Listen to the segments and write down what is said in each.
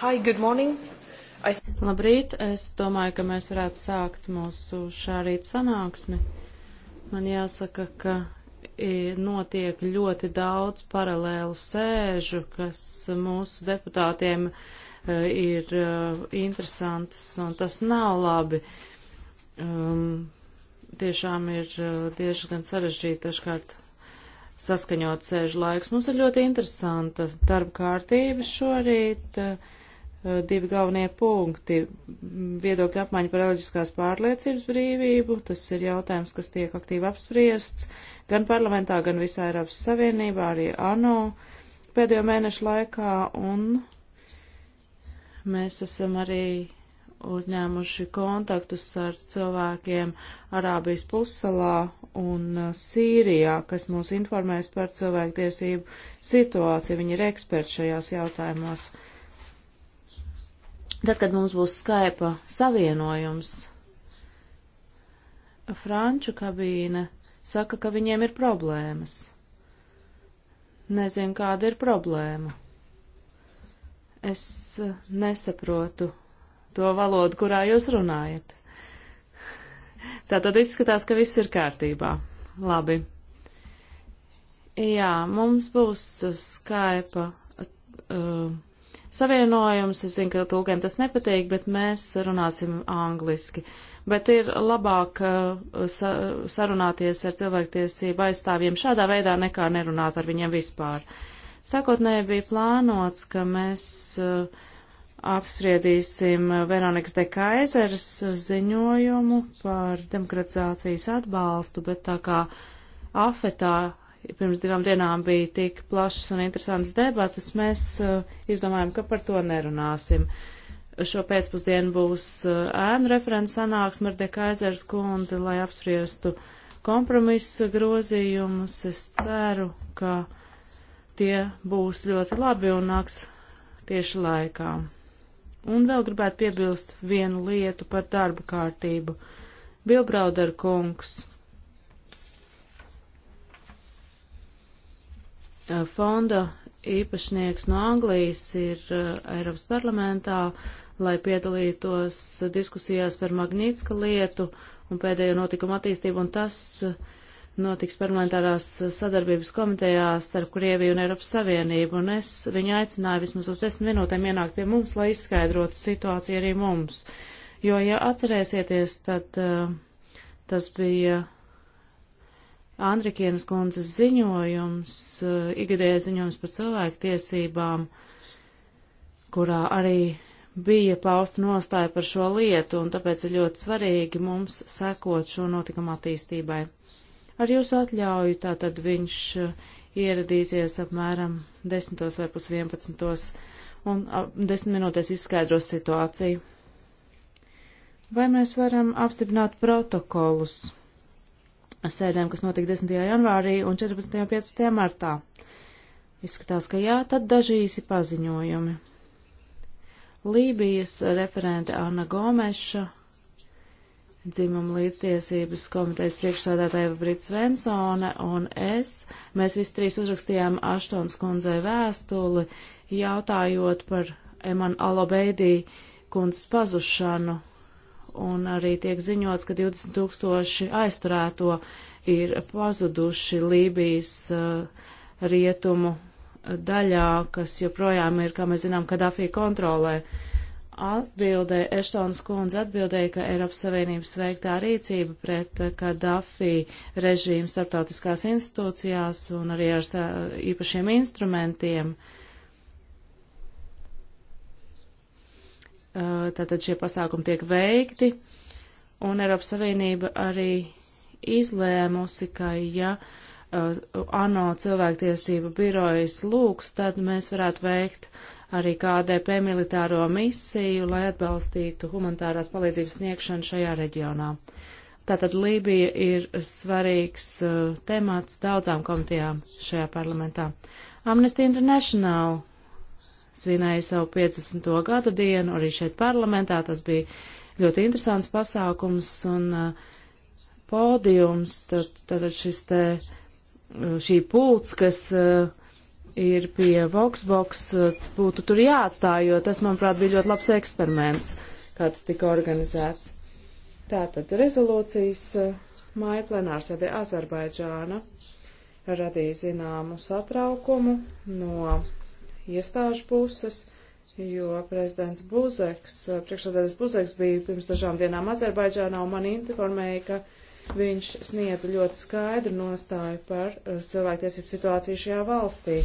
Hi, good morning. I... Labrīt, es domāju, ka mēs varētu sākt mūsu šā rīta sanāksmi. Man jāsaka, ka notiek ļoti daudz paralēlu sēžu, kas mūsu deputātiem e, ir e, interesantas, un tas nav labi. Um, tiešām ir e, diezgan sarežģīti dažkārt saskaņot sēžu laiks. Mums ir ļoti interesanta darba kārtība šorīt. Uh, Eh, divi galvenie punkti. Viedokļa apmaiņa par reliģiskās pārliecības brīvību, tas ir jautājums, kas tiek aktīvi apspriests gan parlamentā, gan visā Eiropas Savienībā, arī ANO pēdējo mēnešu laikā, un mēs esam arī uzņēmuši kontaktus ar cilvēkiem Arābijas pussalā un eh, Sīrijā, kas mūs informēs par cilvēktiesību situāciju. Viņi ir eksperti šajās jautājumos. Uh, Tad, kad mums būs Skype savienojums, franču kabīne saka, ka viņiem ir problēmas. Nezinu, kāda ir problēma. Es eh, nesaprotu to valodu, kurā jūs runājat. Tā tad izskatās, ka viss ir kārtībā. Labi. Jā, mums būs Skype. Uh, savienojums. Es zinu, ka tūkiem tas nepatīk, bet mēs runāsim angliski. Bet ir labāk uh, sa sarunāties ar cilvēktiesību aizstāvjiem šādā veidā, nekā nerunāt ar viņiem vispār. Sākotnēji bija plānots, ka mēs uh, apspriedīsim Veronikas de Kaiseras ziņojumu par demokratizācijas atbalstu, bet tā kā afetā pirms divām dienām bija tik plašas un interesantas debatas, mēs uh, izdomājam, ka par to nerunāsim. Šo pēcpusdienu būs eh, ēnu uh, referents sanāksme ar Dekaizers kundzi, lai apspriestu kompromisa grozījumus. Es ceru, ka tie būs ļoti labi un nāks tieši laikā. Un vēl gribētu piebilst vienu lietu par darba kārtību. Bilbrauder kungs Eh, fonda īpašnieks no Anglijas ir eh, Eiropas parlamentā, lai piedalītos diskusijās par Magnītska lietu un pēdējo notikumu attīstību, un tas eh, notiks parlamentārās sadarbības komitejā starp Krieviju un Eiropas Savienību, un es viņu aicināju vismaz uz desmit minūtēm ienākt pie mums, lai izskaidrotu situāciju arī mums. Jo, ja atcerēsieties, tad uh, tas bija Andrikienas kundzes ziņojums, eh, igadējais ziņojums par cilvēku tiesībām, kurā arī bija pausta nostāja par šo lietu, un tāpēc ir ļoti svarīgi mums sekot šo notikumu attīstībai. Ar jūsu atļauju tātad viņš eh, ieradīsies apmēram 10. vai pus 11. un 10 minūtēs izskaidros situāciju. Vai mēs varam apstiprināt protokolus? sēdēm, kas notika 10. janvārī un 14. un 15. martā. Izskatās, ka jā, tad daži īsi paziņojumi. Lībijas referente Anna Gomeša, dzimuma līdztiesības komitejas priekšsādātāja Brita Svensone un es, mēs visi trīs uzrakstījām Aštons kundzei vēstuli, jautājot par Eman Alobeidī kundzes pazušanu un arī tiek ziņots, ka 20 tūkstoši aizturēto ir pazuduši Lībijas uh, rietumu daļā, kas joprojām ir, kā mēs zinām, Kadafī kontrolē. Atbildēja, Eštons kundze atbildēja, ka Eiropas Savienības veiktā rīcība pret uh, Kadafī režīmu starptautiskās institūcijās un arī ar īpašiem instrumentiem uh, Eh, tātad šie pasākumi tiek veikti, un Eiropas Savienība arī izlēmusi, ka ja eh, ANO cilvēktiesība birojas lūgs, tad mēs varētu veikt arī KDP militāro misiju, lai atbalstītu humanitārās palīdzības sniegšanu šajā reģionā. Tātad Lībija ir svarīgs uh, temats daudzām komitejām šajā parlamentā. Amnesty International svinēja savu 50. gada dienu arī šeit parlamentā. Tas bija ļoti interesants pasākums un uh, pódiums, tad, tad šis te, uh, šī pults, kas uh, ir pie Voxbox, uh, būtu tur jāatstāj, jo tas, manuprāt, bija ļoti labs eksperiments, kāds tika organizēts. Tātad rezolūcijas uh, māja plenārsēdē Azerbaidžāna radīja zināmu satraukumu no iestāžu puses, jo prezidents Buzeks, priekšsādātais Buzeks bija pirms dažām dienām Azerbaidžānā un man informēja, ka viņš sniedza ļoti skaidru nostāju par eh, cilvēktiesību situāciju šajā valstī.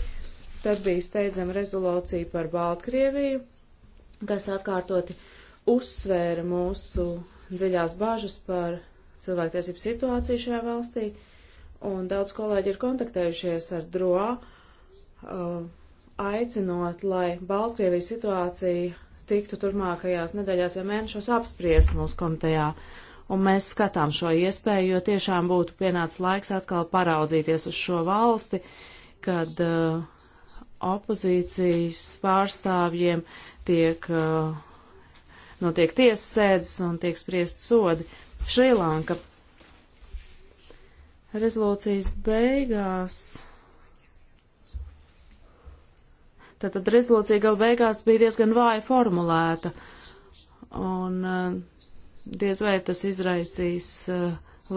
Tad bija steidzama rezolūcija par Baltkrieviju, kas atkārtoti uzsvēra mūsu dziļās bažas par cilvēktiesību situāciju šajā valstī, un daudz kolēģi ir kontaktējušies ar DROA, uh, aicinot, lai Baltkrievijas situācija tiktu turmākajās nedēļās vai mēnešos apspriest mūsu komitejā. Un mēs skatām šo iespēju, jo tiešām būtu pienācis laiks atkal paraudzīties uz šo valsti, kad uh, opozīcijas pārstāvjiem tiek, uh, notiek tiesas sēdes un tiek spriest sodi. Šrilanka rezolūcijas beigās Tātad rezolūcija gal beigās bija diezgan vāja formulēta, un eh, diez vai tas izraisīs eh,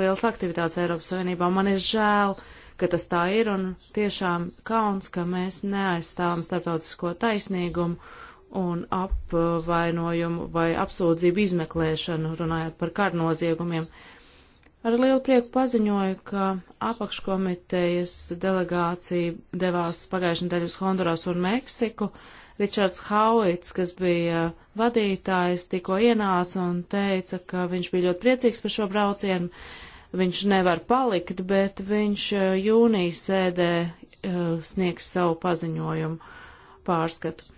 liels aktivitātes Eiropas Savienībā. Man ir žēl, ka tas tā ir, un tiešām kauns, ka mēs neaizstāvam starptautisko taisnīgumu un apvainojumu vai apsūdzību izmeklēšanu, runājot par karnoziegumiem. noziegumiem Ar lielu prieku paziņoju, ka apakškomitejas delegācija devās pagājušajā nedēļā uz Honduras un Meksiku. Ričards Hauits, kas bija vadītājs, tikko ienāca un teica, ka viņš bija ļoti priecīgs par šo braucienu. Viņš nevar palikt, bet viņš eh, jūnijas sēdē eh, sniegs savu paziņojumu pārskatu.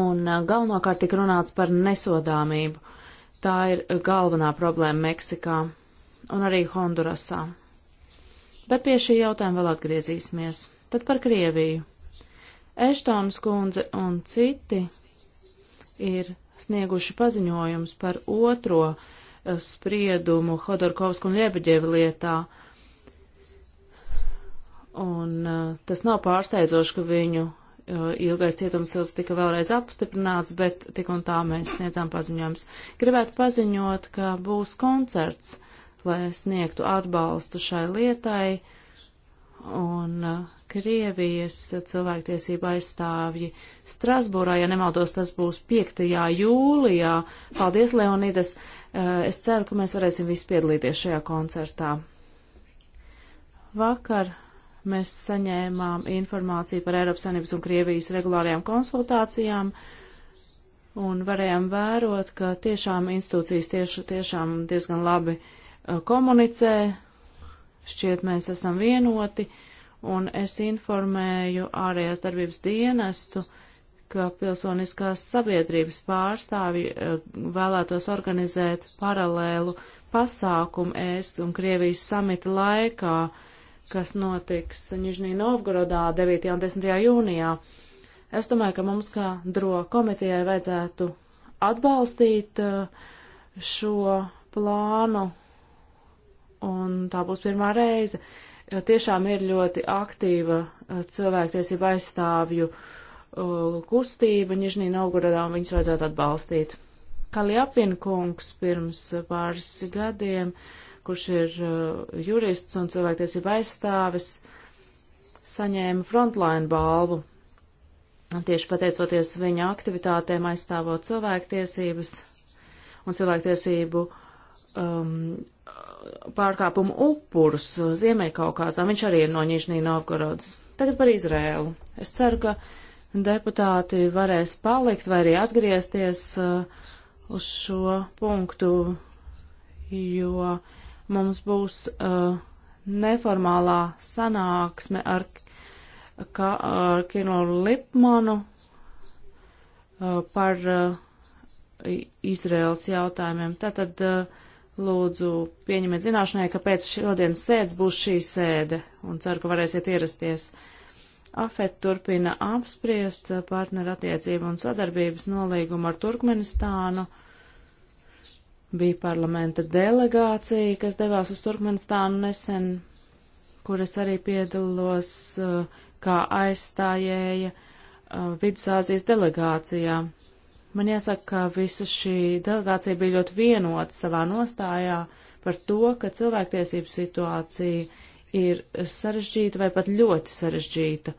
Un eh, galvenokārt tika runāts par nesodāmību. Tā ir galvenā problēma Meksikā un arī Hondurasā. Bet pie šī jautājuma vēl atgriezīsimies. Tad par Krieviju. Eštons kundze un citi ir snieguši paziņojums par otro eh, spriedumu Hodorkovsku un Ļebeģevi lietā. Un eh, tas nav pārsteidzoši, ka viņu Eh, ilgais cietumsilds tika vēlreiz apstiprināts, bet tik un tā mēs sniedzām paziņojums. Gribētu paziņot, ka būs koncerts, lai sniegtu atbalstu šai lietai, un eh, Krievijas cilvēktiesība aizstāvji Strasbūrā, ja nemaldos, tas būs 5. jūlijā. Paldies, Leonidas! Eh, es ceru, ka mēs varēsim visi piedalīties šajā koncertā. Vakar Mēs saņēmām informāciju par Eiropas Sanības un Krievijas regulārajām konsultācijām un varējām vērot, ka tiešām institūcijas tieš, tiešām diezgan labi uh, komunicē, šķiet mēs esam vienoti, un es informēju ārējās darbības dienestu, ka pilsoniskās sabiedrības pārstāvi e, vēlētos organizēt paralēlu pasākumu ēst un Krievijas samita laikā, kas notiks Nižnī Novgorodā 9. un 10. jūnijā. Es domāju, ka mums kā dro komitejai vajadzētu atbalstīt uh, šo plānu, un tā būs pirmā reize. Tiešām ir ļoti aktīva uh, cilvēktiesība aizstāvju uh, kustība Nižnī Novgorodā, un viņus vajadzētu atbalstīt. Kaljapinkungs pirms pāris gadiem uh, kurš ir uh, jurists un cilvēktiesība aizstāvis, saņēma Frontline balvu. Tieši pateicoties viņa aktivitātēm aizstāvot cilvēktiesības un cilvēktiesību um, pārkāpumu upurus Ziemeļkaukāzā. Viņš arī ir no Ņīžnī Novgorodas. Tagad par Izrēlu. Es ceru, ka deputāti varēs palikt vai arī atgriezties uh, uz šo punktu, jo Mums būs uh, neformālā sanāksme ar, ka, ar Kino Lipmanu uh, par uh, Izraels jautājumiem. Tātad uh, lūdzu pieņemiet zināšanai, ka pēc šodienas sēdes būs šī sēde un ceru, ka varēsiet ierasties. AFET turpina apspriest partnerattiecību un sadarbības nolīgumu ar Turkmenistānu. Uh, Bija parlamenta delegācija, kas devās uz Turkmenistānu nesen, kur es arī piedalos uh, kā aizstājēja uh, Vidusāzijas delegācijā. Man jāsaka, ka visu šī delegācija bija ļoti vienota savā nostājā par to, ka cilvēktiesību situācija ir sarežģīta vai pat ļoti sarežģīta,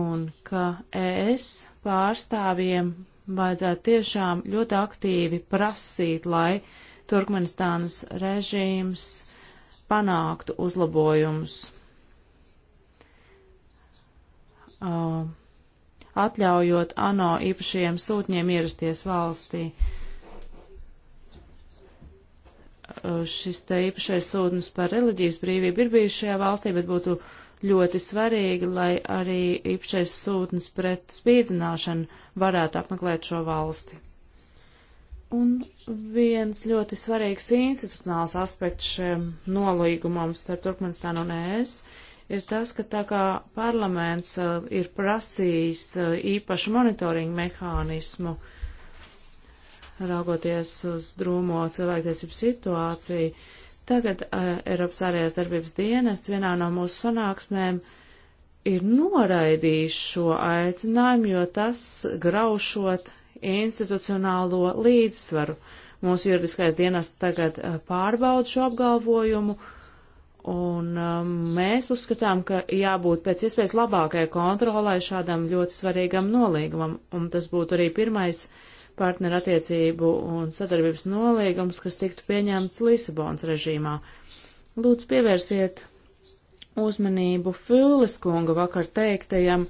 un ka ES pārstāvjiem vajadzētu tiešām ļoti aktīvi prasīt, lai Turkmenistānas režīms panāktu uzlabojumus. Uh, atļaujot ANO īpašajiem sūtņiem ierasties valstī. Uh, šis te īpašais sūtnis par reliģijas brīvību ir bijis šajā valstī, bet būtu uh, ļoti svarīgi, lai arī īpašais sūtnis pret spīdzināšanu varētu apmeklēt šo valsti. Un viens ļoti svarīgs institucionāls aspekts šiem nolīgumam starp Turkmenistānu un ES ir tas, ka tā kā parlaments uh, ir prasījis uh, īpašu monitoringu mehānismu, raugoties uz drūmo cilvēktiesību situāciju, uh, Tagad uh, Eiropas ārējās darbības dienests vienā no mūsu sanāksmēm ir noraidījis šo aicinājumu, jo tas graušot institucionālo līdzsvaru. Mūsu juridiskais dienests tagad uh, pārbauda šo apgalvojumu, un um, mēs uzskatām, ka jābūt pēc iespējas labākai kontrolai šādam ļoti svarīgam nolīgumam, un tas būtu arī pirmais uh, partnerattiecību un sadarbības nolīgums, kas tiktu pieņemts Lisabonas režīmā. Lūdzu, pievērsiet uzmanību Fūles kunga vakar teiktajam.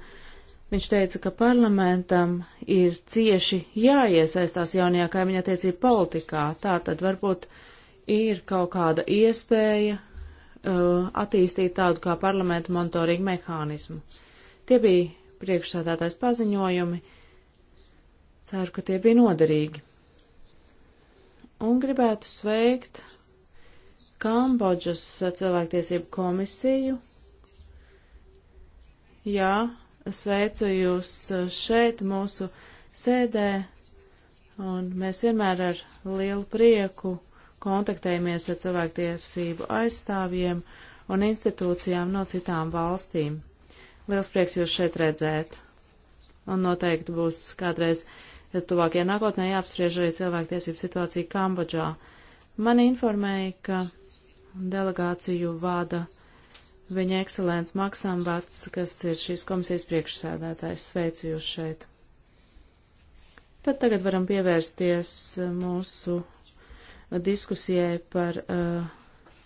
Viņš teica, ka parlamentam ir cieši jāiesaistās jaunajā kaimiņa attiecību politikā. Tā tad varbūt ir kaut kāda iespēja uh, attīstīt tādu kā parlamenta monitoringu mehānismu. Tie bija priekšsādātais paziņojumi. Ceru, ka tie bija noderīgi. Un gribētu sveikt Kambodžas cilvēktiesību komisiju. Jā, sveicu jūs šeit mūsu sēdē, un mēs vienmēr ar lielu prieku kontaktējamies ar cilvēktiesību aizstāvjiem un institūcijām no citām valstīm. Liels prieks jūs šeit redzēt, un noteikti būs kādreiz tuvākajā nākotnē jāapspriež arī cilvēktiesību situācija Kambodžā. Mani informēja, ka delegāciju vada viņa ekscelents Maksambats, kas ir šīs komisijas priekšsēdētājs. Sveicu jūs šeit. Tad tagad varam pievērsties eh, mūsu diskusijai par uh,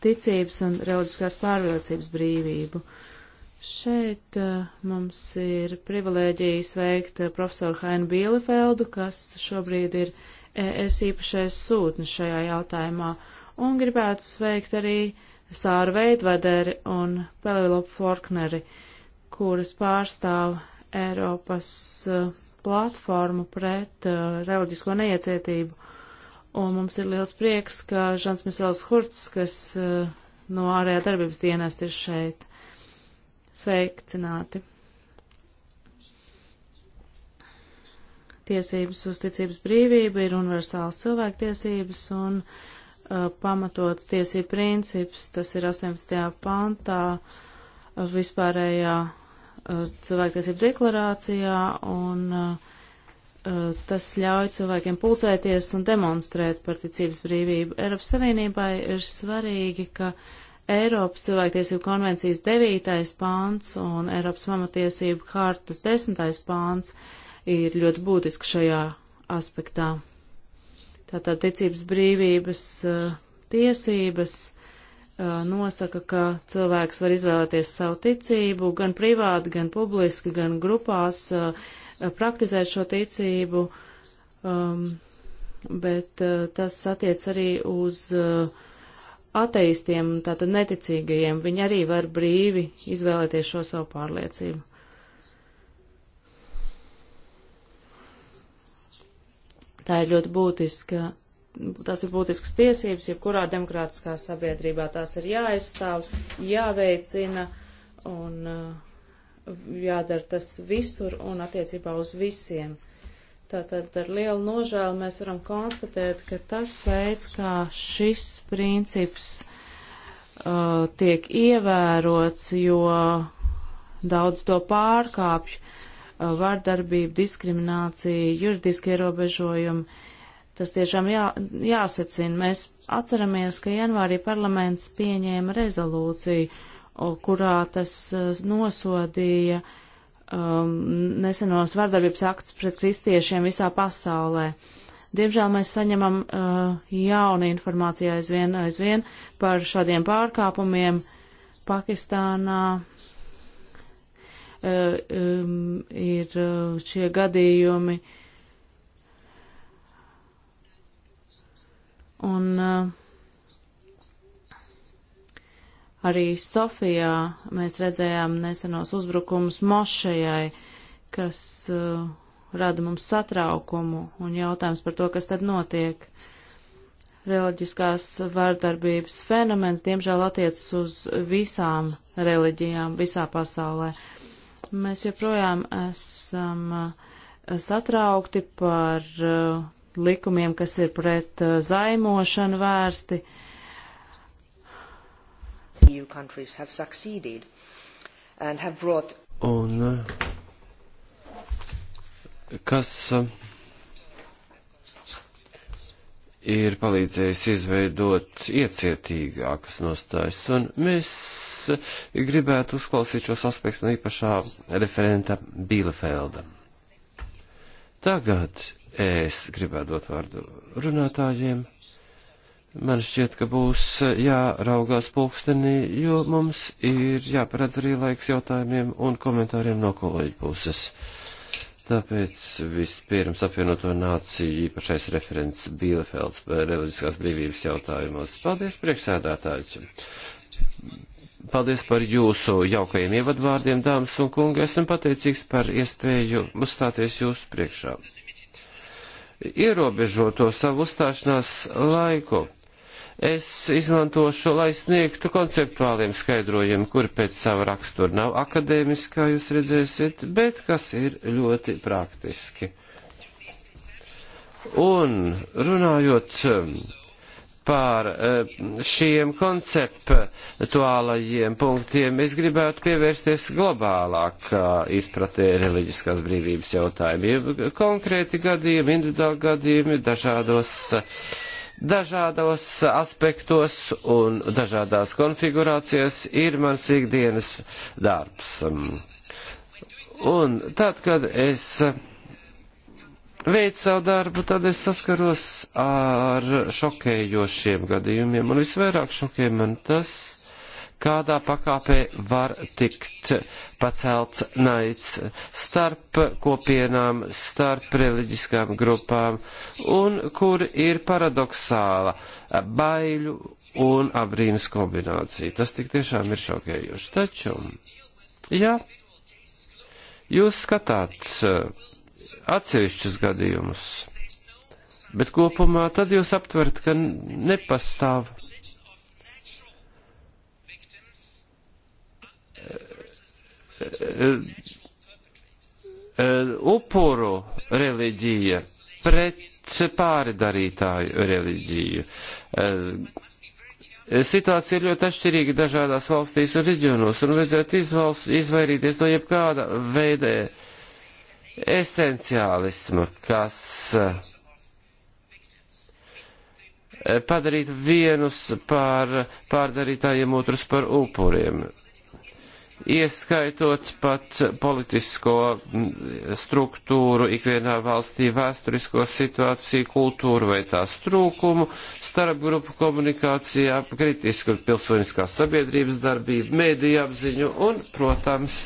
ticības un reliģiskās pārliecības brīvību. Uh, Šeit eh, mums ir privilēģijas veikt eh, profesoru Hainu Bielefeldu, kas šobrīd ir ES īpašais sūtnis šajā jautājumā, un gribētu sveikt arī Sāru Veidvederi un Pelilopu Forkneri, kuras pārstāv Eiropas eh, platformu pret uh, reliģisko neiecietību. Un mums ir liels prieks, ka Žants Misels Hurts, kas uh, no ārējā darbības dienesta ir šeit. Sveicināti! Tiesības uz ticības brīvību ir universāls cilvēktiesības un uh, pamatots tiesību princips, tas ir 18. pantā uh, vispārējā uh, cilvēktiesību deklarācijā un uh, uh, tas ļauj cilvēkiem pulcēties un demonstrēt par ticības brīvību. Eiropas Savienībai ir svarīgi, ka uh, Eiropas cilvēktiesību konvencijas 9. pāns un Eiropas pamatiesību hartas 10. pāns ir ļoti būtiski šajā aspektā. Tātad ticības brīvības eh, tiesības eh, nosaka, ka cilvēks var izvēlēties savu ticību gan privāti, gan publiski, gan grupās, eh, praktizēt šo ticību, ehm, bet tas attiec arī uz uh, ateistiem, tātad neticīgajiem, viņi arī var brīvi izvēlēties šo savu pārliecību. Tā ir ļoti būtiska, tas ir būtisks tiesības, jebkurā demokrātiskā sabiedrībā tās ir jāaizstāv, jāveicina un uh, jādara tas visur un attiecībā uz visiem. Tātad ar lielu nožēlu mēs varam konstatēt, ka tas veids, kā šis princips uh, tiek ievērots, jo daudz to pārkāpj, uh, vardarbība, diskriminācija, juridiski ierobežojumi, tas tiešām jā, jāsacina. Mēs atceramies, ka janvārī parlaments pieņēma rezolūciju, kurā tas uh, nosodīja uh, um, nesenos vardarbības aktus pret kristiešiem visā pasaulē. Diemžēl mēs saņemam uh, jaunu informāciju aizvien, aizvien par šādiem pārkāpumiem Pakistānā. Uh, um, ir uh, šie gadījumi. Un uh, Arī Sofijā mēs redzējām nesenos uzbrukumus mošajai, kas uh, rada mums satraukumu un jautājums par to, kas tad notiek. Reliģiskās vārdarbības fenomens, diemžēl, attiecas uz visām reliģijām visā pasaulē. Mēs joprojām esam uh, satraukti par uh, likumiem, kas ir pret uh, zaimošanu vērsti. Uh, EU countries have succeeded and have brought. Un uh, kas uh, ir palīdzējis izveidot iecietīgākas nostājas, un mēs uh, gribētu uzklausīt šos aspektus no īpašā referenta Bielefelda. Tagad es gribētu dot vārdu runātājiem. Man šķiet, ka būs jāraugās pulkstenī, jo mums ir jāparedz arī laiks jautājumiem un komentāriem no kolēģi puses. Tāpēc vispirms apvienoto nāciju īpašais referents Bielefelds reliģiskās brīvības jautājumos. Paldies, priekšsēdētāji! Paldies par jūsu jaukajiem ievadvārdiem, dāmas un kungi. Esmu pateicīgs par iespēju uzstāties jūsu priekšā. Ierobežoto savu uzstāšanās laiku es izmantošu, lai sniegtu konceptuāliem skaidrojumiem, kuri pēc sava rakstura nav akadēmiski, kā jūs redzēsiet, bet kas ir ļoti praktiski. Un runājot um, par um, šiem konceptuālajiem punktiem, es gribētu pievērsties globālāk izpratē reliģiskās brīvības jautājumiem. Konkrēti gadījumi, individuāli gadījumi dažādos uh, dažādos aspektos un dažādās konfigurācijās ir mans ikdienas darbs. Un tad, kad es veicu savu darbu, tad es saskaros ar šokējošiem gadījumiem, un visvairāk šokē man tas, kādā pakāpē var tikt pacelts naids starp kopienām, starp reliģiskām grupām, un kur ir paradoxāla baiļu un abrīnas kombinācija. Tas tik tiešām ir šokējoši. Taču, ja jūs skatāt uh, atsevišķus gadījumus, bet kopumā tad jūs aptverat, ka nepastāv Eh, eh, upuru reliģija pret pāridarītāju reliģiju. Eh, situācija ir ļoti atšķirīga dažādās valstīs un reģionos, un vajadzētu izvalst, izvairīties no jebkāda veida esenciālisma, kas padarīt vienus par pārdarītājiem, otrus par upuriem ieskaitot pat politisko struktūru ikvienā valstī, vēsturisko situāciju, kultūru vai tās trūkumu, starpgrupu komunikācijā, kritisku pilsoniskās sabiedrības darbību, mēdīju apziņu un, protams,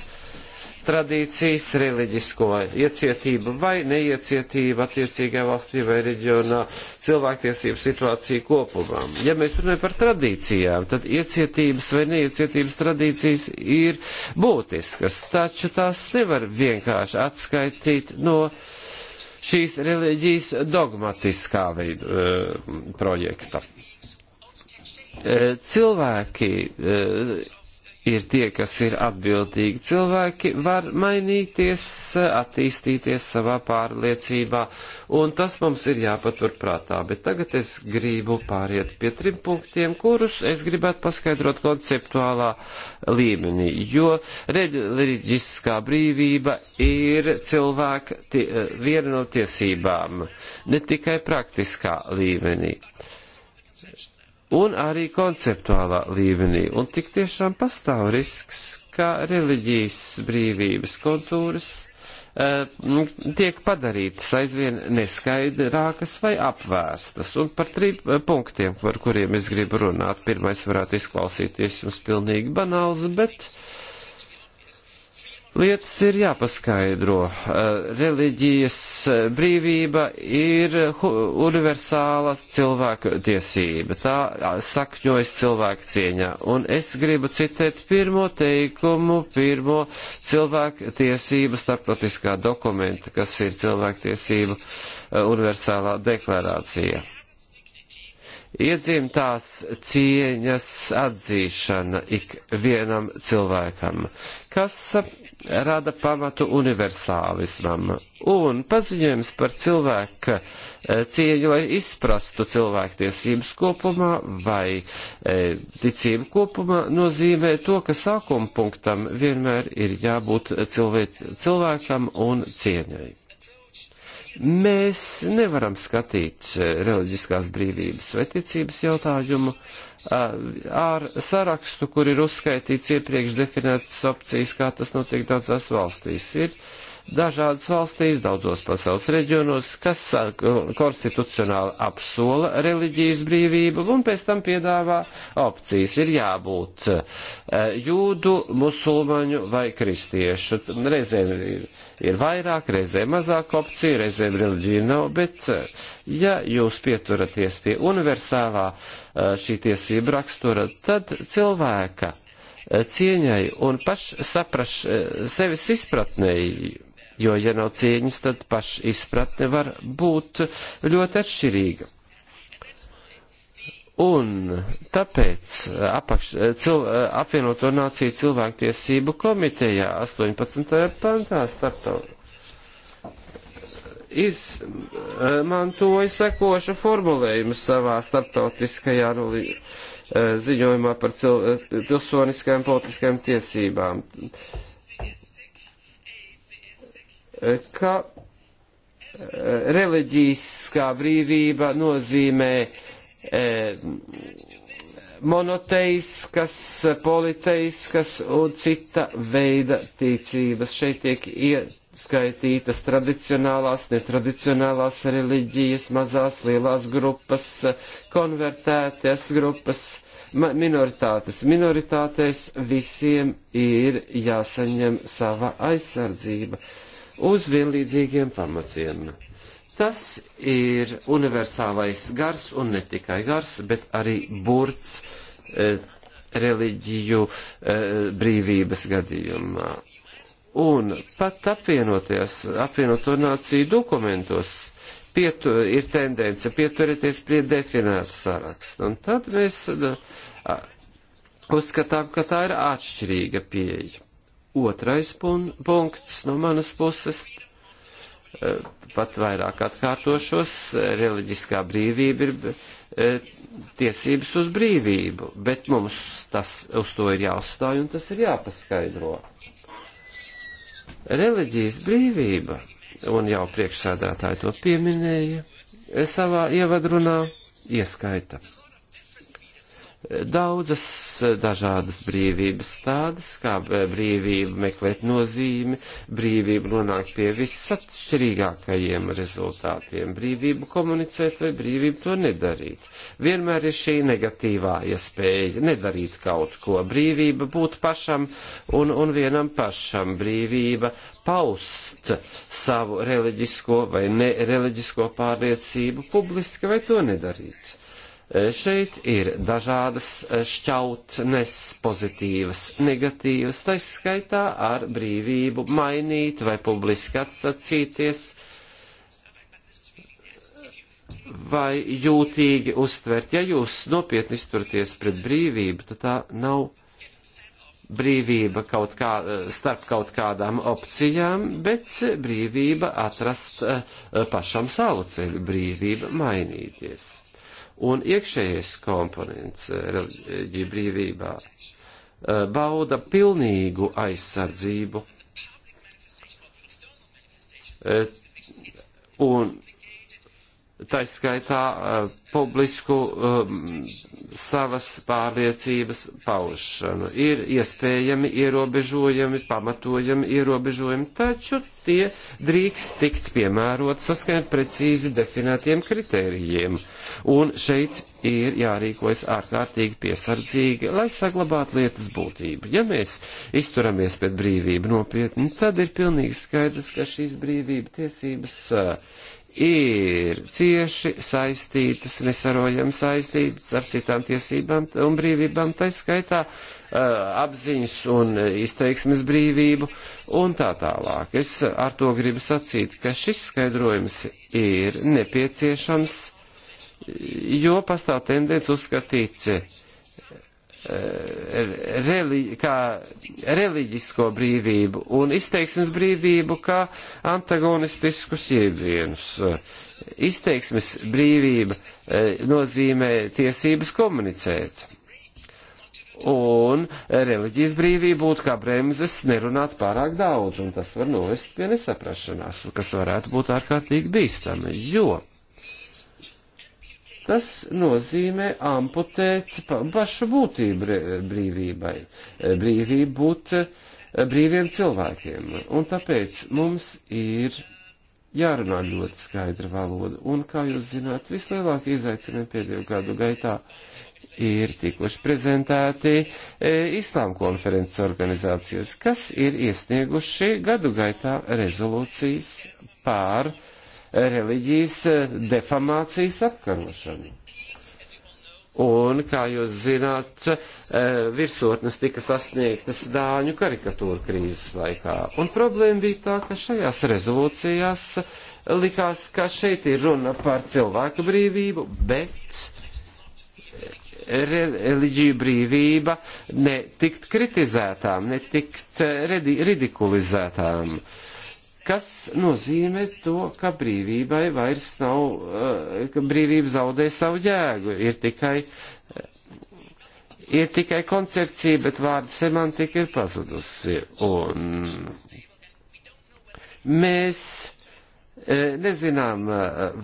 tradīcijas, reliģisko iecietību vai neiecietību attiecīgā valstī vai reģionā, cilvēktiesību situāciju kopumā. Ja mēs runājam par tradīcijām, tad iecietības vai neiecietības tradīcijas ir būtiskas, taču tās nevar vienkārši atskaitīt no šīs reliģijas dogmatiskā veidu e, projekta. E, cilvēki e, ir tie, kas ir atbildīgi cilvēki, var mainīties, attīstīties savā pārliecībā, un tas mums ir jāpatur prātā. Bet tagad es gribu pāriet pie trim punktiem, kurus es gribētu paskaidrot konceptuālā līmenī, jo reliģiskā brīvība ir cilvēka viena no tiesībām, ne tikai praktiskā līmenī un arī konceptuālā līmenī. Un tik tiešām pastāv risks, ka reliģijas brīvības kontūras eh, tiek padarītas aizvien neskaidrākas vai apvērstas. Un par trim eh, punktiem, par kuriem es gribu runāt, pirmais varētu izklausīties jums pilnīgi banāls, bet uh, Lietas ir jāpaskaidro. Eh, reliģijas eh, brīvība ir universāla cilvēku tiesība. Tā sakņojas cilvēku cieņā. Un es gribu citēt pirmo teikumu, pirmo cilvēku tiesību starptautiskā dokumenta, kas ir cilvēku tiesību eh, universālā deklarācija iedzimtās cieņas atzīšana ik vienam cilvēkam, kas rada pamatu universālismam. Un paziņojums par cilvēka eh, cieņu, lai izprastu cilvēktiesības kopumā vai eh, ticību kopumā, nozīmē to, ka sākuma punktam vienmēr ir jābūt cilvēkam un cieņai. Mēs nevaram skatīt eh, reliģiskās brīvības vai ticības jautājumu ar sarakstu, kur ir uzskaitīts iepriekš definētas opcijas, kā tas notiek daudzās valstīs. Ir dažādas valstīs, daudzos pasaules reģionos, kas konstitucionāli apsola reliģijas brīvību un pēc tam piedāvā opcijas. Ir jābūt eh, jūdu, musulmaņu vai kristiešu. Reizēm ir, ir vairāk, reizēm mazāk opciju, reizēm reliģija nav, bet eh, ja jūs pieturaties pie universālā eh, šī tiesība rakstura, tad cilvēka cieņai un pašsapraš sevis izpratnēji jo, ja nav cieņas, tad paša izpratne var būt ļoti atšķirīga. Un tāpēc apakš, cil, apvienoto nāciju cilvēktiesību komitejā 18. pantā starptaut izmantoja sekošu formulējumu savā starptautiskajā nulī, eh, ziņojumā par cil, pilsoniskajām politiskajām tiesībām. Uh, ka eh, reliģiskā brīvība nozīmē eh, monoteiskas, politeiskas un cita veida ticības. Šeit tiek ieskaitītas tradicionālās, netradicionālās reliģijas, mazās, lielās grupas, konvertētas grupas, minoritātes. Minoritātēs visiem ir jāsaņem sava aizsardzība. Uh, uz vienlīdzīgiem pamatiem. Tas ir universālais gars un ne tikai gars, bet arī burts e, reliģiju e, brīvības gadījumā. Un pat apvienoties, apvienoto nāciju dokumentos pietu, ir tendence pieturēties pie definēta saraksta. Un tad mēs eh, uzskatām, ka tā ir atšķirīga pieeja. Otrais pun punkts no manas puses e, pat vairāk atkārtošos, e, reliģiskā brīvība ir e, tiesības uz brīvību, bet mums tas uz to ir jāuzstāj un tas ir jāpaskaidro. Reliģijas brīvība, un jau priekšsēdētāji to pieminēja, savā ievadrunā ieskaita daudzas eh, dažādas brīvības, tādas kā eh, brīvība meklēt nozīmi, brīvība nonākt pie visatšķirīgākajiem rezultātiem, brīvība komunicēt vai brīvība to nedarīt. Vienmēr ir šī negatīvā iespēja ja nedarīt kaut ko, brīvība būt pašam un, un vienam pašam, brīvība paust savu reliģisko vai nereliģisko pārliecību publiski vai to nedarīt Šeit ir dažādas eh, šķautnes, pozitīvas, negatīvas, tā skaitā ar brīvību mainīt vai publiski atsacīties, vai jūtīgi uztvert. Ja jūs nopietni izturties pret brīvību, tad tā nav brīvība kaut kā, eh, starp kaut kādām opcijām, bet brīvība atrast eh, pašam savu ceļu, brīvība mainīties un iekšējais komponents eh, reliģija brīvībā eh, bauda pilnīgu aizsardzību. Eh, un taiskaitā uh, publisku um, savas pārliecības paušanu. Ir iespējami ierobežojami, pamatojami ierobežojami, taču tie drīkst tikt piemērot saskaņot precīzi definētiem kritērijiem. Un šeit ir jārīkojas ārkārtīgi piesardzīgi, lai saglabātu lietas būtību. Ja mēs izturamies pret brīvību nopietni, tad ir pilnīgi skaidrs, ka šīs brīvība tiesības uh, ir cieši saistītas, nesarojami saistītas ar citām tiesībām un brīvībām, tā skaitā uh, apziņas un izteiksmes brīvību un tā tālāk. Es ar to gribu sacīt, ka šis skaidrojums ir nepieciešams, jo pastāv tendence uzskatīt Eh, reli, kā reliģisko brīvību un izteiksmes brīvību kā antagonistiskus jēdzienus. Izteiksmes brīvība eh, nozīmē tiesības komunicēt. Un reliģijas brīvība būtu kā bremzes nerunāt pārāk daudz, un tas var novest pie nesaprašanās, kas varētu būt ārkārtīgi bīstami, jo Tas nozīmē amputēt pašu būtību brīvībai, brīvību būt brīviem cilvēkiem. Un tāpēc mums ir jārunā ļoti skaidra valoda. Un, kā jūs zināt, vislielākie izaicinājumi pēdējo gadu gaitā ir tikuši prezentēti e, islām konferences organizācijas, kas ir iesnieguši gadu gaitā rezolūcijas pār e, reliģijas eh, defamācijas apkarošanu. Un, kā jūs zināt, eh, virsotnes tika sasniegtas dāņu karikatūra krīzes laikā. Un problēma bija tā, ka šajās rezolūcijās eh, likās, ka šeit ir runa par cilvēku brīvību, bet reliģiju brīvība netikt kritizētām, netikt ridikulizētām. Uh, kas nozīmē to, ka brīvībai vairs nav, eh, ka brīvība zaudē savu jēgu, ir tikai, ir tikai koncepcija, bet vārda semantika ir pazudusi. Un mēs nezinām,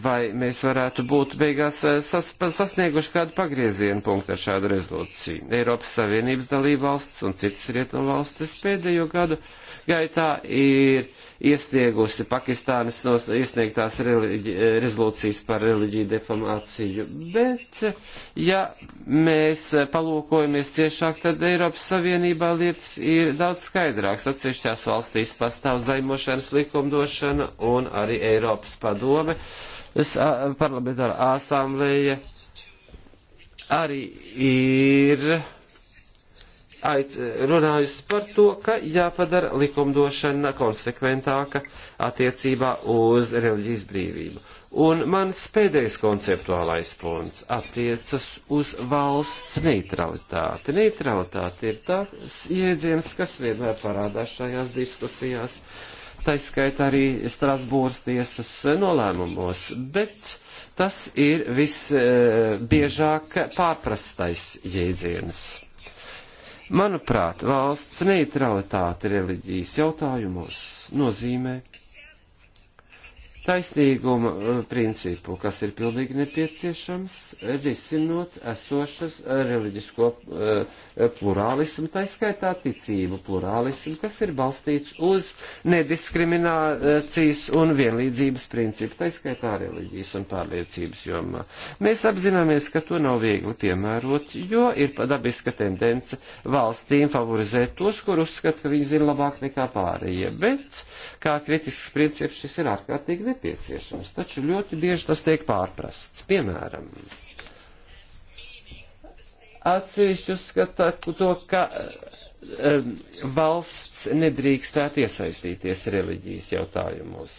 vai mēs varētu būt beigās sas, sasnieguši kādu pagriezienu punktu ar šādu rezolūciju. Eiropas Savienības dalībvalsts un citas rietumu valstis pēdējo gadu gaitā ir iesniegusi Pakistānas nos, iesniegtās reliģi, rezolūcijas par reliģiju defamāciju, bet ja mēs palūkojamies ciešāk, tad Eiropas Savienībā lietas ir daudz skaidrākas. Atsevišķās valstīs pastāv zaimošanas likumdošana un arī Eiropas padome, parlamentārā asamblēja arī ir ait, runājusi par to, ka jāpadara likumdošana konsekventāka attiecībā uz reliģijas brīvību. Un mans pēdējais konceptuālais punkts attiecas uz valsts neutralitāti. Neutralitāte ir tāds jēdziens, kas vienmēr parādās šajās diskusijās. Uh, taiskaitā arī Strasbūras tiesas nolēmumos, bet tas ir visbiežāk pārprastais jēdziens. Manuprāt, valsts neutralitāte reliģijas jautājumos nozīmē taisnīguma eh, principu, kas ir pilnīgi nepieciešams, risinot esošas eh, reliģisko eh, plurālismu, taiskaitā ticību plurālismu, kas ir balstīts uz nediskriminācijas un vienlīdzības principu, taiskaitā reliģijas un pārliecības jomā. Mēs apzināmies, ka to nav viegli piemērot, jo ir dabiska tendence valstīm favorizēt tos, kur uzskata, ka viņi zina labāk nekā pārējie, bet kā kritisks princips šis ir ārkārtīgi nepieciešams, taču ļoti bieži tas tiek pārprasts. Piemēram, atsevišķi uzskata to, ka um, valsts nedrīkstētu iesaistīties reliģijas jautājumos.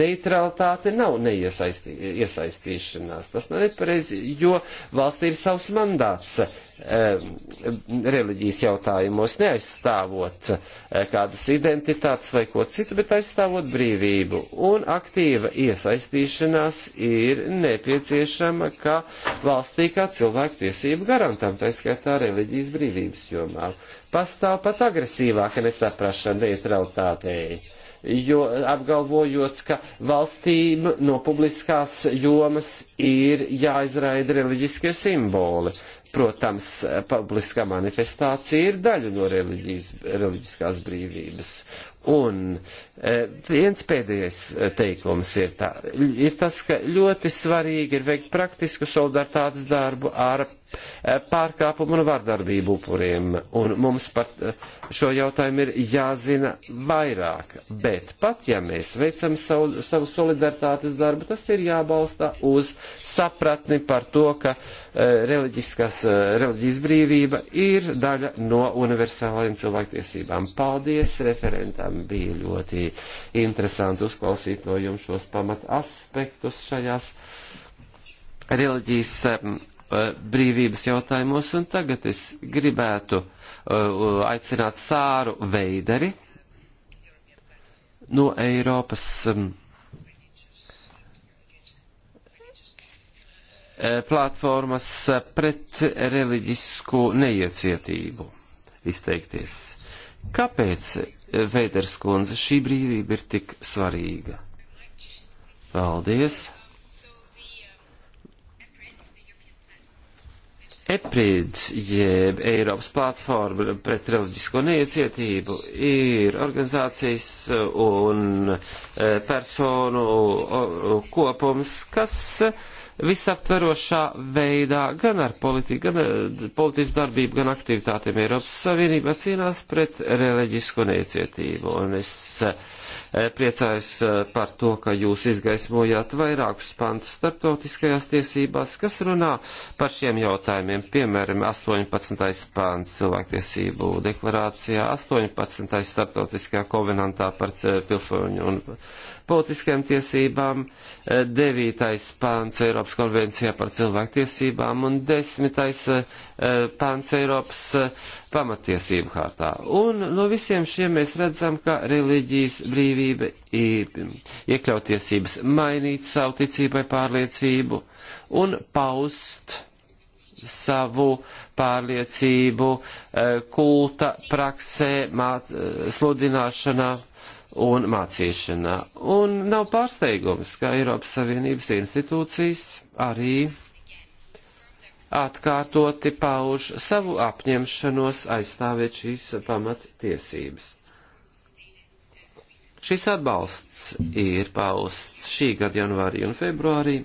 Neutralitāte nav neiesaistīšanās. Tas nav nepareizi, jo valstī ir savs mandāts reliģijas jautājumos, neaizstāvot eh, kādas identitātes vai ko citu, bet aizstāvot brīvību. Un aktīva iesaistīšanās ir nepieciešama kā valstī, kā cilvēku tiesību garantam, tā skaitā reliģijas brīvības jomā. Pastāv pat agresīvāka nesaprašana neutralitātei jo apgalvojot, ka valstīm no publiskās jomas ir jāizraida reliģiskie simboli. Protams, publiskā manifestācija ir daļa no reliģiskās brīvības. Un e, viens pēdējais teikums ir, tā, ir tas, ka ļoti svarīgi ir veikt praktisku solidaritātes darbu ar Eh, pārkāpumu un vardarbību upuriem. Un mums par eh, šo jautājumu ir jāzina vairāk. Bet pat ja mēs veicam savu, savu solidaritātes darbu, tas ir jābalsta uz sapratni par to, ka eh, reliģiskas, reliģijas brīvība ir daļa no universālajiem cilvēktiesībām. Paldies referentam, bija ļoti interesanti uzklausīt no jums šos pamat aspektus šajās reliģijas brīvības jautājumos, un tagad es gribētu uh, aicināt Sāru Veideri no Eiropas um, platformas pret reliģisku neiecietību izteikties. Kāpēc, Veiders kundze, šī brīvība ir tik svarīga? Paldies! EPRIDS, jeb Eiropas platforma pret reliģisko neiecietību, ir organizācijas un e, personu kopums, kas visaptverošā veidā gan ar politiku, gan e, politisku darbību, gan aktivitātēm Eiropas Savienībā cīnās pret reliģisko neiecietību. Un es uh, Eh, priecājos eh, par to, ka jūs izgaismojāt vairākus pantus starptautiskajās tiesībās, kas runā par šiem jautājumiem. Piemēram, 18. pants cilvēktiesību deklarācijā, 18. starptautiskajā konvenantā par pilsoņu un politiskajām tiesībām, 9. Eh, pāns Eiropas konvencijā par cilvēktiesībām un 10. Eh, pāns Eiropas eh, pamatiesību hārtā. Un no visiem šiem mēs redzam, ka reliģijas brīvība ir iekļautiesības mainīt savu ticībai pārliecību un paust savu pārliecību kulta praksē, māt, sludināšanā un mācīšanā. Un nav pārsteigums, ka Eiropas Savienības institūcijas arī atkārtoti pauž savu apņemšanos aizstāvēt šīs pamattiesības. Šis atbalsts ir pausts šī gada janvārī un februārī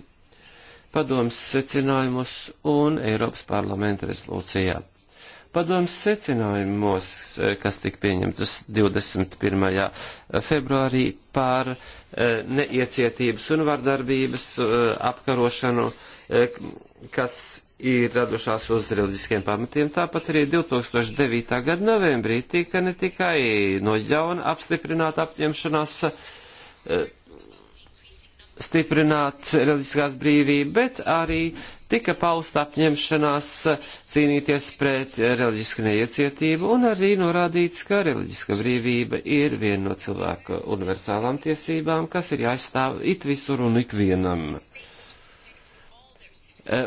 padomas secinājumus un Eiropas parlamenta rezolūcijā. Padoms secinājumos, eh, kas tika pieņemtas 21. Eh, februārī par eh, neiecietības un vardarbības apkarošanu, kas ir radušās uz reliģiskiem pamatiem. Tāpat arī 2009. gada novembrī tika ne tikai no jauna apstiprināta apņemšanās stiprināt reliģiskās brīvību, bet arī tika pausta apņemšanās cīnīties pret reliģisku neiecietību un arī norādīts, ka reliģiska brīvība ir viena no cilvēka universālām tiesībām, kas ir jāizstāv it visur un ikvienam.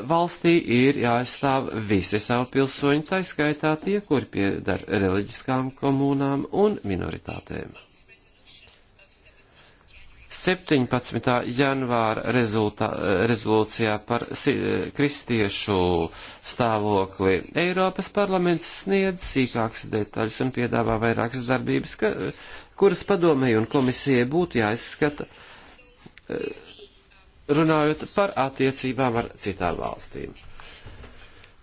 Valstī ir jāizstāv visi savu pilsoņu, taiskaitā tie, kuri piedar reliģiskām komunām un minoritātēm. 17. janvāra rezultā, rezolūcijā par si, kristiešu stāvokli Eiropas parlaments sniedz sīkākas detaļas un piedāvā vairākas darbības, ka, kuras padomēji un komisijai būtu jāizskata, eh, runājot par attiecībām ar citām valstīm.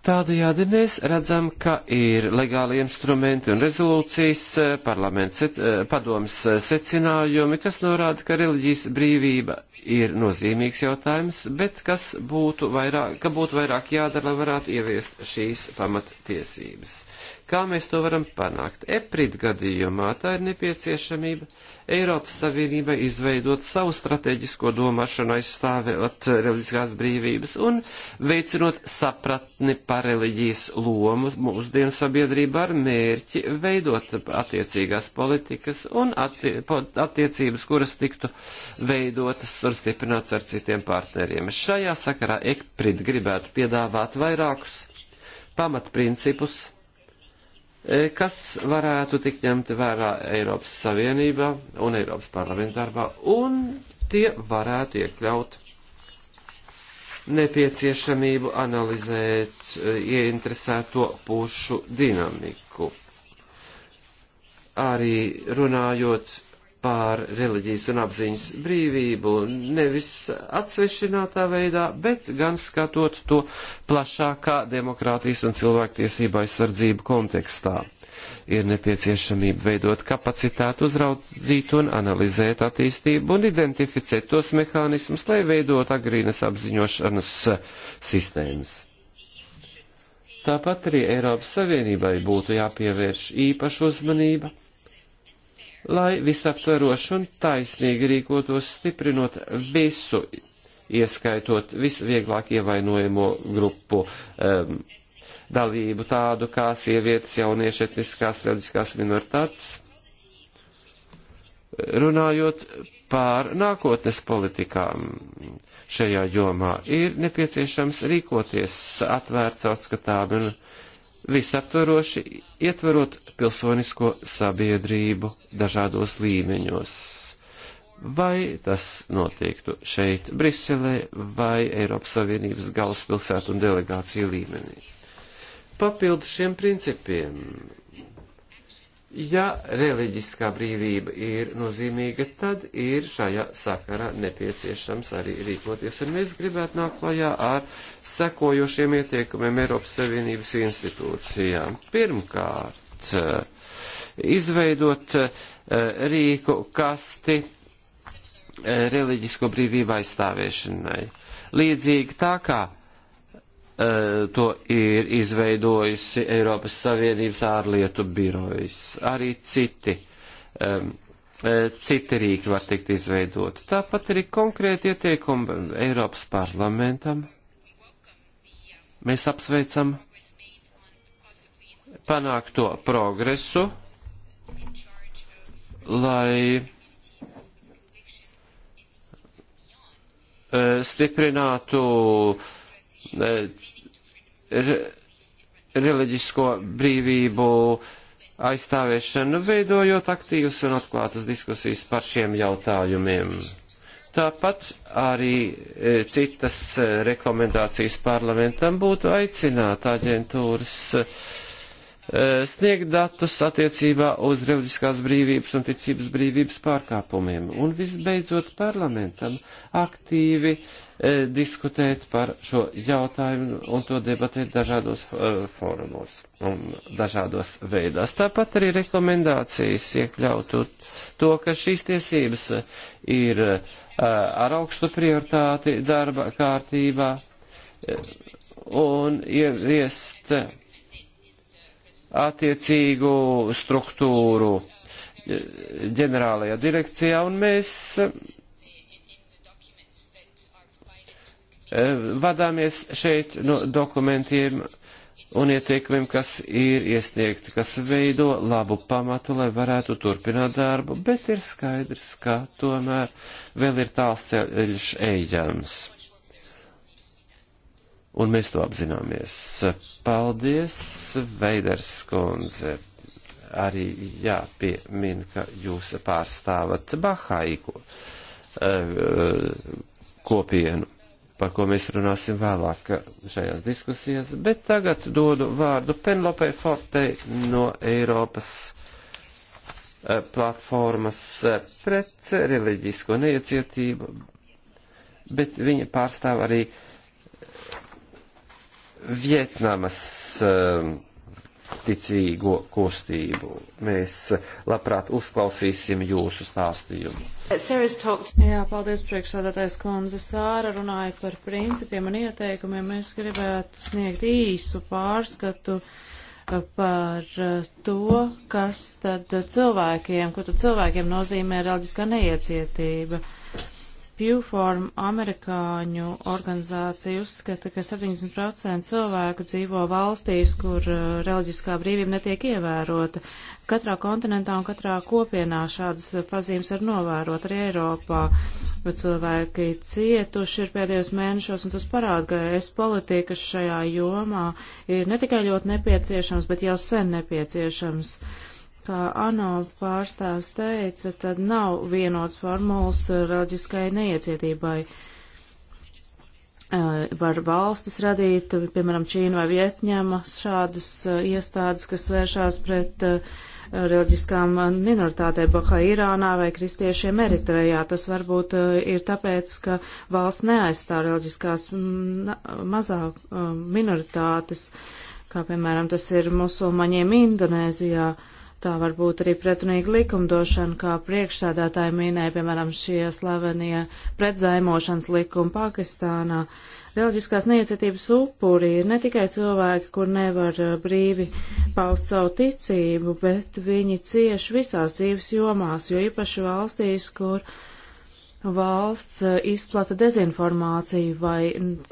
Tādējādi mēs redzam, ka ir legāli instrumenti un rezolūcijas, eh, parlaments eh, padomas eh, secinājumi, kas norāda, ka reliģijas brīvība ir nozīmīgs jautājums, bet kas būtu vairāk, ka būtu vairāk jādara, lai varētu ieviest šīs pamattiesības. Kā mēs to varam panākt? Eprit gadījumā tā ir nepieciešamība Eiropas Savienībai izveidot savu strateģisko domāšanu, aizstāvot reliģiskās brīvības un veicinot sapratni par reliģijas lomu mūsdienu sabiedrībā ar mērķi veidot attiecīgās politikas un attie attiecības, kuras tiktu veidotas un stiprināts ar citiem partneriem. Šajā sakarā Eprit gribētu piedāvāt vairākus pamatprincipus E, kas varētu tikt ņemti vērā Eiropas Savienībā un Eiropas parlamentārā, un tie varētu iekļaut nepieciešamību analizēt e, ieinteresēto pušu dinamiku. Arī runājot pār reliģijas un apziņas brīvību, nevis atsvešinātā veidā, bet gan skatot to plašākā demokrātijas un cilvēktiesība aizsardzību kontekstā. Ir nepieciešamība veidot kapacitāti uzraudzīt un analizēt attīstību un identificēt tos mehānismus, lai veidot agrīnas apziņošanas sistēmas. Tāpat arī Eiropas Savienībai būtu jāpievērš īpaša uzmanība lai visaptveroši un taisnīgi rīkotos, stiprinot visu, ieskaitot visvieglāk ievainojamo grupu um, dalību, tādu kā sievietes, jaunieši, etniskās, reliģiskās minoritātes. Runājot pār nākotnes politikām šajā jomā, ir nepieciešams rīkoties atvērts, atskatām un visaptvaroši ietverot pilsonisko sabiedrību dažādos līmeņos. Vai tas notiektu šeit, Briselē, vai Eiropas Savienības galvaspilsētu un delegāciju līmenī. Papildu šiem principiem Ja reliģiskā brīvība ir nozīmīga, tad ir šajā sakarā nepieciešams arī rīkoties, un mēs gribētu nākt klajā ar sekojošiem ieteikumiem Eiropas Savienības institūcijām. Pirmkārt, izveidot eh, rīku kasti eh, reliģisko brīvību aizstāvēšanai. Līdzīgi tā kā Eh, to ir izveidojusi Eiropas Savienības ārlietu birojas. Arī citi, um, citi rīki var tikt izveidot. Tāpat arī konkrēti ieteikumi Eiropas parlamentam. Mēs apsveicam panākto progresu, lai eh, stiprinātu uh, E, re, reliģisko brīvību aizstāvēšanu, veidojot aktīvas un atklātas diskusijas par šiem jautājumiem. Tāpat arī e, citas e, rekomendācijas parlamentam būtu aicināt aģentūras uh, Eh, sniegt datus attiecībā uz reliģiskās brīvības un ticības brīvības pārkāpumiem. Un visbeidzot parlamentam aktīvi e, diskutēt par šo jautājumu un to debatēt dažādos e, fórumos un dažādos veidās. Tāpat arī rekomendācijas iekļautu to, ka šīs tiesības ir e, ar augstu prioritāti darba kārtībā e, un ieviest. E, attiecīgu struktūru ģenerālajā direkcijā, un mēs eh, vadāmies šeit no dokumentiem un ieteikumiem, kas ir iesniegti, kas veido labu pamatu, lai varētu turpināt darbu, bet ir skaidrs, ka tomēr vēl ir tāls ceļš ejams un mēs to apzināmies. Paldies, Veiders kundze. Arī jāpiemin, ka jūs pārstāvat Bahaiku eh, kopienu, par ko mēs runāsim vēlāk šajās diskusijās, bet tagad dodu vārdu Penlopei Fortei no Eiropas eh, platformas eh, pret reliģisko neiecietību, bet viņa pārstāv arī uh, Vietnamas um, ticīgo kustību. Mēs uh, labprāt uzklausīsim jūsu stāstījumu. Jā, paldies priekšsādātais kundze. Sāra runāja par principiem un ieteikumiem. Mēs gribētu sniegt īsu pārskatu uh, par uh, to, kas tad cilvēkiem, ko tad cilvēkiem nozīmē reliģiskā neiecietība. Uh, Pewform amerikāņu organizācija uzskata, ka 70% cilvēku dzīvo valstīs, kur uh, reliģiskā brīvība netiek ievērota. Katrā kontinentā un katrā kopienā šādas pazīmes var novērot arī Eiropā. Cilvēki cietuši ir pēdējos mēnešos, un tas parāda, ka es politika šajā jomā ir ne tikai ļoti nepieciešams, bet jau sen nepieciešams. Uh, kā ANO pārstāvs teica, tad nav vienots formulas reliģiskai neiecietībai. Var valstis radīt, piemēram, Čīna vai Vietņama, šādas iestādes, kas vēršās pret reliģiskām minoritātēm, Bahā Irānā vai kristiešiem Eritrejā. Tas varbūt ir tāpēc, ka valsts neaizstāv reliģiskās mazā minoritātes, kā piemēram tas ir musulmaņiem Indonēzijā. Uh, Tā var būt arī pretrunīga likumdošana, kā priekšsādātāji minēja, piemēram, šie slavenie pretzaimošanas likumi Pakistānā. Reliģiskās neiecetības upuri ir ne tikai cilvēki, kur nevar eh, brīvi paust savu ticību, bet viņi cieš visās dzīves jomās, jo īpaši valstīs, kur valsts eh, izplata dezinformāciju vai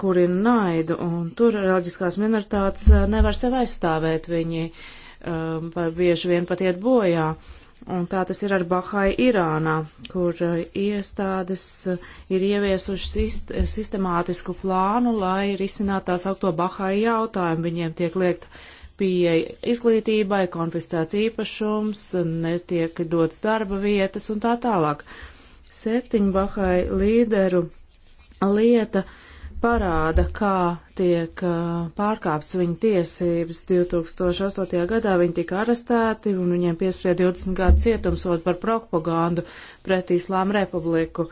kurina naidu, un tur reliģiskās minoritātes eh, nevar sev aizstāvēt. Viņi um, bieži vien pat iet bojā. Un tā tas ir ar Bahai Irānā, kur uh, iestādes uh, ir ieviesuši sist uh, sistemātisku plānu, lai risinātu tās augto Bahai jautājumu. Viņiem tiek liekt pieeja izglītībai, konfiscēts īpašums, netiek dotas darba vietas un tā tālāk. Septiņu Bahai līderu lieta uh, parāda, kā tiek pārkāpts viņa tiesības. 2008. gadā viņi tika arestēti un viņiem piesprieda 20 gadu cietumsodu par propagandu pret Islāma republiku.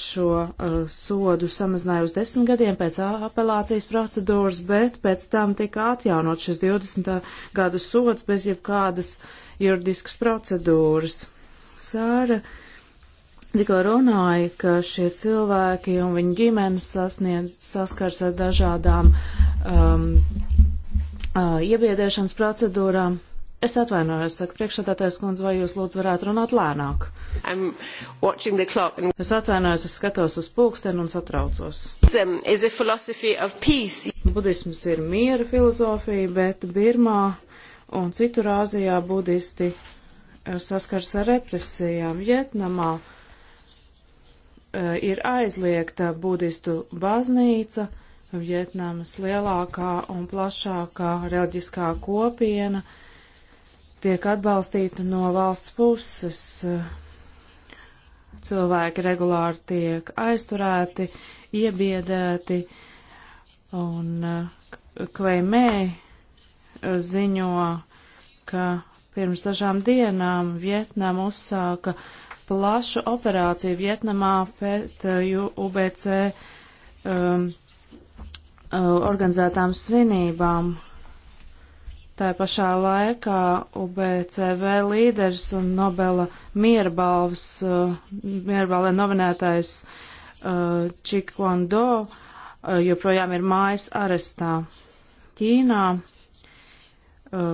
Šo uh, sodu samazināja uz 10 gadiem pēc apelācijas procedūras, bet pēc tam tika atjaunot šis 20 gadu sods bez jebkādas juridiskas procedūras. Sāra uh, tikko runāja, ka šie cilvēki un viņu ģimenes sasniedz, saskars ar dažādām um, uh, iebiedēšanas procedūrām. Es atvainojos, saka priekšsādātais kundze, vai jūs lūdzu varētu runāt lēnāk? And... Es atvainojos, es skatos uz pulksteni un satraucos. Budisms ir miera filozofija, bet Birmā un citur Āzijā budisti uh, saskars ar represijām Vietnamā E, ir aizliegta budistu baznīca, Vietnamas lielākā un plašākā reliģiskā kopiena tiek atbalstīta no valsts puses. E, cilvēki regulāri tiek aizturēti, iebiedēti, un e, Kveimē ziņo, ka pirms dažām dienām Vietnama uzsāka uh, plašu operāciju Vietnamā pēc eh, UBC um, eh, organizētām svinībām. Tā pašā laikā UBCV līderis un Nobela miera balvas, uh, eh, miera balvē novinētais uh, Čikondo uh, joprojām ir mājas arestā. Ķīnā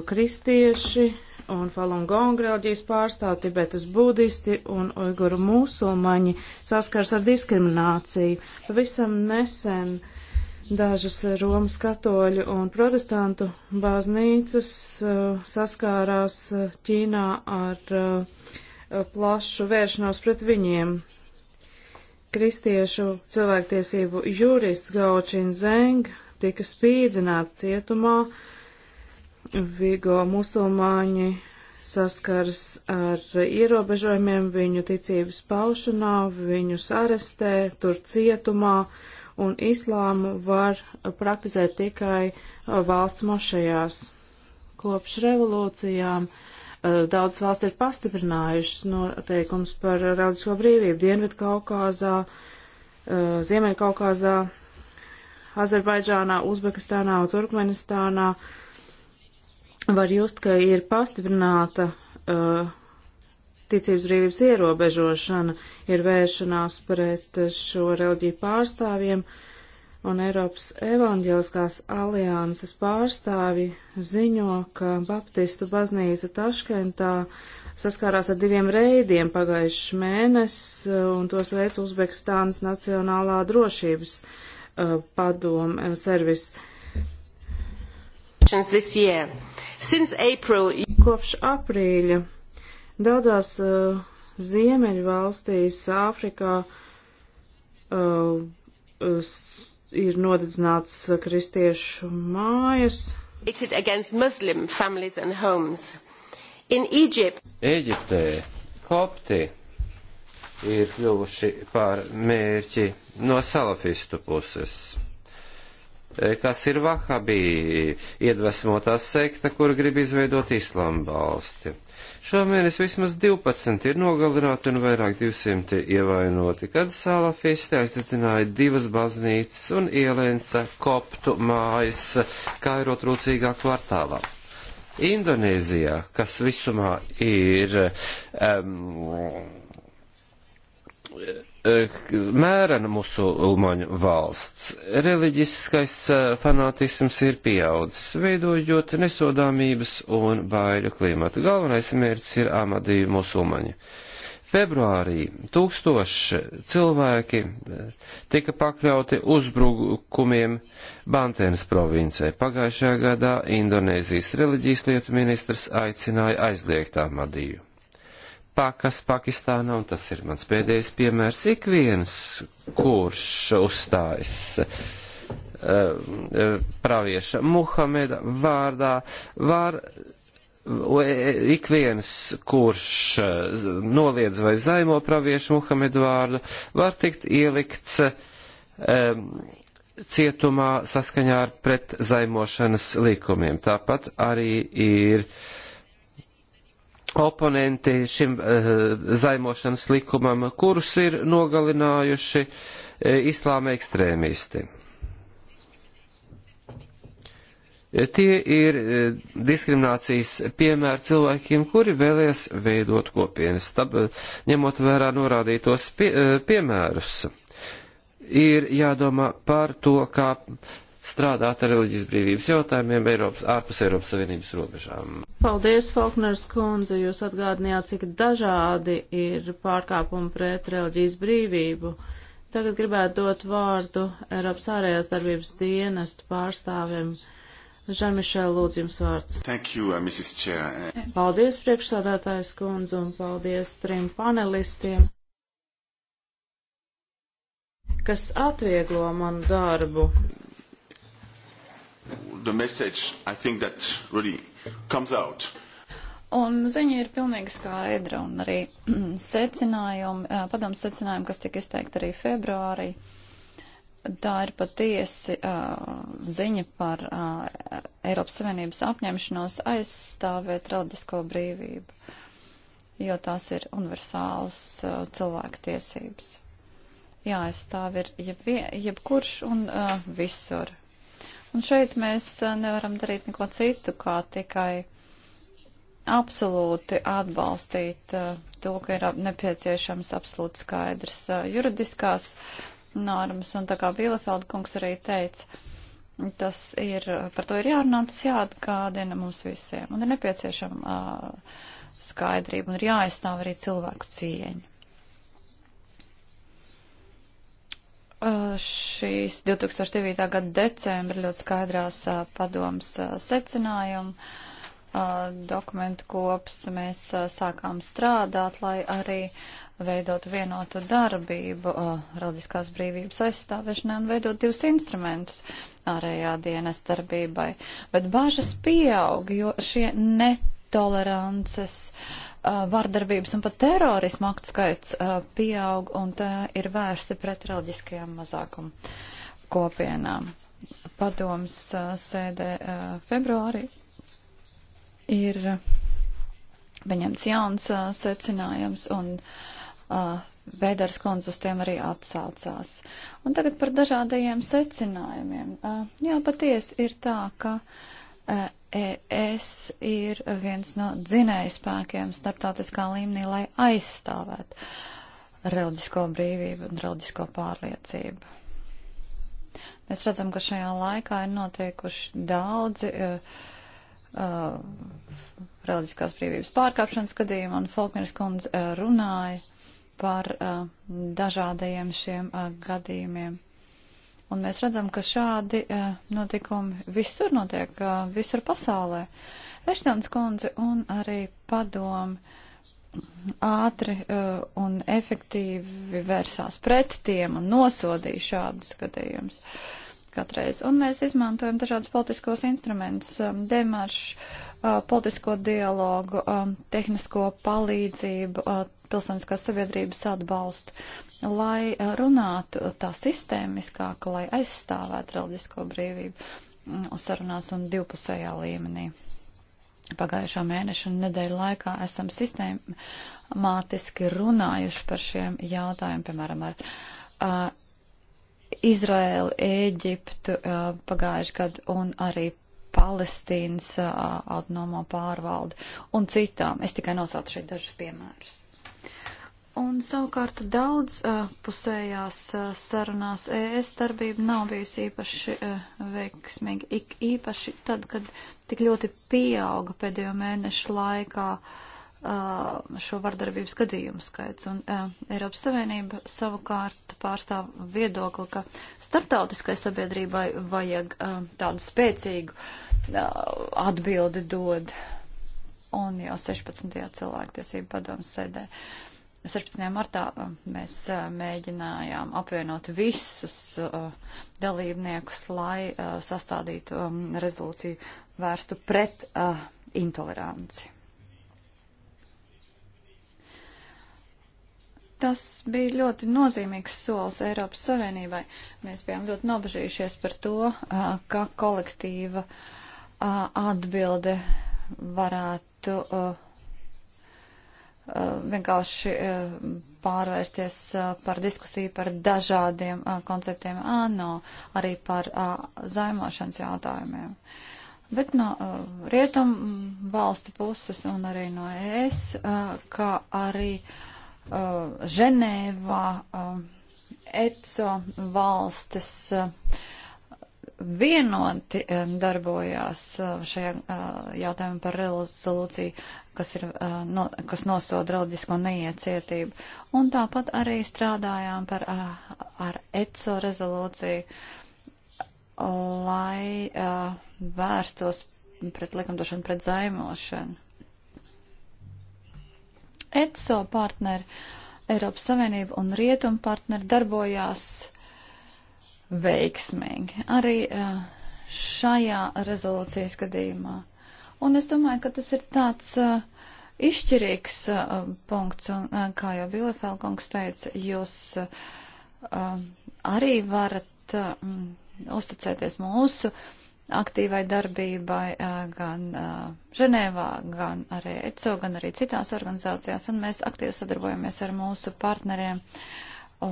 kristieši un Falun Gong reliģijas pārstāv, Tibetas budisti un uiguru musulmaņi saskars ar diskrimināciju. Pavisam nesen dažas Romas katoļu un protestantu baznīcas uh, saskārās uh, Ķīnā ar uh, plašu vēršanos pret viņiem. Kristiešu cilvēktiesību jurists Gaučin Zeng tika spīdzināts cietumā, uh, Vigo musulmaņi saskars ar ierobežojumiem viņu ticības paušanā, viņus arestē, tur cietumā, un islāmu var praktizēt tikai valsts mošajās. Kopš revolūcijām eh, daudz valsts ir pastiprinājušas noteikums par raudisko brīvību Dienvidkaukāzā, eh, Ziemeļkaukāzā, Azerbaidžānā, Uzbekistānā un Turkmenistānā var just, ka ir pastiprināta uh, ticības brīvības ierobežošana, ir vēršanās pret šo reliģiju pārstāvjiem, un Eiropas evanģeliskās alianses pārstāvi ziņo, ka Baptistu baznīca Taškentā saskārās ar diviem reidiem pagājušas mēnesis, uh, un tos veids Uzbekistānas Nacionālā drošības uh, padome uh, servis. Uh, elections this year. Since April... Kopš aprīļa daudzās uh, ziemeļu valstīs, Āfrikā, uh, uh, ir nodedzināts uh, kristiešu mājas. Eģiptē kopti ir kļuvuši par mērķi no salafistu puses. Eh, kas ir Vahabī, iedvesmotā sekta, kur grib izveidot islāma valsti. Šomēnes vismaz 12 ir nogalināti un vairāk 200 ievainoti, kad salafisti aizdedzināja divas baznīcas un ielēnca koptu mājas Kairo trūcīgā kvartālā. Indonēzijā, kas visumā ir um, mērena musulmaņu valsts. Reliģiskais fanātisms ir pieaudzis, veidojot nesodāmības un baiļu klimatu. Galvenais mērķis ir amadīju musulmaņi. Februārī tūkstoši cilvēki tika pakļauti uzbrukumiem Bantēnas provincē. Pagājušajā gadā Indonēzijas reliģijas lietu ministrs aicināja aizliegt amadīju pakas Pakistānā, un tas ir mans pēdējais piemērs, ik viens, kurš uzstājas uh, pravieša Muhameda vārdā, var eh, ik viens, kurš noliedz vai zaimo praviešu Muhamedu vārdu, var tikt ielikts um, cietumā saskaņā ar pretzaimošanas likumiem. Tāpat arī ir uh, oponenti šim eh, zaimošanas likumam, kurus ir nogalinājuši eh, islāma ekstrēmisti. Tie ir eh, diskriminācijas piemēri cilvēkiem, kuri vēlies veidot kopienas, tab, ņemot vērā norādītos pie, piemērus. Ir jādomā par to, kā strādāt ar reliģijas brīvības jautājumiem Eiropas, ārpus Eiropas Savienības robežām. Paldies, Faulkners kundze, jūs atgādinājāt, cik dažādi ir pārkāpumi pret reliģijas brīvību. Tagad gribētu dot vārdu Eiropas ārējās darbības dienestu pārstāvim. Žanmišēl, lūdzu jums vārds. Thank you, uh, Mrs. Chair. Paldies, priekšsādātājs kundze, un paldies trim panelistiem, kas atvieglo manu darbu the message I think that really comes out. Un ziņa ir pilnīgi skaidra un arī secinājumi, padoms secinājumi, kas tika izteikti arī februārī. Tā ir patiesi uh, ziņa par uh, Eiropas Savienības apņemšanos aizstāvēt reliģisko brīvību, jo tās ir universālas uh, cilvēku tiesības. Jāaizstāv ir jeb, jebkurš un uh, visur Un šeit mēs nevaram darīt neko citu, kā tikai absolūti atbalstīt to, ka ir nepieciešams absolūti skaidrs juridiskās normas. Un tā kā Bielefeld kungs arī teica, tas ir, par to ir jārunā, tas jāatgādina mums visiem. Un ir nepieciešama skaidrība un ir jāaizstāv arī cilvēku cieņa. Uh, šīs 2009. gada decembra ļoti skaidrās uh, padomas uh, secinājumu dokumentu kops. Mēs sākām strādāt, lai arī veidot vienotu darbību radiskās brīvības aizstāvēšanai un veidot divus instrumentus ārējā dienas darbībai. Bet bažas pieaug, jo šie netolerances. Uh, Uh, vardarbības un pat terorismu aktu skaits uh, pieaug, un tā ir vērsta pret reliģiskajām mazākumu kopienām. Padoms uh, sēdē februārī ir paņemts jauns secinājums, un Vēders kundze uz tiem arī atsaucās. Un tagad par dažādajiem secinājumiem. Jā, patiesi ir tā, ka. Uh, ES e ir viens no dzinējspēkiem starptautiskā līmenī, lai aizstāvētu reliģisko brīvību un reliģisko pārliecību. Mēs redzam, ka šajā laikā ir notiekuši daudzi uh, uh, reliģiskās brīvības pārkāpšanas gadījumi, un Folkneris kundze uh, runāja par uh, dažādajiem šiem uh, gadījumiem. Un mēs redzam, ka šādi e, notikumi visur notiek, e, visur pasaulē. Eštons kundze un arī padomi ātri uh, un efektīvi vērsās pret tiem un nosodīja šādus gadījumus katreiz. Un mēs izmantojam dažādus politiskos instrumentus, um, demaršu, uh, politisko dialogu, um, tehnisko palīdzību, uh, pilsoniskās sabiedrības atbalstu lai eh, runātu tā sistēmiskāk, lai aizstāvētu reliģisko brīvību mm, sarunās un divpusējā līmenī. Pagājušo mēnešu un nedēļu laikā esam sistēmātiski runājuši par šiem jautājumiem, piemēram, ar uh, Izraēlu, Ēģiptu uh, pagājuši gadu un arī Palestīnas uh, autonomo pārvaldu un citām. Es tikai nosaucu šeit dažus piemērus. Un savukārt daudz uh, pusējās uh, sarunās ES darbība nav bijusi īpaši uh, veiksmīga, Ik, īpaši tad, kad tik ļoti pieauga pēdējo mēnešu laikā uh, šo vardarbības gadījumu skaits. Un uh, Eiropas Savienība savukārt pārstāv viedokli, ka starptautiskai sabiedrībai vajag uh, tādu spēcīgu uh, atbildi dod. Un jau 16. cilvēktiesību padomu sēdē. Uh, 16. martā uh, mēs uh, mēģinājām apvienot visus uh, dalībniekus, lai sastādītu um, rezolūciju vērstu pret intoleranci. Tas bija ļoti nozīmīgs solis Eiropas Savienībai. Mēs bijām ļoti nobežījušies par to, ka kolektīva atbilde varētu Eh, vienkārši eh, pārvērsties eh, par diskusiju par dažādiem konceptiem ANO, arī par zaimošanas jautājumiem. Bet no rietum mm, valstu puses un arī no ES, kā arī Ženēvā ECO valstis vienoti darbojās šajā jautājumā par rezolūciju kas, ir, no, kas nosoda reliģisko neiecietību. Un tāpat arī strādājām par, ar ECO rezolūciju, lai vērstos pret likumdošanu, pret zaimošanu. ECO partneri, Eiropas Savienība un Rietumu partneri darbojās veiksmīgi. Arī šajā rezolūcijas gadījumā Un es domāju, ka tas ir tāds uh, izšķirīgs uh, punkts, un uh, kā jau Vilefēlkungs teica, jūs uh, um, arī varat uh, mm, uzticēties mūsu aktīvai darbībai uh, gan uh, Ženēvā, gan arī ECO, gan arī citās organizācijās, un mēs aktīvi sadarbojamies ar mūsu partneriem,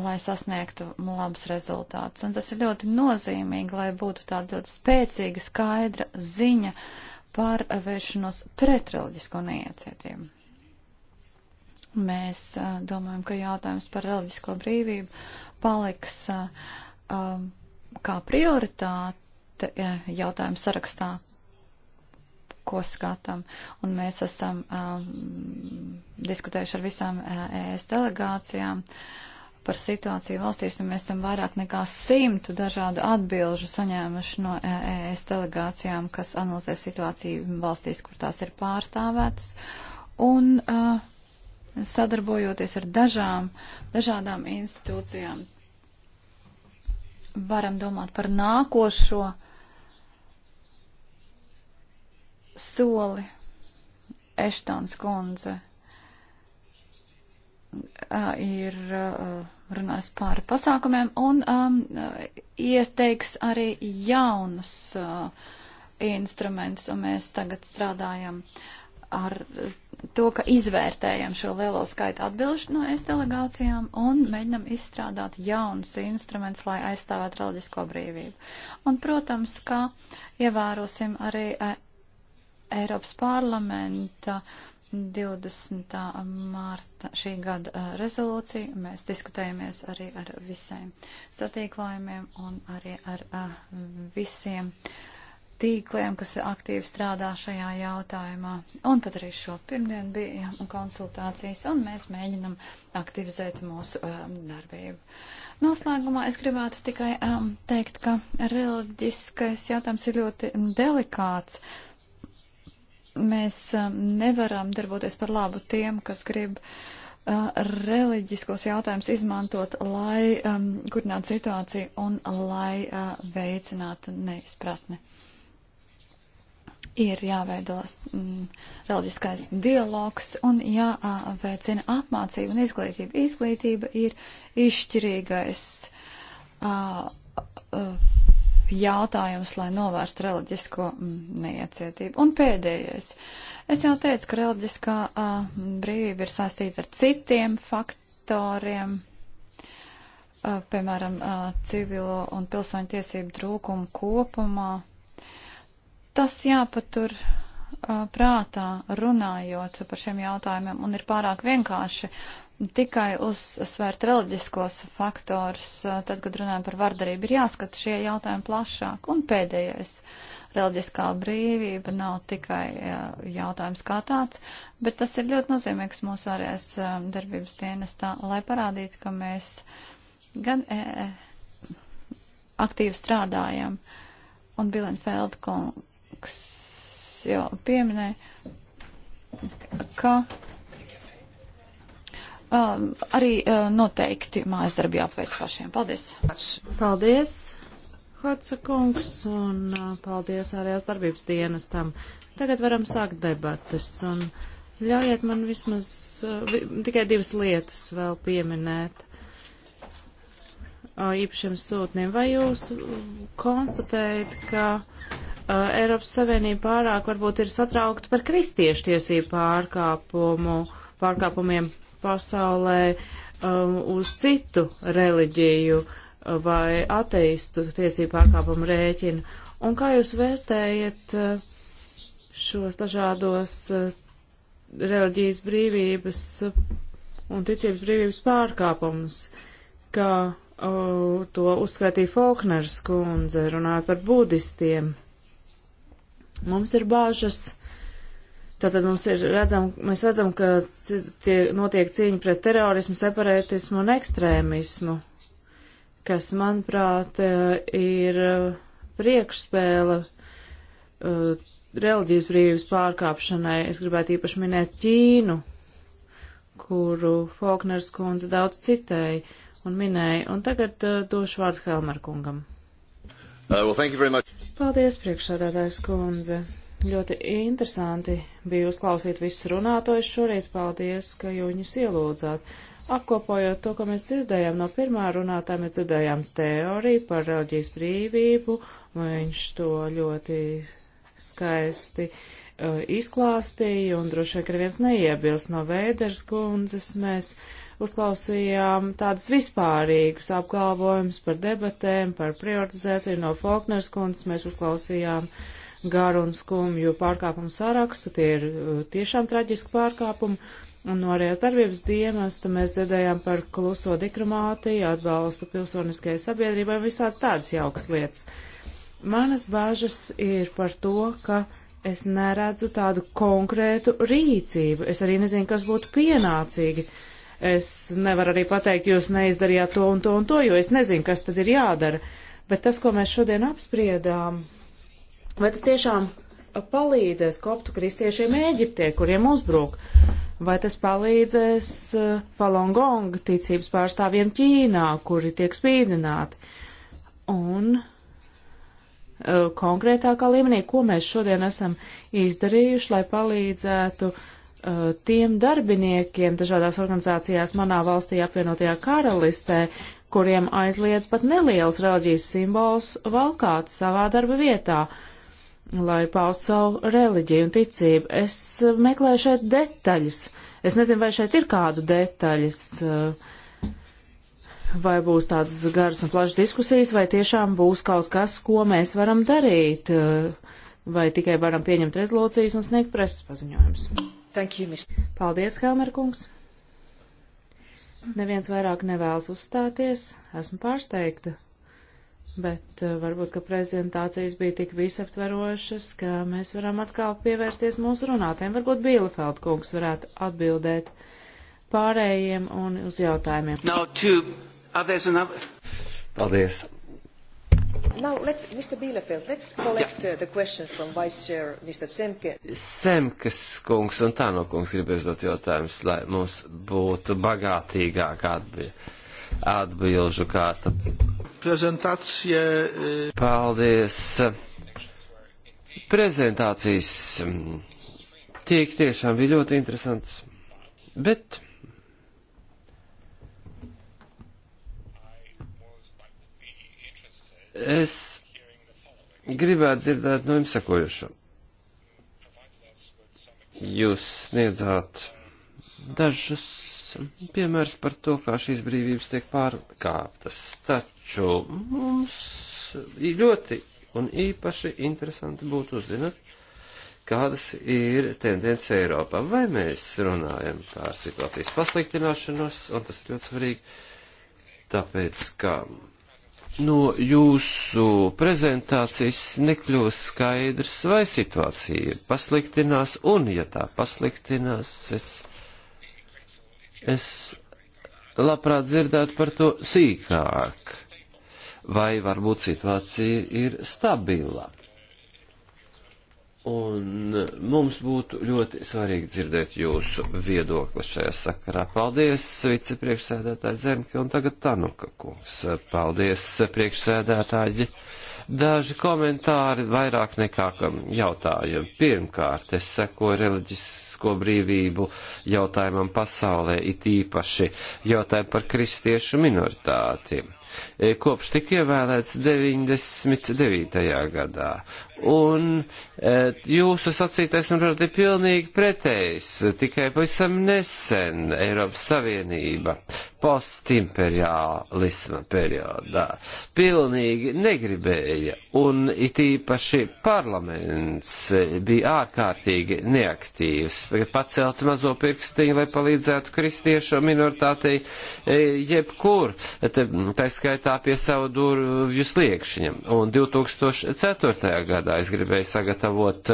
lai sasniegtu labus rezultātus. Un tas ir ļoti nozīmīgi, lai būtu tāda ļoti spēcīga, skaidra ziņa. Uh, par vēršanos pret reliģisko neiecietību. Mēs uh, domājam, ka jautājums par reliģisko brīvību paliks uh, um, kā prioritāte uh, jautājumu sarakstā, ko skatām. Un mēs esam um, diskutējuši ar visām uh, ES delegācijām. Uh, par situāciju valstīs, un mēs esam vairāk nekā simtu dažādu atbilžu saņēmuši no ES e delegācijām, kas analizē situāciju valstīs, kur tās ir pārstāvētas. Un uh, sadarbojoties ar dažām, dažādām institūcijām, varam domāt par nākošo soli. Eštāns kundze uh, ir uh, runās par pasākumiem un um, ieteiks arī jaunus uh, instrumentus, un mēs tagad strādājam ar to, ka izvērtējam šo lielo skaitu atbilžu no es delegācijām un mēģinam izstrādāt jaunus instrumentus, lai aizstāvētu reliģisko brīvību. Un, protams, ka ievērosim arī uh, Eiropas parlamenta uh, 20. mārta šī gada eh, rezolūciju. Mēs diskutējamies arī ar visiem satīklājumiem un arī ar eh, visiem tīkliem, kas aktīvi strādā šajā jautājumā. Un pat arī šo pirmdienu bija konsultācijas, un mēs mēģinam aktivizēt mūsu eh, darbību. Noslēgumā es gribētu tikai um, teikt, ka reliģiskais jautājums ir ļoti delikāts. Uh, mēs um, nevaram darboties par labu tiem, kas grib uh, reliģiskos jautājumus izmantot, lai um, kurinātu situāciju un lai uh, veicinātu neizpratni. Ir jāveidolās mm, reliģiskais dialogs un jāveicina apmācība un izglītība. Izglītība ir izšķirīgais. Uh, uh, jautājums, lai novērstu reliģisko mm, neiecietību. Un pēdējais. Es jau teicu, ka reliģiskā uh, brīvība ir saistīta ar citiem faktoriem, uh, piemēram, uh, civilo un pilsoņu tiesību trūkumu kopumā. Tas jāpatur prātā runājot par šiem jautājumiem un ir pārāk vienkārši tikai uzsvērt reliģiskos faktorus, tad, kad runājam par vardarību, ir jāskata šie jautājumi plašāk. Un pēdējais - reliģiskā brīvība nav tikai jautājums kā tāds, bet tas ir ļoti nozīmīgs mūsu ārējās darbības dienestā, lai parādītu, ka mēs gan e, e, aktīvi strādājam, un Bilenfeld kungs jau pieminēja, ka Um, arī uh, noteikti mājas darbi jāpaveic pašiem. Paldies! Paldies, Hotsa kungs, un uh, paldies ārējās darbības dienestam. Tagad varam sākt debatas, un ļaujiet man vismaz uh, tikai divas lietas vēl pieminēt īpašiem sūtniem. Vai jūs konstatējat, ka uh, Eiropas Savienība pārāk varbūt ir satraukta par kristiešu tiesību pārkāpumu, pārkāpumiem pasaulē um, uz citu reliģiju uh, vai ateistu tiesību pārkāpumu rēķinu. Un kā jūs vērtējat uh, šos dažādos uh, reliģijas brīvības un ticības brīvības pārkāpumus, kā uh, to uzskaitīja Faulkners kundze, runāja par budistiem? Mums ir bāžas Tātad mums ir redzam, mēs redzam, ka tie notiek cīņa pret terorismu, separētismu un ekstrēmismu, kas, manuprāt, eh, ir eh, priekšspēle eh, reliģijas brīvības pārkāpšanai. Es gribētu īpaši minēt Ķīnu, kuru Faulkners kundze daudz citēja un minēja. Un tagad uh, došu vārdu Helmer kungam. Uh, well, Paldies, priekšsādātājs kundze. Ļoti interesanti bija uzklausīt visus runātojus šorīt. Paldies, ka jūs ielūdzāt. Apkopojot to, ko mēs dzirdējām no pirmā runātāja, mēs dzirdējām teoriju par reliģijas brīvību. Viņš to ļoti skaisti uh, izklāstīja un droši vien, ka neviens neiebilst no Vēders kundzes. Mēs uzklausījām tādus vispārīgus apgalvojumus par debatēm, par prioritizāciju no Faulkners kundzes. Mēs uzklausījām uh, garu un skumju pārkāpumu sarakstu, tie ir uh, tiešām traģiski pārkāpumi. Un no arējās darbības dienesta mēs dzirdējām par kluso dikromātiju, atbalstu pilsoniskajai sabiedrībai, visādi tādas jaukas lietas. Manas bažas ir par to, ka es neredzu tādu konkrētu rīcību. Es arī nezinu, kas būtu pienācīgi. Es nevaru arī pateikt, jūs neizdarījāt to un to un to, jo es nezinu, kas tad ir jādara. Bet tas, ko mēs šodien apspriedām, Vai tas tiešām palīdzēs koptu kristiešiem Ēģiptē, kuriem uzbruk? Vai tas palīdzēs eh, Falun Gong ticības pārstāvjiem Ķīnā, kuri tiek spīdzināti? Un uh, konkrētākā līmenī, ko mēs šodien esam izdarījuši, lai palīdzētu uh, tiem darbiniekiem dažādās organizācijās manā valstī apvienotajā karalistē, kuriem aizliedz pat neliels reliģijas simbols valkāt savā darba vietā. Uh, lai paust savu reliģiju un ticību. Es eh, meklēju šeit detaļas. Es nezinu, vai šeit ir kādu detaļas, eh, vai būs tādas garas un plašas diskusijas, vai tiešām būs kaut kas, ko mēs varam darīt, eh, vai tikai varam pieņemt rezolūcijas un sniegt preses paziņojumus. Paldies, Helmerkungs! Neviens vairāk nevēlas uzstāties. Esmu pārsteigta bet eh, varbūt, ka prezentācijas bija tik visaptverošas, ka mēs varam atkal pievērsties mūsu runātēm. Varbūt Bielefeld kungs varētu atbildēt pārējiem un uz jautājumiem. Now, two, others, another... Paldies. Now, let's, Mr. Bielefeld, let's collect yeah. uh, the question from Vice Chair Mr. Semke. Semkes kungs un Tāno kungs grib uzdot jautājumus, lai mums būtu bagātīgāk atbildēt atbilžu kārta. Prezentācija. Eh, Paldies. Prezentācijas mm, tiek tiešām bija ļoti interesants, bet. Es gribētu dzirdēt no jums sekojušo. Jūs sniedzāt dažus piemērs par to, kā šīs brīvības tiek pārkāptas. Taču mums ļoti un īpaši interesanti būtu uzzināt, kādas ir tendences Eiropā. Vai mēs runājam par situācijas pasliktināšanos, un tas ir ļoti svarīgi, tāpēc, ka no jūsu prezentācijas nekļūs skaidrs, vai situācija pasliktinās, un ja tā pasliktinās, es Es labprāt dzirdētu par to sīkāk, vai varbūt situācija ir stabila. Un mums būtu ļoti svarīgi dzirdēt jūsu viedokli šajā sakarā. Paldies, vicepriekšsēdētāji Zemke, un tagad Tanuka kungs. Paldies, priekšsēdētāji. Daži komentāri vairāk nekā jautājumi. Pirmkārt, es seko reliģisko brīvību jautājumam pasaulē, it īpaši jautājumu par kristiešu minoritāti E, kopš tik ievēlēts 99. gadā. Un e, jūsu sacītais man rada pilnīgi pretējs, tikai pavisam nesen Eiropas Savienība postimperiālisma periodā pilnīgi negribēja, un it īpaši parlaments bija ārkārtīgi neaktīvs, pacelt mazo pirkstiņu, lai palīdzētu kristiešu minoritātei e, jebkur. Tā skaitā pie savu durvju sliekšņa. Un 2004. gadā es gribēju sagatavot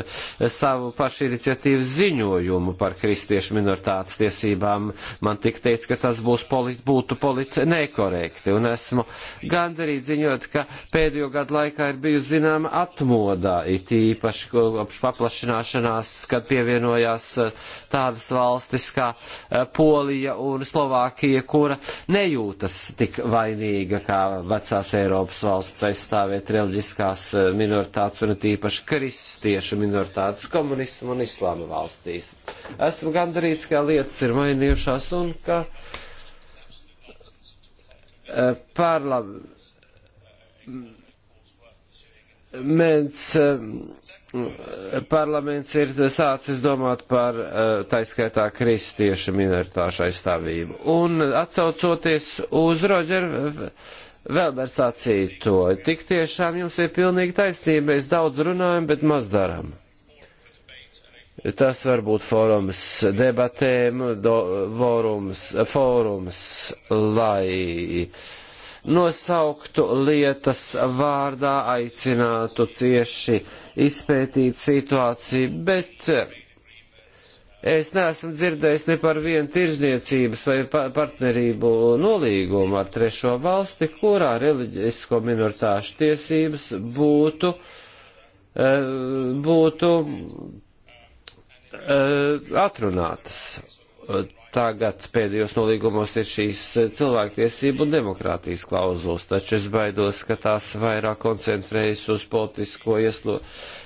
savu pašu iniciatīvas ziņojumu par kristiešu minoritātes tiesībām. Man tik teica, ka tas būs polit, būtu polit nekorekti. Un esmu gandarīt ziņot, ka pēdējo gadu laikā ir bijusi zināma atmodā, it īpaši kopš paplašināšanās, kad pievienojās eh, tādas valstis kā eh, Polija un Slovākija, kura nejūtas tik vainīga spējīga kā vecās Eiropas valsts aizstāvēt reliģiskās eh, minoritātes un tīpaši kristiešu minoritātes komunismu un islāma valstīs. Esmu gandarīts, ka lietas ir mainījušās un ka eh, parlaments eh, parlaments ir sācis domāt par eh, taiskaitā kristiešu minoritāšu aizstāvību. Un atsaucoties uz Rodžeru Vēlber sacīto, tik tiešām jums ir pilnīgi taisnība, mēs daudz runājam, bet maz darām. Tas var būt fórums debatēm, do, vorums, fórums, lai uh, nosauktu lietas vārdā, aicinātu cieši izpētīt situāciju, bet eh, es neesmu dzirdējis ne par vienu tirzniecības vai partnerību nolīgumu ar trešo valsti, kurā reliģisko minoritāšu tiesības būtu, eh, būtu eh, atrunātas tagad pēdējos nolīgumos ir šīs eh, cilvēktiesību un demokrātijas klauzulas, taču es baidos, ka tās vairāk koncentrējas uz politisko ieslo,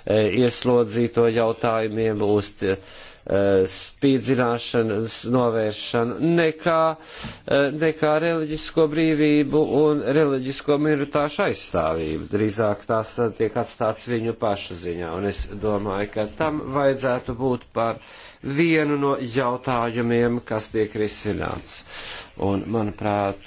eh, ieslodzīto jautājumiem, uz uh, Eh, spīdzināšanas novēršanu, nekā, eh, nekā reliģisko brīvību un reliģisko minoritāšu aizstāvību. Drīzāk tās eh, tiek atstāts viņu pašu ziņā, un es domāju, ka tam vajadzētu būt par vienu no jautājumiem, kas tiek risināts. Un, manuprāt,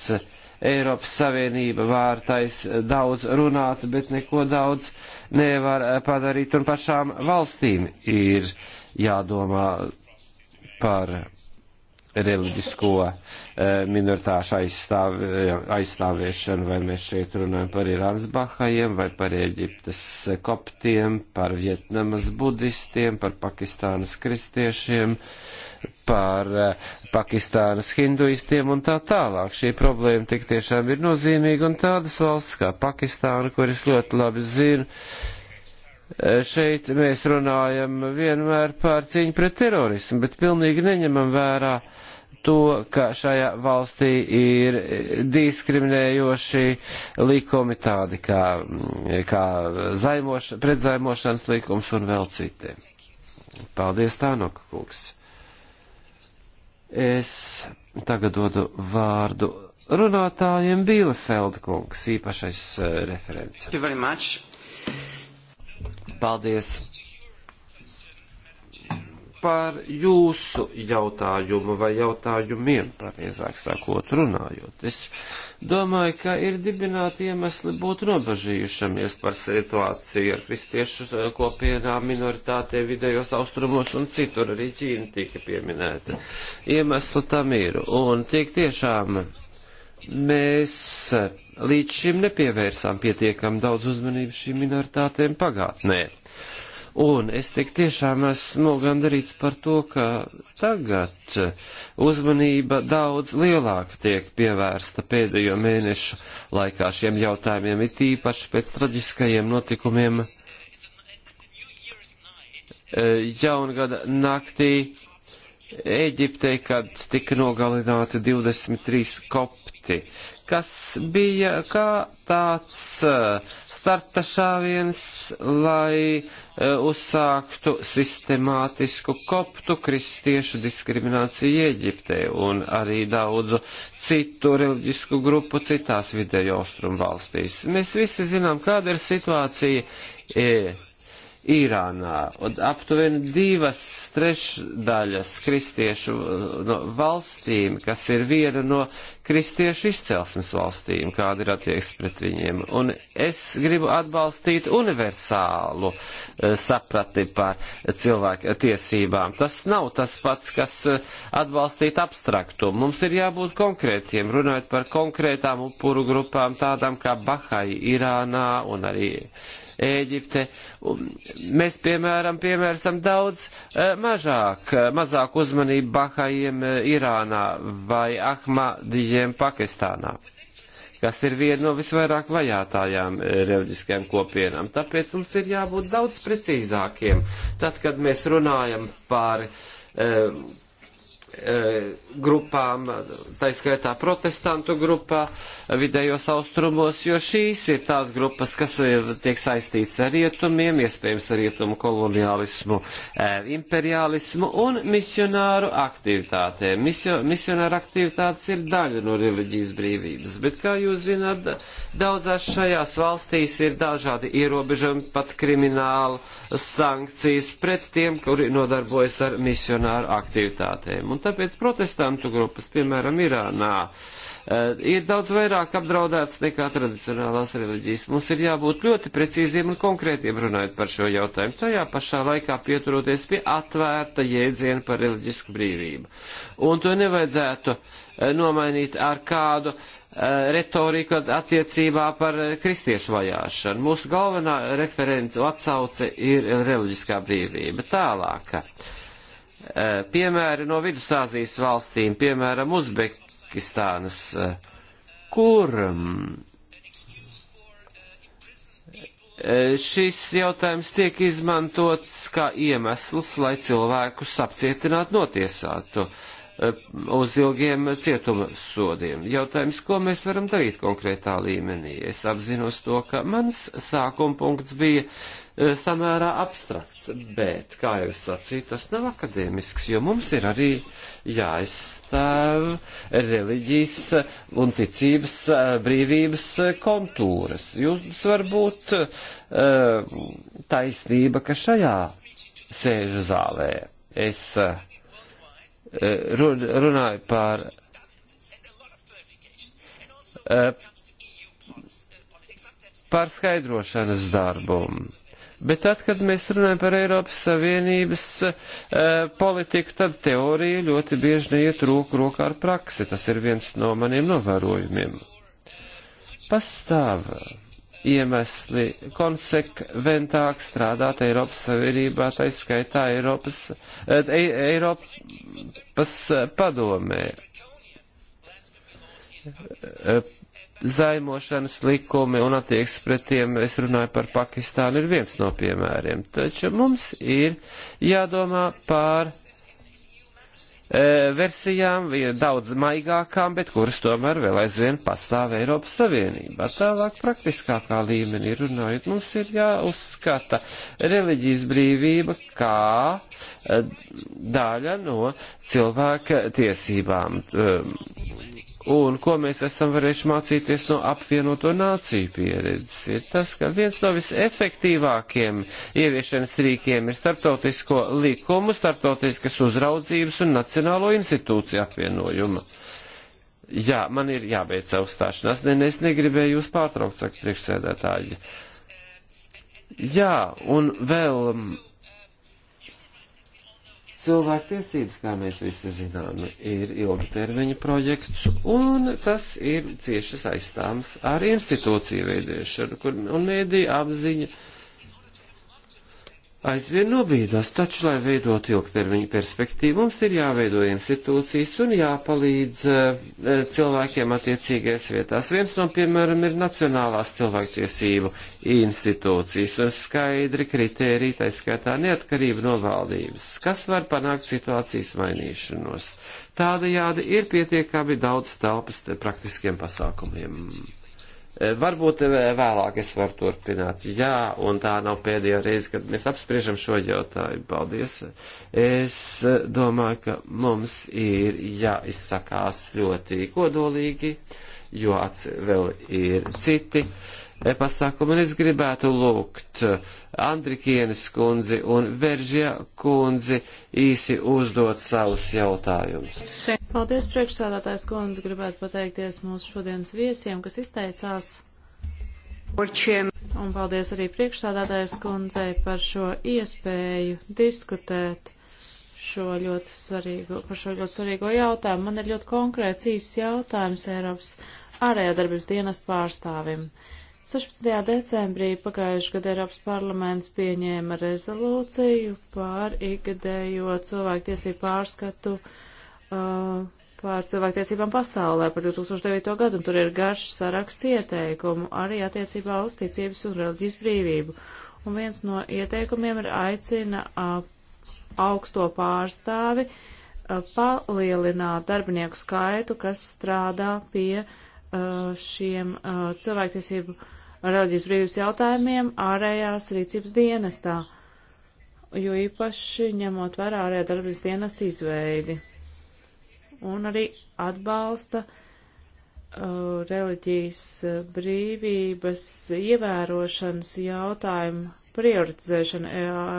Eiropas Savienība vārtais daudz runāt, bet neko daudz nevar padarīt, un pašām valstīm ir uh, jādomā par reliģisko eh, minoritāšu aizstāvi, aizstāviešanu, vai mēs šeit runājam par Irānas Bahajiem, vai par Eģiptes koptiem, par Vietnamas budistiem, par Pakistānas kristiešiem, par eh, Pakistānas hinduistiem un tā tālāk. Šī problēma tik tiešām ir nozīmīga un tādas valsts kā Pakistāna, kuras ļoti labi zinu, Eh, šeit mēs runājam vienmēr par cīņu pret terorismu, bet pilnīgi neņemam vērā to, ka šajā valstī ir diskriminējoši likumi tādi kā, kā zaimoš, pretzaimošanas likums un vēl citi. Paldies, Tānoka kungs. Es tagad dodu vārdu runātājiem Bielefeld kungs, īpašais eh, referents. Paldies par jūsu jautājumu vai jautājumiem, pareizāk sakot, runājot. Es domāju, ka ir dibināti iemesli būt nobažījušamies par situāciju ar kristiešu kopienām, minoritātē, vidējos austrumos un citur arī Ķīna tika pieminēta. Iemesli tam ir. Un tiek tiešām mēs līdz šim nepievērsām pietiekam daudz uzmanības šīm minoritātēm pagātnē. Un es tik tiešām esmu nogandarīts par to, ka tagad uzmanība daudz lielāka tiek pievērsta pēdējo mēnešu laikā šiem jautājumiem, it īpaši pēc traģiskajiem notikumiem eh, jaungada naktī Eģiptei, kad tika nogalināti 23 kopti, kas bija kā tāds eh, starta šāviens, lai eh, uzsāktu sistemātisku koptu kristiešu diskrimināciju Eģiptē un arī daudzu citu reliģisku grupu citās vidējo austrumu valstīs. Mēs visi zinām, kāda ir situācija. E, Irānā. Un aptuveni divas trešdaļas kristiešu uh, no valstīm, kas ir viena no kristiešu izcelsmes valstīm, kāda ir attieksme pret viņiem. Un es gribu atbalstīt universālu uh, saprati par cilvēku tiesībām. Tas nav tas pats, kas uh, atbalstīt abstraktu. Mums ir jābūt konkrētiem, runājot par konkrētām upuru grupām, tādām kā Bahai Irānā un arī Ēģipte. Mēs, piemēram, piemērsam daudz eh, mažāk, eh, mazāk uzmanību Bahajiem eh, Irānā vai Ahmadijiem Pakistānā kas ir viena no visvairāk vajātajām reliģiskajām kopienām. Tāpēc mums ir jābūt daudz precīzākiem. Tad, kad mēs runājam par um, E, grupām, tā skaitā protestantu grupā, vidējos austrumos, jo šīs ir tās grupas, kas tiek saistīts ar rietumiem, iespējams ar rietumu kolonialismu, e, imperialismu un misionāru aktivitātēm. Misio, misionāru aktivitātes ir daļa no reliģijas brīvības, bet, kā jūs zināt, daudzās šajās valstīs ir dažādi ierobežojumi, pat krimināli sankcijas pret tiem, kuri nodarbojas ar misionāru aktivitātēm. Un tāpēc protestantu grupas, piemēram, Irānā, eh, ir daudz vairāk apdraudētas nekā tradicionālās reliģijas. Mums ir jābūt ļoti precīziem un konkrētiem runājot par šo jautājumu, tajā pašā laikā pieturoties pie atvērta jēdziena par reliģisku brīvību. Un to nevajadzētu eh, nomainīt ar kādu eh, retoriku attiecībā par kristiešu vajāšanu. Mūsu galvenā referents atsauce ir reliģiskā brīvība. Tālāk. Eh, piemēri no Vidusāzijas valstīm, piemēram, Uzbekistānas, eh, kur mm, eh, šis jautājums tiek izmantots kā iemesls, lai cilvēkus apcietinātu, notiesātu uz ilgiem cietuma sodiem. Jautājums, ko mēs varam darīt konkrētā līmenī? Es apzinos to, ka mans sākuma punkts bija E, samērā abstrakts, bet, kā jau es sacīju, tas nav akadēmisks, jo mums ir arī jāizstāv reliģijas un ticības e, brīvības kontūras. Jums var būt uh, taisnība, ka šajā sēžu zālē es uh, runāju par. Uh, par skaidrošanas darbumu Bet tad, kad mēs runājam par Eiropas Savienības e, politiku, tad teorija ļoti bieži neiet roku rokā ar praksi. Tas ir viens no maniem novērojumiem. Pastāv iemesli konsekventāk strādāt Eiropas Savienībā, tai skaitā Eiropas, e, Eiropas padomē. E, zaimošanas likumi un attieksmes pret tiem, es runāju par Pakistānu, ir viens no piemēriem. Taču mums ir jādomā par e, versijām, ir daudz maigākām, bet kuras tomēr vēl aizvien pastāv Eiropas Savienībā. Tālāk praktiskākā līmenī runājot, mums ir jāuzskata reliģijas brīvība kā e, daļa no cilvēka tiesībām. E, Un ko mēs esam varējuši mācīties no apvienoto nāciju pieredzes, ir tas, ka viens no visefektīvākiem ieviešanas rīkiem ir starptautisko likumu, starptautiskas uzraudzības un nacionālo institūciju apvienojuma. Jā, man ir jābeidz savu stāšanās. Nē, ne, es negribēju jūs pārtraukt, saka priekšsēdētāji. Jā, un vēl Cilvēktiesības, kā mēs visi zinām, ir ilgtermiņa projekts, un tas ir cieši saistāms ar institūciju veidēšanu, kur, un mēdī apziņa aizvien nobīdās, taču, lai veidot ilgtermiņu perspektīvu, mums ir jāveido institūcijas un jāpalīdz eh, cilvēkiem attiecīgais vietās. Viens no, piemēram, ir Nacionālās cilvēktiesību institūcijas un skaidri kriteriji, tā skaitā neatkarība no valdības, kas var panākt situācijas mainīšanos. Tādajādi ir pietiekami daudz telpas praktiskiem pasākumiem. Eh, varbūt eh, vēlāk es varu turpināt. Jā, un tā nav pēdējā reize, kad mēs apspriežam šo jautājumu. Paldies. Es eh, domāju, ka mums ir jāizsakās ļoti kodolīgi, jo vēl ir citi. Uh, pasākumu, un es gribētu lūgt eh, Andrikienes kundzi un Veržie kundzi īsi uzdot savus jautājumus. Paldies, priekšsādātājs kundze, gribētu pateikties mūsu šodienas viesiem, kas izteicās. Un paldies arī priekšsādātājs kundzei par šo iespēju diskutēt šo ļoti svarīgo, par šo ļoti svarīgo jautājumu. Man ir ļoti konkrēts īsts jautājums Eiropas ārējā darbības dienas pārstāvim. Uh, 16. decembrī pagājušajā gadā Eiropas parlaments pieņēma rezolūciju par ikgadējo cilvēktiesību pārskatu uh, par cilvēktiesībām pasaulē par 2009. gadu, un tur ir garš saraksts ieteikumu arī attiecībā uz ticības un reliģijas brīvību. Un viens no ieteikumiem ir aicina uh, augsto pārstāvi uh, palielināt darbinieku skaitu, kas strādā pie uh, Uh, šiem uh, cilvēktiesību reliģijas brīvības jautājumiem ārējās rīcības dienestā, jo īpaši ņemot vērā ārējā darbības dienesta izveidi un arī atbalsta uh, reliģijas brīvības ievērošanas jautājumu prioritizēšanu uh,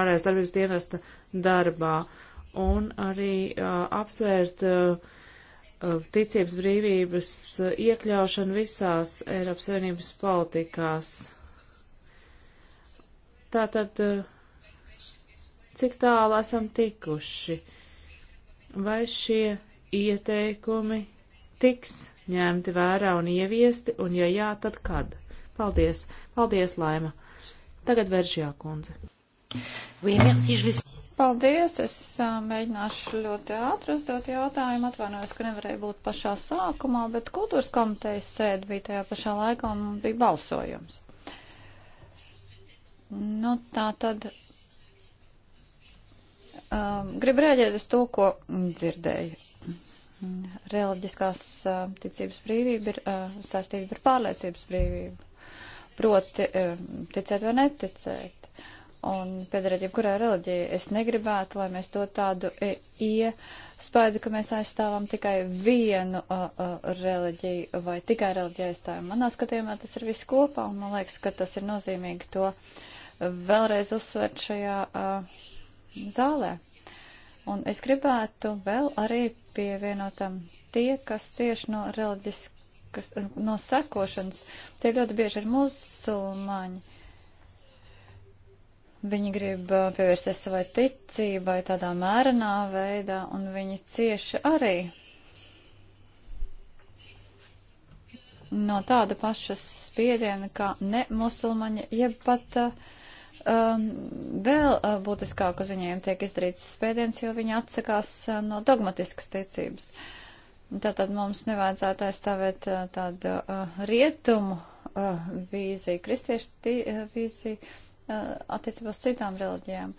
ārējās darbības dienesta darbā un arī uh, apsvērt uh, Uh, ticības brīvības uh, iekļaušanu visās Eiropas Savienības politikās. Tātad, uh, cik tālu esam tikuši? Vai šie ieteikumi tiks ņemti vērā un ieviesti, un ja jā, tad kad? Paldies, paldies, Laima. Tagad veržjā kundze. Oui, merci, je vais... Paldies! Es uh, mēģināšu ļoti ātri uzdot jautājumu. Atvainojos, ka nevarēju būt pašā sākumā, bet kultūras komitejas sēde bija tajā pašā laikā un bija balsojums. Nu, tā tad. Um, gribu rēģēt uz to, ko dzirdēju. Reliģiskās uh, ticības brīvība ir uh, saistība ar pārliecības brīvību. Proti, uh, ticēt vai neticēt un piedarēt jebkurai reliģijai. Es negribētu, lai mēs to tādu e, iespaidu, ka mēs aizstāvam tikai vienu uh, uh, reliģiju vai tikai reliģiju aizstāvam. Manā skatījumā tas ir viss kopā, un man liekas, ka tas ir nozīmīgi to vēlreiz uzsvērt šajā uh, zālē. Un es gribētu vēl arī pievienotam tie, kas cieši no reliģiskas, no sekošanas, tie ļoti bieži ir musulmaņi. Uh, Viņi grib uh, pievērsties savai ticībai tādā mērenā veidā, un viņi cieši arī no tāda paša spiediena, kā ne musulmaņi, jeb pat uh, um, vēl uh, būtiskāk uz viņiem tiek izdarīts spiediens, jo viņi atsakās uh, no dogmatiskas ticības. Tātad mums nevajadzētu aizstāvēt uh, tādu uh, rietumu uh, vīziju, kristiešu tī, uh, vīziju Uh, attiecībā uz citām reliģijām,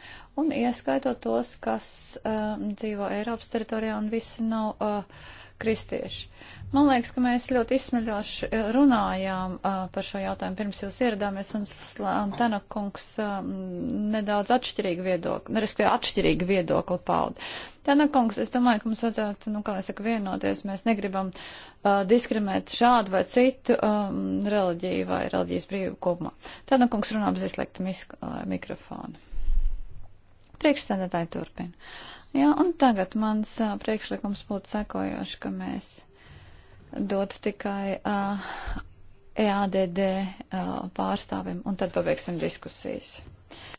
un ieskaitot tos, kas uh, dzīvo Eiropas teritorijā un visi nav uh, kristieši. Man liekas, ka mēs ļoti izsmeļoši eh, runājām uh, par šo jautājumu pirms jūs ieradāmies, un Tena kungs uh, nedaudz atšķirīgi viedokli, nu, respektīvi atšķirīgi viedokli pauda. Tena kungs, es domāju, ka mums vajadzētu, nu, kā es saku, vienoties, mēs negribam uh, diskriminēt šādu vai citu um, reliģiju vai reliģijas brīvu kopumā. Tena kungs runā bez izslēgta uh, mikrofona. Priekšsēdētāji turpina. Jā, un tagad mans uh, priekšlikums būtu sekojoši, ka mēs dot tikai uh, EADD uh, pārstāvim, un tad pabeigsim diskusijas.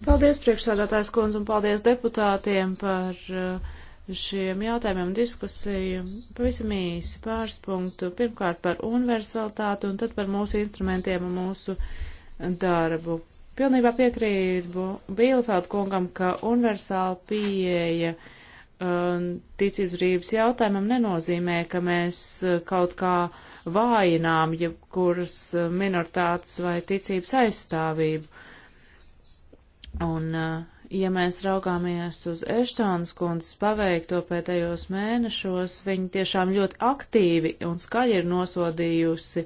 Paldies priekšsādātājs kundze un paldies deputātiem par uh, šiem jautājumiem un diskusiju. Pavisam īsi pāris punktu. Pirmkārt par universalitāti un tad par mūsu instrumentiem un mūsu darbu. Pilnībā piekrītu Bielefeld kungam, ka universāla pieeja uh, Um, ticības brīvības jautājumam nenozīmē, ka mēs uh, kaut kā vājinām jebkuras uh, minoritātes vai ticības aizstāvību. Un, uh, ja mēs raugāmies uz Eštānas kundzes paveikto pēdējos mēnešos, viņa tiešām ļoti aktīvi un skaļi ir nosodījusi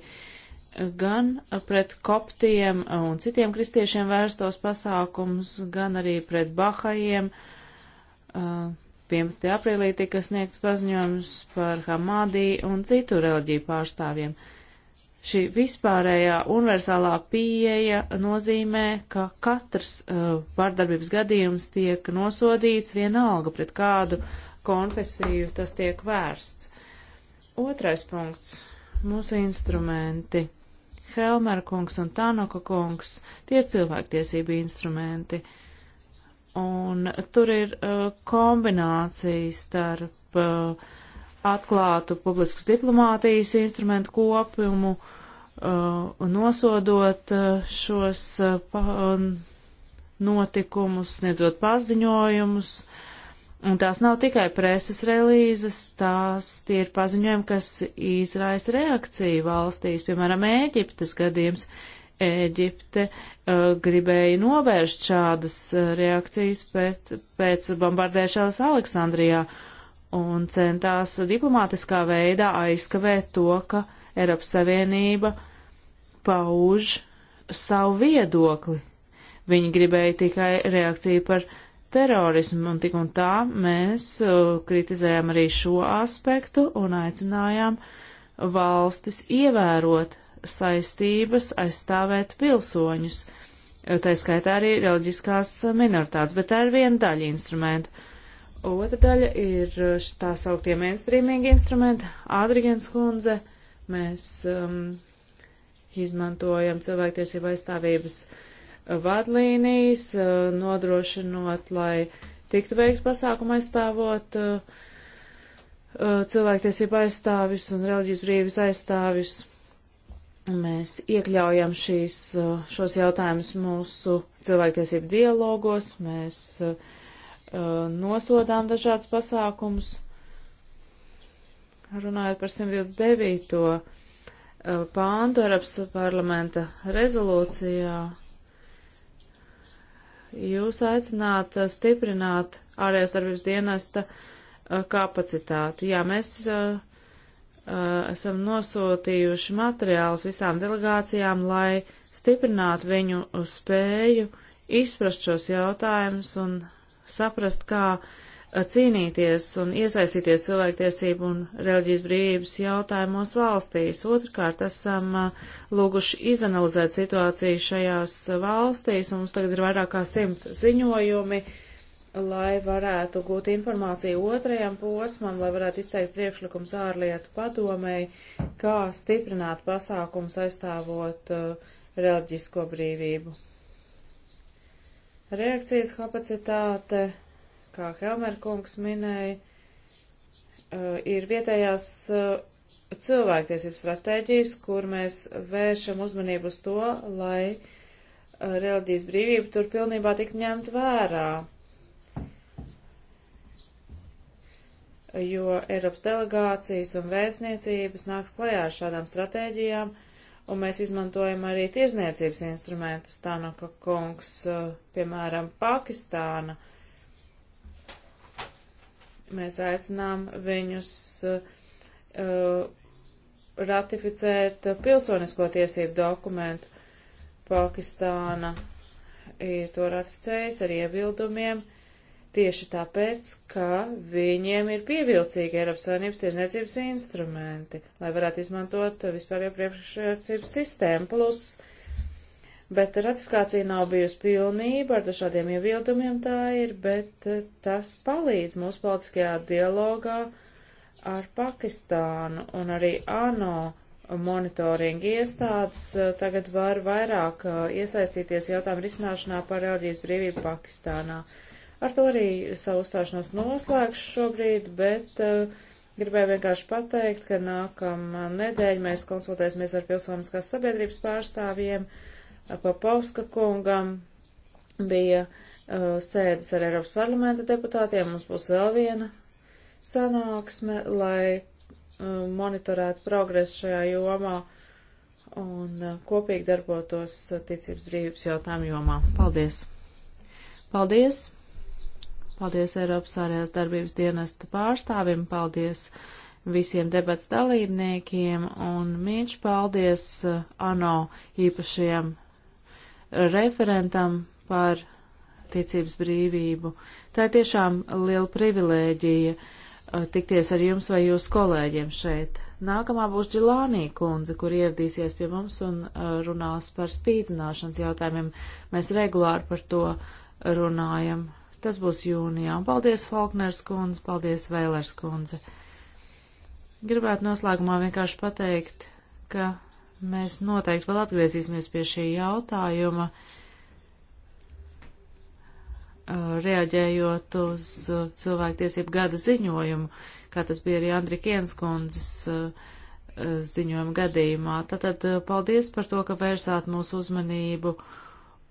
gan pret koptiem un citiem kristiešiem vērstos pasākums, gan arī pret bahajiem. Uh, 11. aprīlī tika sniegts paziņojums par Hamadī un citu reliģiju pārstāvjiem. Šī vispārējā universālā pieeja nozīmē, ka katrs uh, vardarbības uh, gadījums tiek nosodīts vienalga pret kādu konfesiju tas tiek vērsts. Otrais punkts - mūsu instrumenti. Helmer kungs un Tanaka kungs - tie ir cilvēktiesība instrumenti. Uh, Un tur ir uh, kombinācija starp uh, atklātu publiskas diplomātijas instrumentu kopumu, uh, nosodot uh, šos uh, pa, notikumus, sniedzot paziņojumus. Un tās nav tikai preses relīzes, tās tie ir paziņojumi, kas izraisa reakciju valstīs, piemēram, Ēģiptes gadījums. Uh, Ēģipte uh, gribēja novērst šādas reakcijas pēc, pēc bombardēšanas Aleksandrijā un centās diplomātiskā veidā aizkavēt to, ka Eiropas Savienība pauž savu viedokli. Viņi gribēja tikai reakciju par terorismu, un tik un tā mēs uh, kritizējām arī šo aspektu un aicinājām valstis ievērot saistības aizstāvēt pilsoņus, tā skaitā arī reliģiskās minoritātes, bet tā ir viena daļa instrumentu. Otra daļa ir tā sauktie mainstreamīgi instrumenti. Ādrigens kundze, mēs um, izmantojam cilvēktiesību aizstāvības vadlīnijas, uh, nodrošinot, lai tiktu veikt pasākumu aizstāvot uh, uh cilvēktiesību aizstāvis un reliģijas brīvis aizstāvis mēs iekļaujam šīs, uh, šos jautājumus mūsu cilvēktiesību dialogos, mēs uh, uh nosodām dažādas pasākumus. Runājot par 129. Uh, pāntu Eiropas parlamenta rezolūcijā, jūs aicināt stiprināt ārējās darbības dienesta kapacitāti. Jā, mēs uh, Eh, esam nosūtījuši materiālus visām delegācijām, lai stiprinātu viņu spēju izprast šos jautājumus un saprast, kā eh, cīnīties un iesaistīties cilvēktiesību un reliģijas brīvības jautājumos valstīs. Otrkārt, esam eh, lūguši izanalizēt situāciju šajās valstīs, un mums tagad ir vairāk kā simts ziņojumi, uh, lai varētu gūt informāciju otrajam posmam, lai varētu izteikt priekšlikums ārlietu padomēji, kā stiprināt pasākums aizstāvot uh, reliģisko brīvību. Reakcijas kapacitāte, kā Helmerkungs minēja, uh, ir vietējās uh, cilvēktiesību stratēģijas, kur mēs vēršam uzmanību uz to, lai uh, reliģijas brīvība tur pilnībā tik ņemt vērā jo Eiropas delegācijas un vēstniecības nāks klajā ar šādām stratēģijām, un mēs izmantojam arī tirzniecības instrumentus, tā no ka kungs, eh, piemēram, Pakistāna. Mēs aicinām viņus uh, ratificēt pilsonisko tiesību dokumentu. Pakistāna ir to ratificējusi ar iebildumiem. Uh, tieši tāpēc, ka viņiem ir pievilcīgi Eiropas Savienības tirzniecības instrumenti, lai varētu izmantot vispārējo priekšrocības sistēmu. Plus, bet ratifikācija nav bijusi pilnība, ar dažādiem ievildumiem tā ir, bet tas palīdz mūsu politiskajā dialogā ar Pakistānu un arī ANO monitoringa iestādes eh, tagad var vairāk eh, iesaistīties jautājumu risināšanā par reliģijas brīvību Pakistānā. Uh, Ar to arī savu uzstāšanos noslēgšu šobrīd, bet uh, gribēju vienkārši pateikt, ka nākamā eh, nedēļa mēs konsultēsimies ar pilsoniskās sabiedrības pārstāvjiem. Eh, Papauska kungam bija uh, sēdes ar Eiropas parlamenta deputātiem, mums būs vēl viena sanāksme, lai uh, monitorētu progresu šajā jomā un uh, kopīgi darbotos ticības brīvības jautājumu jomā. Paldies! Paldies! Paldies Eiropas ārējās darbības dienesta pārstāvim, paldies visiem debats dalībniekiem un mīļš paldies eh, ANO īpašajam referentam par ticības brīvību. Tā ir tiešām liela privilēģija eh, tikties ar jums vai jūsu kolēģiem šeit. Nākamā būs Džilānī kundze, kur ieradīsies pie mums un eh, runās par spīdzināšanas jautājumiem. Mēs regulāri par to runājam Tas būs jūnijā. Un paldies, Faulkners kundze, paldies, Vēlers kundze. Gribētu noslēgumā vienkārši pateikt, ka mēs noteikti vēl atgriezīsimies pie šī jautājuma, uh, reaģējot uz uh, cilvēktiesību gada ziņojumu, kā tas bija arī Andrikienas kundzes uh, ziņojuma gadījumā. Tātad paldies par to, ka vērsāt mūsu uzmanību uh,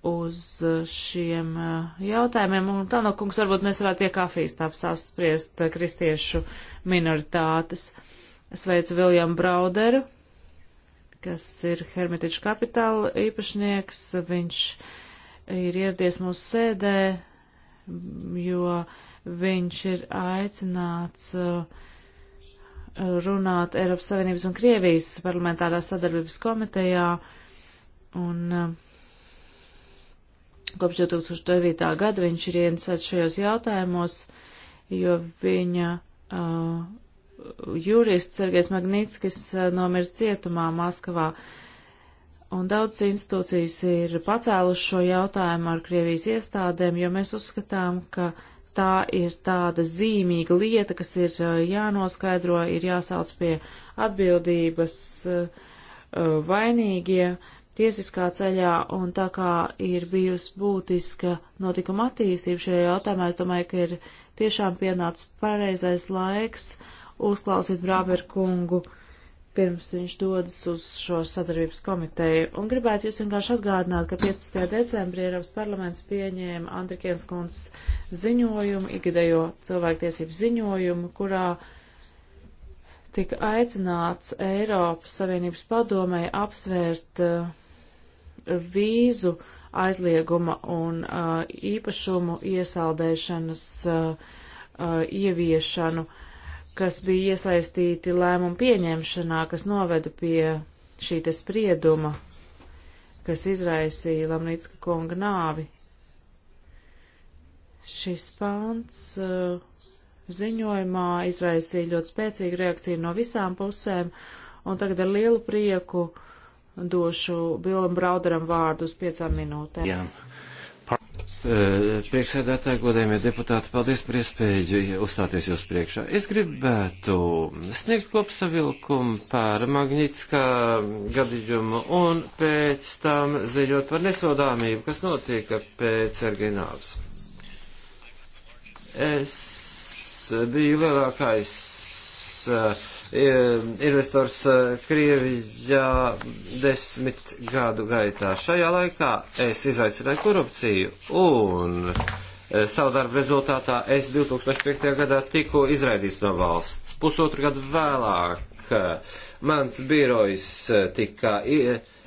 uz eh, šiem eh, jautājumiem, un tā no kungs varbūt mēs varētu pie kafijas tāps apspriest eh, kristiešu minoritātes. Sveicu Viljamu Brauderu, kas ir Hermitiču kapitāla īpašnieks. Viņš ir ieradies mūsu sēdē, jo viņš ir aicināts runāt Eiropas Savienības un Krievijas parlamentārās sadarbības komitejā. Un uh, Kopš 2009. gada viņš ir ieinteresēts šajos jautājumos, jo viņa uh, jurists Sergejs Magnitskis uh, nomira cietumā Maskavā. Un daudz institūcijas ir pacēluši šo jautājumu ar Krievijas iestādēm, jo mēs uzskatām, ka tā ir tāda zīmīga lieta, kas ir uh, jānoskaidro, ir jāsauc pie atbildības uh, uh, vainīgie, tiesiskā ceļā, un tā kā ir bijusi būtiska notikuma attīstība šajā jautājumā, es domāju, ka ir tiešām pienācis pareizais laiks uzklausīt Brāberu kungu pirms viņš dodas uz šo sadarbības komiteju. Un gribētu jūs vienkārši atgādināt, ka 15. decembrī Eiropas parlaments pieņēma Andrikienas kundzes ziņojumu, ikgadējo cilvēktiesību ziņojumu, kurā uh, tika aicināts Eiropas Savienības padomē apsvērt uh, vīzu aizlieguma un uh, īpašumu iesaldēšanas uh, uh, ieviešanu, kas bija iesaistīti lēmumu pieņemšanā, kas noveda pie šī te sprieduma, kas izraisīja Lamnītska kunga nāvi. Šis pāns uh, ziņojumā izraisīja ļoti spēcīgu reakciju no visām pusēm, un tagad ar lielu prieku došu Bilam Brauderam vārdu uz piecām minūtēm. Jā. Eh, priekšsēdētāji, godējumie deputāti, paldies par iespēju uzstāties jūs priekšā. Es gribētu sniegt kopsavilkumu par Magnitskā gadījumu un pēc tam ziņot par nesodāmību, kas notika pēc Sergejnāvas. Es bija lielākais eh, investors eh, Krievijā desmit gadu gaitā. Šajā laikā es izaicināju korupciju un eh, savu darbu rezultātā es 2005. gadā tiku izraidīts no valsts. Pusotru gadu vēlāk mans birojs tika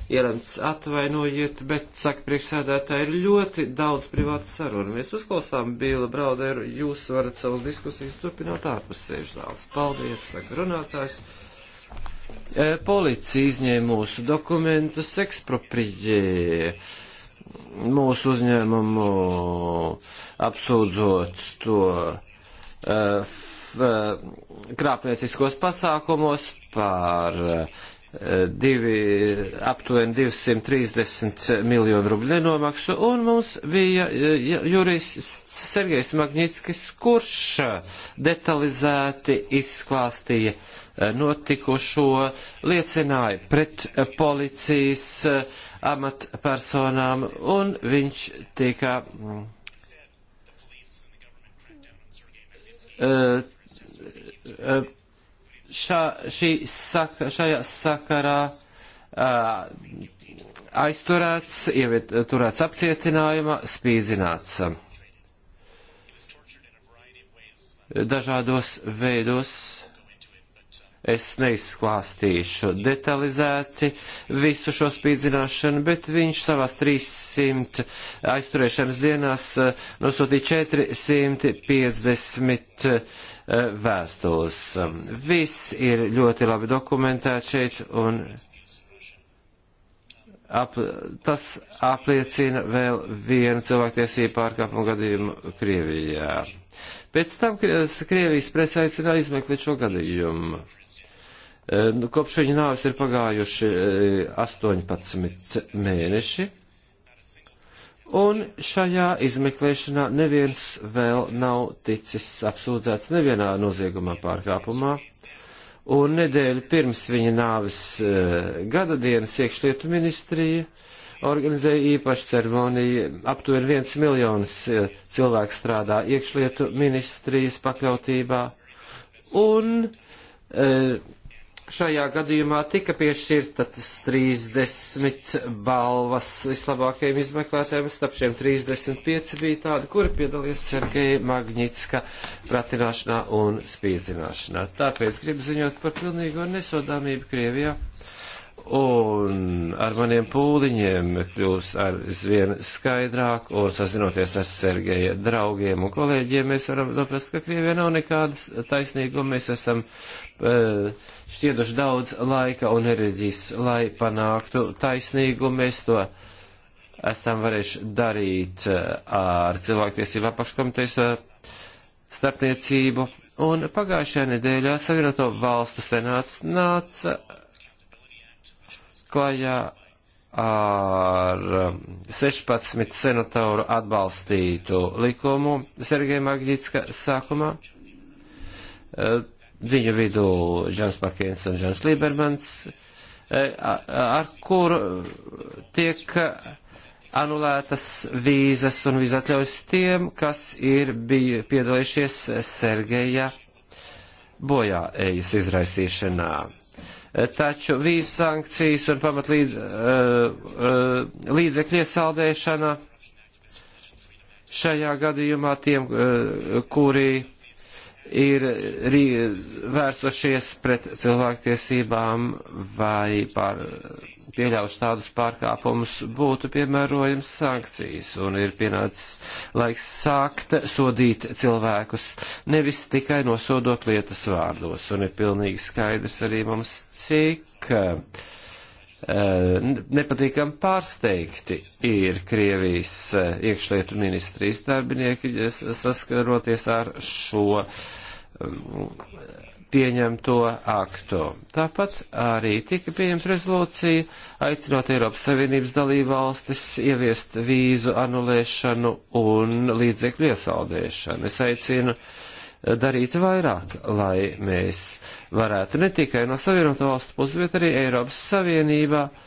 Ielants atvainojiet, bet, saka priekšsēdētāji, ir ļoti daudz privātu sarunu. Mēs uzklausām Bīla Brauderu, jūs varat savas diskusijas turpināt ārpus sēžzāles. Paldies, saka runātājs. E, policija izņēma mūsu dokumentus, ekspropriē mūsu uzņēmumu, apsūdzot to e, e, krāpnieciskos pasākumos par divi, aptuveni 230 miljonu rubļu nenomaksu, un mums bija eh, Jurijs Sergejs Magnitskis, kurš detalizēti izklāstīja eh, notikušo, liecināja pret policijas eh, amatpersonām, un viņš tika. Uh, uh, šā, šī saka, šajā sakarā aizturēts, ieturēts apcietinājumā, spīdzināts dažādos veidos. Es neizklāstīšu detalizēti visu šo spīdzināšanu, bet viņš savās 300 aizturēšanas dienās nosūtīja 450 vēstules. Um, viss ir ļoti labi dokumentēts šeit, un ap, tas apliecina vēl vienu cilvēktiesību pārkāpumu gadījumu Krievijā. Pēc tam Krievijas presa aicināja izmeklēt šo gadījumu. Uh, nu, kopš viņa nāves ir pagājuši 18 uh, mēneši. Un šajā izmeklēšanā neviens vēl nav ticis apsūdzēts nevienā noziegumā pārkāpumā. Un nedēļu pirms viņa nāves eh, gada dienas iekšlietu ministrija organizēja īpašu ceremoniju. Aptuveni viens miljonus eh, cilvēku strādā iekšlietu ministrijas pakļautībā. Un e, Šajā gadījumā tika piešķirtas 30 balvas vislabākajiem izmeklētājiem, starp šiem 35 bija tādi, kuri piedalījās Sergeja Magnitska pratināšanā un spīdzināšanā. Tāpēc gribu ziņot par pilnīgo nesodāmību Krievijā un ar maniem pūliņiem kļūs aizvien skaidrāk, un sazinoties ar Sergeja draugiem un kolēģiem, mēs varam saprast, ka Krievija nav nekādas taisnīguma, mēs esam eh, šķieduši daudz laika un enerģijas, lai panāktu taisnīgumu, mēs to esam varējuši darīt eh, ar cilvēktiesību apaškomitejas eh, starpniecību, un pagājušajā nedēļā Savienoto valstu senāts nāca klajā ar 16 um, senatoru atbalstītu likumu Sergeja Magnitska sākumā. Uh, Viņu vidū Džans Pakins un Džans Liebermans, uh, ar kuru tiek anulētas vīzas un vīzatļaujas tiem, kas ir bija piedalījušies Sergeja bojā ejas izraisīšanā. Uh, taču vīzu sankcijas un pamatlīdz uh, uh, līdzekļu iesaldēšana šajā gadījumā tiem, uh, kuri ir rī, vērsušies pret cilvēktiesībām vai par pieļaujuši tādus pārkāpumus, būtu piemērojams sankcijas un ir pienācis laiks sākt sodīt cilvēkus, nevis tikai nosodot lietas vārdos. Un ir pilnīgi skaidrs arī mums, cik eh, nepatīkam pārsteigti ir Krievijas eh, iekšlietu ministrijas darbinieki eh, saskaroties ar šo mm, pieņemto aktu. Tāpat arī tika pieņems rezolūcija, aicinot Eiropas Savienības dalībvalstis ieviest vīzu anulēšanu un līdzekļu iesaldēšanu. Es aicinu eh, darīt vairāk, lai mēs varētu ne tikai no Savienoto valstu puses, bet arī Eiropas Savienībā uh,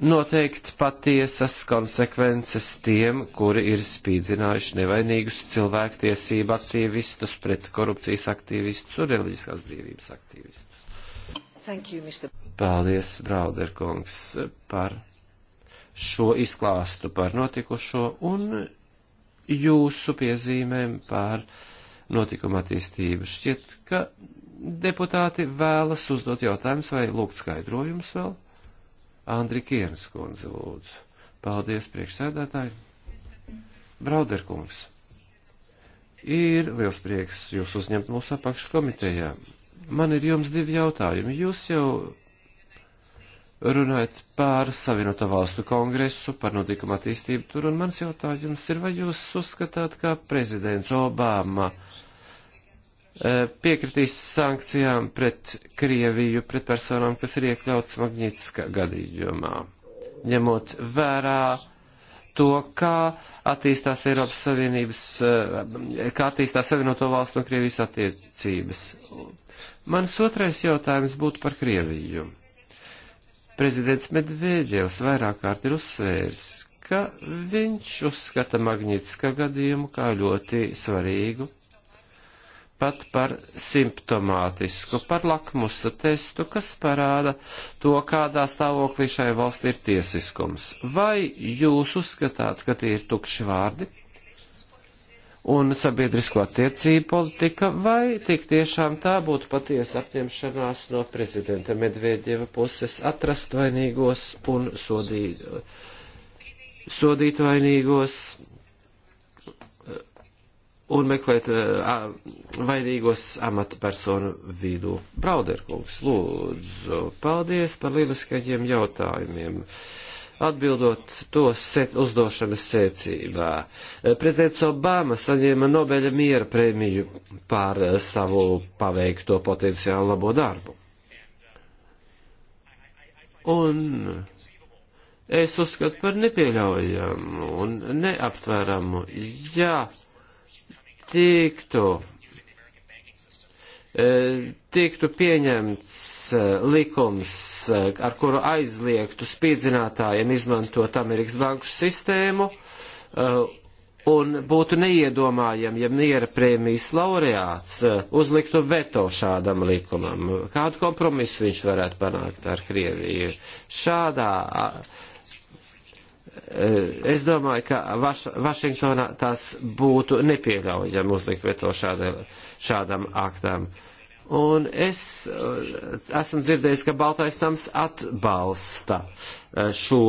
noteikt patiesas konsekvences tiem, kuri ir spīdzinājuši nevainīgus cilvēktiesību aktīvistus, pret korupcijas aktīvistus un reliģiskās brīvības aktīvistus. Thank you, Mr. Paldies, Brauderkungs, par šo izklāstu par notikušo un jūsu piezīmēm par notikuma attīstību. Šķiet, ka deputāti vēlas uzdot jautājumus vai lūgt skaidrojumus vēl. Andrikienas kundze lūdzu. Paldies, priekšsēdētāji. Brauderkungs. Ir liels prieks jūs uzņemt mūsu apakšas komitejā. Man ir jums divi jautājumi. Jūs jau runājat par Savienoto valstu kongresu, par notikuma attīstību tur, un mans jautājums ir, vai jūs uzskatāt, ka prezidents Obama uh, Eh, piekritīs sankcijām pret Krieviju, pret personām, kas ir iekļauts Magnītiskā gadījumā, ņemot vērā to, kā attīstās Eiropas Savienības, eh, kā attīstās Savienoto valstu un Krievijas attiecības. Mans otrais jautājums būtu par Krieviju. Prezidents Medvēģevs vairāk kārt ir uzsvērs, ka viņš uzskata Magnītiskā gadījumu kā ļoti svarīgu pat par simptomātisku, par lakmusa testu, kas parāda to, kādā stāvoklī šai valstī ir tiesiskums. Vai jūs uzskatāt, ka tie ir tukši vārdi un sabiedrisko attiecību politika, vai tik tiešām tā būtu patiesa apņemšanās no prezidenta Medvedieva puses atrast vainīgos un sodīt, sodīt vainīgos un meklēt uh, vainīgos amatpersonu vidū. Brauderkungs, lūdzu, paldies par lieliskajiem jautājumiem. Atbildot to set, uzdošanas secībā, eh, prezidents Obama saņēma Nobeļa miera prēmiju par eh, savu paveikto potenciālu labo darbu. Un es uzskatu par nepieļaujamu un neaptveramu, jā. Ja tiktu, e, tiktu pieņemts e, likums, e, ar kuru aizliegtu spīdzinātājiem izmantot Amerikas banku sistēmu, un būtu neiedomājami, ja miera prēmijas laureāts uzliktu veto šādam likumam. Kādu kompromisu viņš varētu panākt ar Krieviju? Šādā Eh, es domāju, ka Vaš Vašingtonā tas būtu nepieļaujami uzlikt veto šādai, šādam aktam. Un es eh, esmu dzirdējis, ka Baltais nams atbalsta eh, šo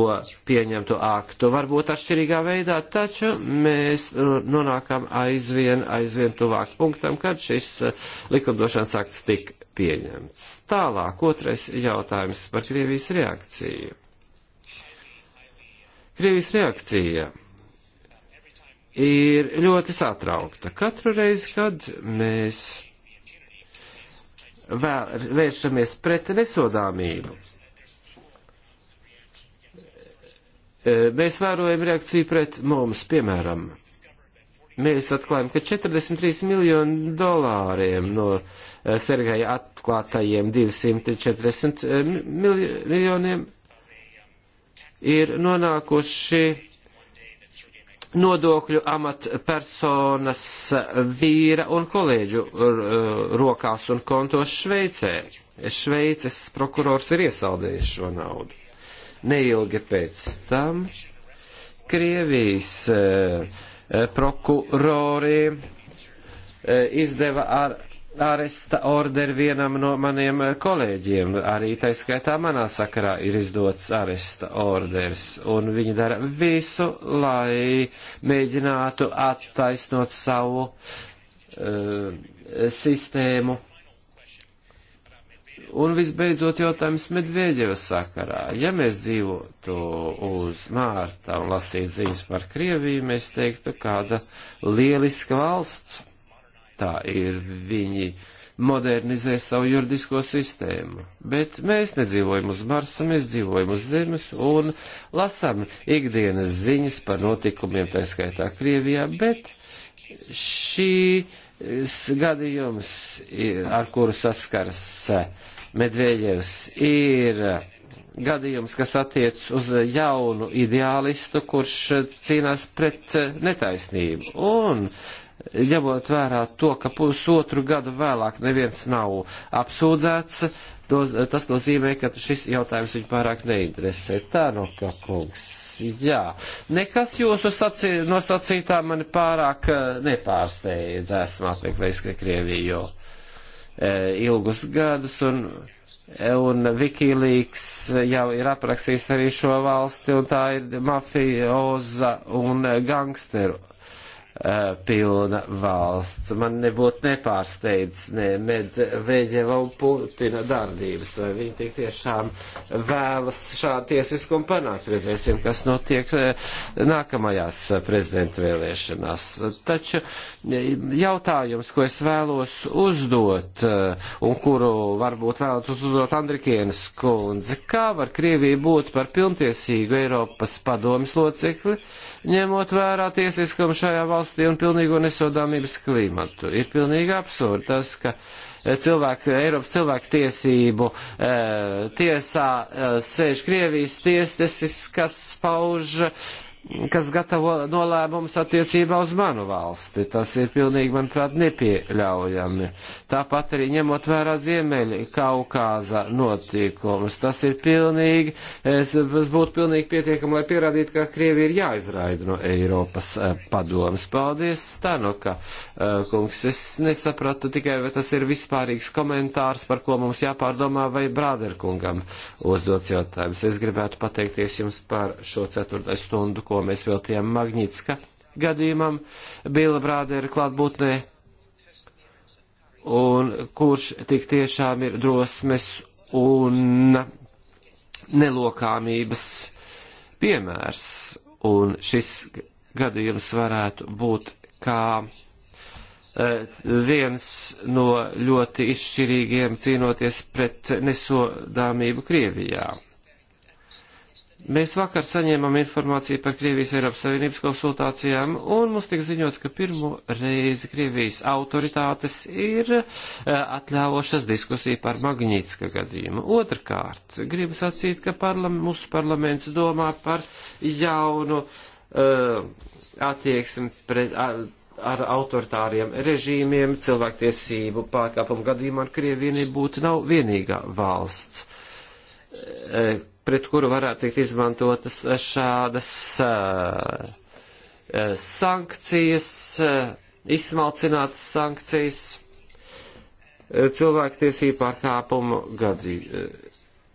pieņemto aktu, varbūt atšķirīgā veidā, taču mēs nonākam aizvien, aizvien tuvāk punktam, kad šis likumdošanas akts tik pieņemts. Tālāk, otrais jautājums par Krievijas reakciju. Krievijas reakcija ir ļoti satraukta. Katru reizi, kad mēs vēršamies pret nesodāmību, e, mēs vērojam reakciju pret mums, piemēram. Mēs atklājam, ka 43 miljonu dolāriem no e, Sergeja atklātajiem 240 e, miljoniem ir nonākuši nodokļu amatpersonas vīra un kolēģu uh, rokās un kontos Šveicē. Šveices prokurors ir iesaldējis šo naudu. Neilgi pēc tam Krievijas uh, prokurori uh, izdeva ar aresta orderi vienam no maniem kolēģiem. Arī tā skaitā manā sakarā ir izdots aresta orders, un viņi dara visu, lai mēģinātu attaisnot savu uh, sistēmu. Un visbeidzot jautājums Medvēģeva sakarā. Ja mēs dzīvotu uz Mārta un lasītu ziņas par Krieviju, mēs teiktu, kāda lieliska valsts tā ir. Viņi modernizē savu juridisko sistēmu. Bet mēs nedzīvojam uz Marsa, mēs dzīvojam uz Zemes un lasām ikdienas ziņas par notikumiem, tā skaitā Krievijā, bet šī gadījums, ar kuru saskars Medvēļevs, ir gadījums, kas attiec uz jaunu ideālistu, kurš cīnās pret netaisnību. Un ņemot vērā to, ka pusotru gadu vēlāk neviens nav apsūdzēts, tos, tas nozīmē, ka šis jautājums viņu pārāk neinteresē. Tā no kā kungs. Jā, nekas jūsu saci, no sacītā mani pārāk eh, nepārsteidz. Esmu apmeklējis Krieviju jau eh, e, ilgus gadus un. Eh, un Wikileaks jau ir aprakstījis arī šo valsti, un tā ir mafioza un gangsteru pilna valsts. Man nebūtu nepārsteidz ne Medveģeva un Putina darbības, vai viņi tik tiešām vēlas šādu tiesiskumu panākt. Redzēsim, kas notiek nākamajās prezidenta vēlēšanās. Taču jautājums, ko es vēlos uzdot, un kuru varbūt vēlētu uzdot Andrikienas kundze, kā var Krievija būt par pilntiesīgu Eiropas padomas locekli, ņemot vērā tiesiskumu šajā valstī? valsti un pilnīgo nesodāmības klimatu. Ir pilnīgi absurdi tas, ka eh, cilvēku, Eiropas cilvēku tiesību e, tiesā e, sēž Krievijas tiesnesis, kas pauž kas gatavo nolēmumus attiecībā uz manu valsti. Tas ir pilnīgi, manuprāt, nepieļaujami. Tāpat arī ņemot vērā Ziemeļa Kaukāza notikumus. Tas ir pilnīgi, es, es būtu pilnīgi pietiekami, lai pierādītu, ka Krievi ir jāizraida no Eiropas eh, padomas. Paldies, Stanoka eh, kungs. Es nesapratu tikai, vai tas ir vispārīgs komentārs, par ko mums jāpārdomā, vai Brāderkungam uzdots jautājums. Es gribētu pateikties jums par šo ceturtais stundu ko mēs veltījām Magnitska gadījumam, Bila Brādera klātbūtnē, un kurš tik tiešām ir drosmes un nelokāmības piemērs, un šis gadījums varētu būt kā e, viens no ļoti izšķirīgiem cīnoties pret nesodāmību Krievijā. Mēs vakar saņēmām informāciju par Krievijas Eiropas Savienības konsultācijām, un mums tika ziņots, ka pirmo reizi Krievijas autoritātes ir eh, atļāvošas diskusiju par Magnītiska gadījumu. Otrkārt, gribu sacīt, ka parlam, mūsu parlaments domā par jaunu uh, attieksmi pret. Uh, ar autoritāriem režīmiem, cilvēktiesību pārkāpumu gadījumā Krievija nebūtu nav vienīgā valsts, uh, pret kuru varētu tikt izmantotas šādas eh, eh, sankcijas, eh, izsmalcinātas sankcijas cilvēktiesību pārkāpumu gadī,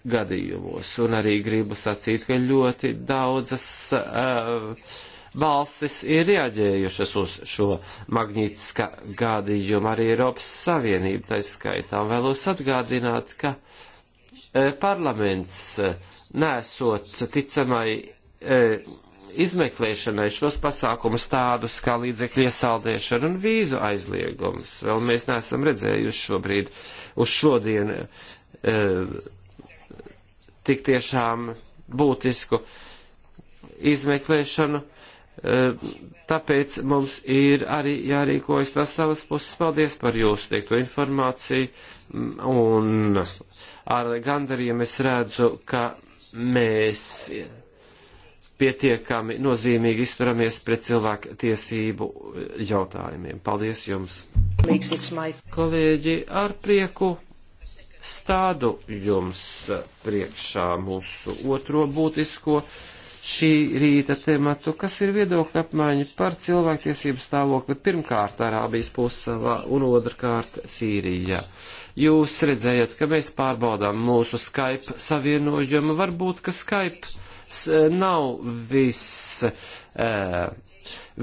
gadījumos. Un arī gribu sacīt, ka ļoti daudzas uh, balsis ir reaģējušas uz šo Magnītiska gadījumu arī Eiropas Savienība taiskaitā. Un vēlos atgādināt, ka parlaments nesot ticamai e, izmeklēšanai šos pasākumus tādus kā līdzekļu iesaldēšana un vīzu aizliegums. Vēl mēs neesam redzējuši šobrīd uz šodien e, tik tiešām būtisku izmeklēšanu. E, tāpēc mums ir arī jārīkojas no savas puses. Paldies par jūsu teikto informāciju. Un ar gandarījumu es redzu, ka mēs pietiekami nozīmīgi izturamies pret cilvēku tiesību jautājumiem. Paldies jums! Kolēģi, ar prieku stādu jums priekšā mūsu otro būtisko šī rīta tematu, kas ir viedokļa apmaiņa par cilvēktiesību stāvokli pirmkārt Arābijas pussalā un otrkārt Sīrijā. Jūs redzējat, ka mēs pārbaudām mūsu Skype savienojumu, varbūt, ka Skype eh, nav viss. Uh, eh,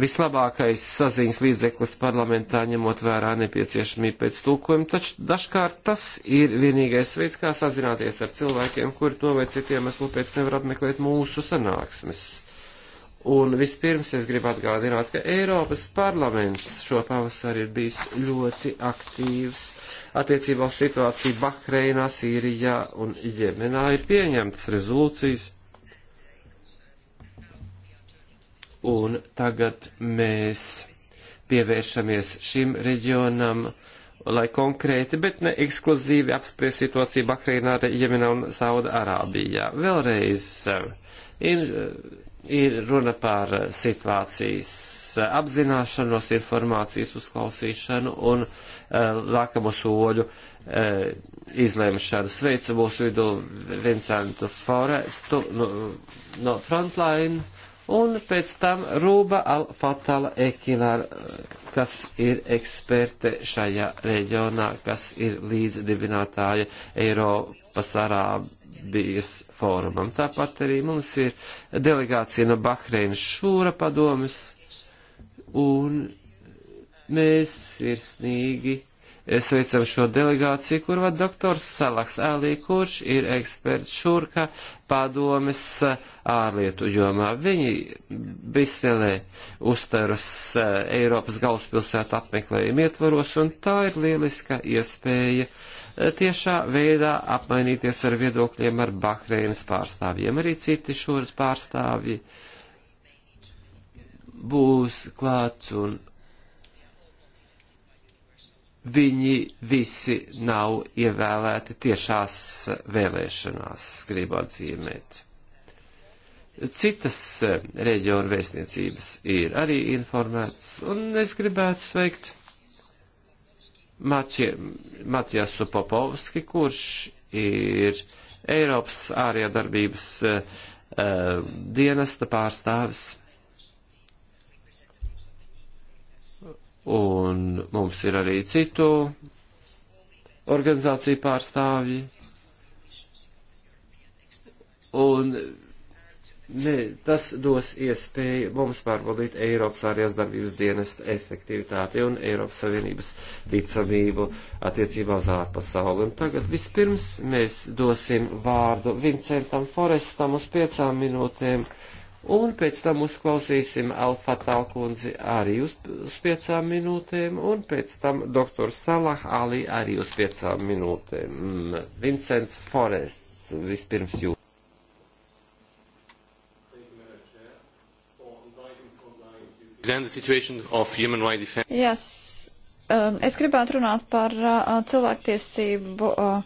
vislabākais saziņas līdzeklis parlamentā, ņemot vērā nepieciešamību pēc tulkojuma, taču dažkārt tas ir vienīgais veids, kā sazināties ar cilvēkiem, kuri to vai citu iemeslu pēc nevar apmeklēt mūsu sanāksmes. Un vispirms es gribu atgādināt, ka Eiropas parlaments šo pavasari ir bijis ļoti aktīvs attiecībā uz situāciju Bahreinā, Sīrijā un Jemenā. Ir pieņemtas rezolūcijas un tagad mēs pievēršamies šim reģionam, lai konkrēti, bet ne ekskluzīvi apspriest situāciju Bahreinā, Jemenā un Sauda Arābijā. Vēlreiz ir, ir runa par situācijas apzināšanos, informācijas uzklausīšanu un uh, eh, lakamo soļu uh, izlemšanu. Sveicu mūsu vidū Vincentu Forestu no, no Frontline un pēc tam Rūba Al-Fatala Ekilāra, kas ir eksperte šajā reģionā, kas ir līdzdibinātāja Eiropas Arābijas fórumam. Tāpat arī mums ir delegācija no Bahreinas šūra padomas, un mēs sirsnīgi sveicam šo delegāciju, kur vada doktors Salaks Ēlī, kurš ir eksperts šurka padomis ārlietu jomā. Viņi Briselē uztaras eh, Eiropas galvaspilsētu apmeklējumu ietvaros, un tā ir lieliska iespēja eh, tiešā veidā apmainīties ar viedokļiem ar Bahreinas pārstāvjiem. Arī citi šuras pārstāvji būs klāts un viņi visi nav ievēlēti tiešās vēlēšanās, gribu atzīmēt. Citas eh, reģiona vēstniecības ir arī informētas, un es gribētu sveikt Matiasu Popovski, kurš ir Eiropas ārējā darbības uh, dienesta pārstāvis. un mums ir arī citu organizāciju pārstāvji. Un ne, tas dos iespēju mums pārvaldīt Eiropas ārējās darbības dienesta efektivitāti un Eiropas Savienības ticamību attiecībā uz ārpasauli. Un tagad vispirms mēs dosim vārdu Vincentam Forestam uz piecām minūtēm. Uh, un pēc tam uzklausīsim Alfa Talkundzi arī uz, uz piecām minūtēm, un pēc tam doktor Salah Ali arī uz piecām minūtēm. Mm. Vincents Forests, vispirms jūs. Yes. Um, es gribētu runāt par uh, cilvēktiesību uh,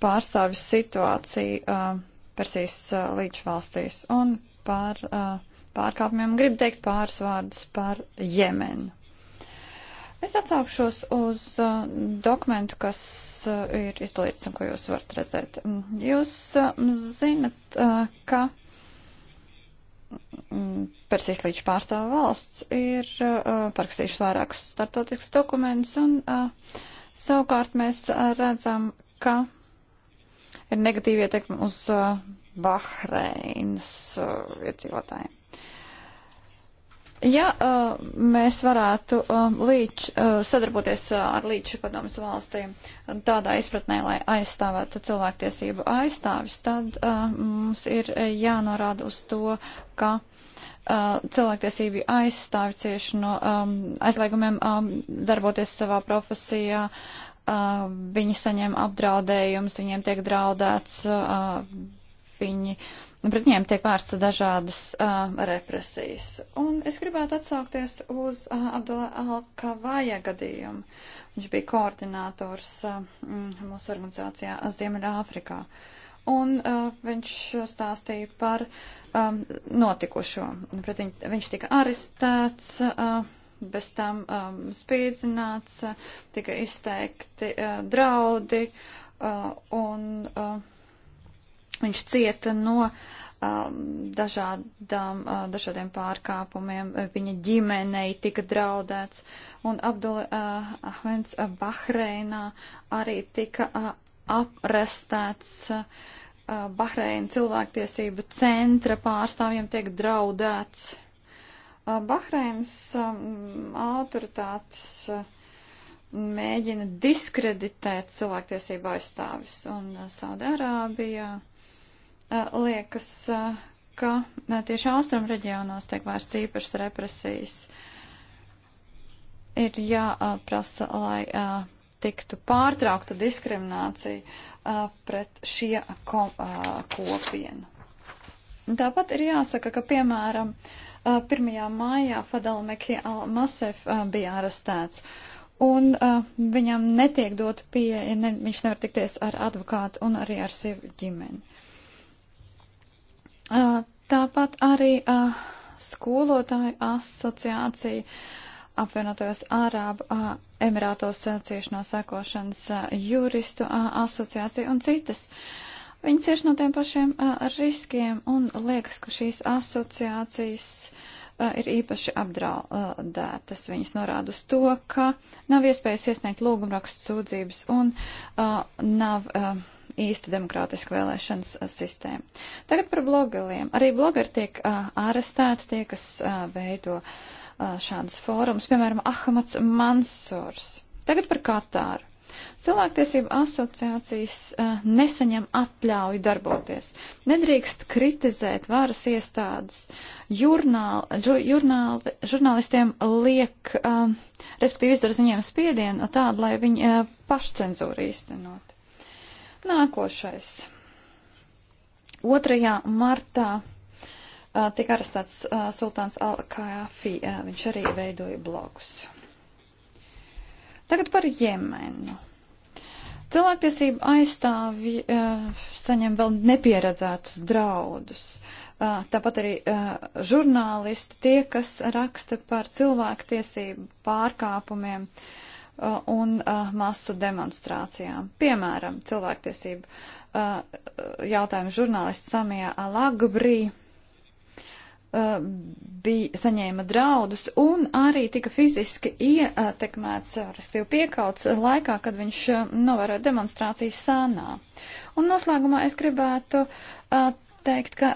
pārstāvju situāciju uh, Persijas uh, līčvalstīs. Un par uh, pārkāpumiem. Gribu teikt pāris vārdus par Jemenu. Es atsaukšos uz uh, dokumentu, kas uh, ir izdalīts un ko jūs varat redzēt. Jūs uh, zinat, uh, ka mm, Persijas līča pārstāva valsts ir uh, parakstījušas vairākus startotiskus dokumentus un uh, savukārt mēs uh, redzam, ka ir negatīvi ietekmi uz uh, Bahreinas uh, iedzīvotājiem. Ja uh, mēs varētu uh, līdz, uh, sadarboties uh, ar līdšu padomus valstīm tādā izpratnē, lai aizstāvētu cilvēktiesību aizstāvis, tad uh, mums ir jānorāda uz to, ka uh, cilvēktiesību aizstāvi cieši no um, aizliegumiem um, darboties savā profesijā, uh, viņi saņem apdraudējumus, viņiem tiek draudēts. Uh, viņi, pret viņiem tiek vērsts dažādas uh, represijas. Un es gribētu atsaukties uz uh, Abdulā Alkavaja gadījumu. Viņš bija koordinators uh, mūsu organizācijā Ziemeļāfrikā. Un uh, viņš stāstīja par um, notikušo. Pret viņ, viņš tika arestēts. Uh, bez tam um, spīdzināts, tika izteikti uh, draudi uh, un uh, Viņš cieta no um, dažādām, uh, dažādiem pārkāpumiem, viņa ģimenei tika draudēts, un Abdul uh, Ahmeds uh, Bahreinā arī tika aprestēts. Bahreina cilvēktiesību centra pārstāvjiem tiek draudēts. Bahreinas um, autoritātes mēģina diskreditēt cilvēktiesību aizstāvis un Saudārābijā. Uh, Eh, liekas, eh, ka eh, tieši austrumu reģionos tiek vērsts īpašas represijas. Ir jāprasa, lai tiktu pārtraukta diskriminācija pret šie kopienu. Tāpat ir jāsaka, ka, piemēram, 1. maijā Fadala Mekija Al-Masef bija arestēts un uh, viņam netiek dot pieeja, ne, viņš nevar tikties ar advokātu un arī ar sevi ģimeni. Tāpat arī skolotāju asociācija apvienotajos Ārābu Emirātos cieši no sekošanas juristu asociācija un citas. Viņi cieši no tiem pašiem riskiem un liekas, ka šīs asociācijas ir īpaši apdraudētas. Viņas norāda uz to, ka nav iespējas iesniegt lūgumrakstu sūdzības un nav īsta demokrātiska vēlēšanas sistēma. Tagad par blogeriem. Arī blogeri tiek arestēti, tie, kas veido šādus fórumus, piemēram, Ahmads Mansors. Tagad par Katāru. Cilvēktiesība asociācijas uh, nesaņem atļauju darboties. Nedrīkst kritizēt varas iestādes. Jurnāli, žu, jurnāli, žurnālistiem liek, uh, respektīvi izdara ziņiem spiedienu tādu, lai viņi uh, pašcenzūru īstenot. Nākošais. 2. martā tika arestēts sultāns Al-Kājāfī. Viņš arī veidoja blogus. Tagad par Jemenu. Cilvēktiesība aizstāvi saņem vēl nepieredzētus draudus. Tāpat arī žurnālisti, tie, kas raksta par cilvēktiesību pārkāpumiem, uh, un masu demonstrācijām. Piemēram, cilvēktiesību jautājumu žurnālists Samijā Alagbrī bija saņēma draudus un arī tika fiziski ietekmēts, respektīvi piekauts laikā, kad viņš novēroja demonstrācijas sānā. Un noslēgumā es gribētu teikt, ka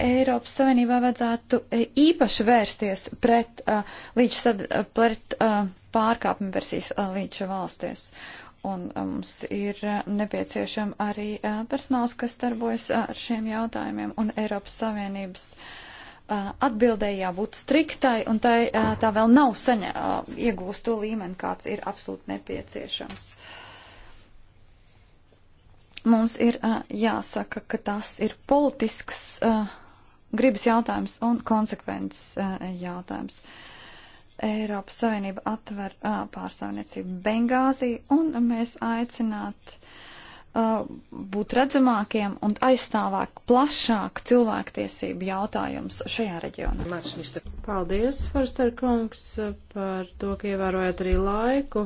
Eiropas Savienībā vajadzētu e, īpaši vērsties pret, uh, līdz, sad, e, pret uh, pārkāpumu versijas uh, līdz valsties. Un mums ir nepieciešama arī personāls, kas darbojas ar šiem jautājumiem, un Eiropas Savienības atbildēji jābūt striktai, un tai, tā vēl nav saņa, iegūst to līmeni, kāds ir absolūti nepieciešams mums ir uh, jāsaka, ka tas ir politisks uh, gribas jautājums un konsekvences e, jautājums. Eiropas Savienība atver e, pārstāvniecību Bengāzī un mēs aicināt e, būt redzamākiem un aizstāvāk plašāk cilvēktiesību jautājums šajā reģionā. Paldies, Forster kungs, par to, ka ievērojat arī laiku.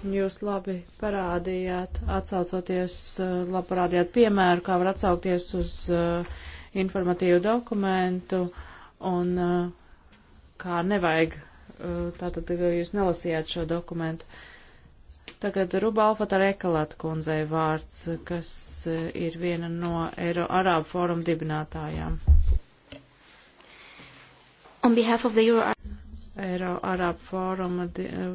Jūs labi parādījāt, atsaucoties, labi parādījāt piemēru, kā var atsaukties uz uh, informatīvu dokumentu, un eh, kā nevajag, eh, tātad jūs nelasījāt šo dokumentu. Tagad Rubalfa Tarekalata kundzei vārds, kas eh, ir viena no Eiro Arābu fórumu dibinātājām. On behalf of the Euro Eiro Arābu fóruma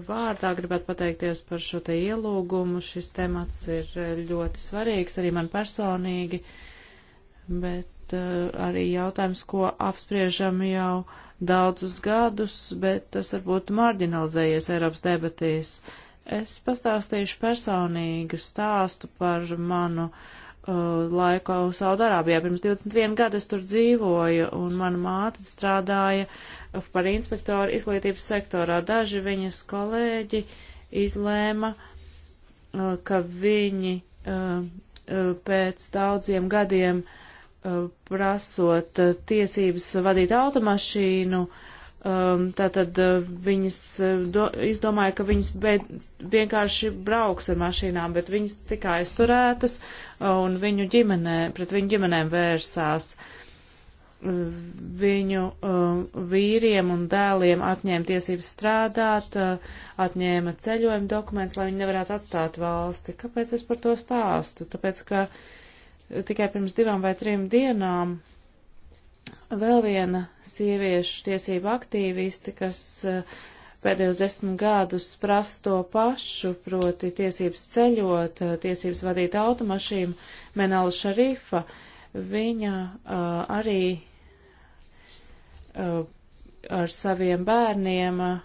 vārdā gribētu pateikties par šo te ielūgumu. Šis temats ir ļoti svarīgs arī man personīgi, bet Eh, arī jautājums, ko apspriežam jau daudzus gadus, bet tas varbūt marginalizējies Eiropas debatīs. Es pastāstīšu personīgu stāstu par manu uh, laiku Saudārābijā. Pirms 21 gadu es tur dzīvoju, un mana māte strādāja par inspektoru izglītības sektorā. Daži viņas kolēģi izlēma, uh, ka viņi uh, pēc daudziem gadiem uh, Uh, prasot uh, tiesības vadīt automašīnu, um, tātad uh, viņas do, izdomāja, ka viņas beid, vienkārši brauks ar mašīnām, bet viņas tika aizturētas un viņu ģimenē, pret viņu ģimenēm vērsās. Viņu uh, vīriem un dēliem atņēma tiesības strādāt, uh, atņēma ceļojuma dokumentus, lai viņi nevarētu atstāt valsti. Kāpēc es par to stāstu? Tāpēc, ka uh, tikai pirms divām vai trim dienām vēl viena sieviešu tiesība aktīviste, kas eh, pēdējos desmit gadus prasa to pašu, proti tiesības ceļot, eh, tiesības vadīt automašīnu, Menala Šarifa, viņa uh, arī uh, ar saviem bērniem uh,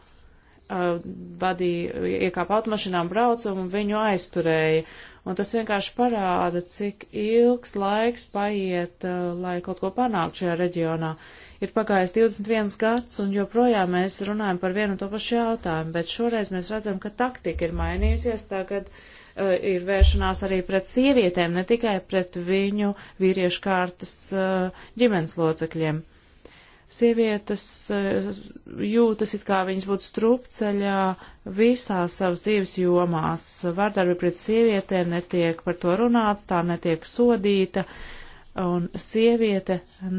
vadīja, iekāpa automašīnām braucumu, viņu aizturēja. Un tas vienkārši parāda, cik ilgs laiks paiet, uh, lai kaut ko panāktu šajā reģionā. Ir pagājis 21 gads, un joprojām mēs runājam par vienu un to pašu jautājumu, bet šoreiz mēs redzam, ka taktika ir mainījusies. Tagad uh, ir vēršanās arī pret sievietēm, ne tikai pret viņu vīriešu kārtas uh, ģimenes locekļiem. Uh, Sievietes eh, jūtas, it kā viņas būtu strupceļā visās savas dzīves jomās. Vārdarbi pret sievietēm netiek par to runāts, tā netiek sodīta, un sieviete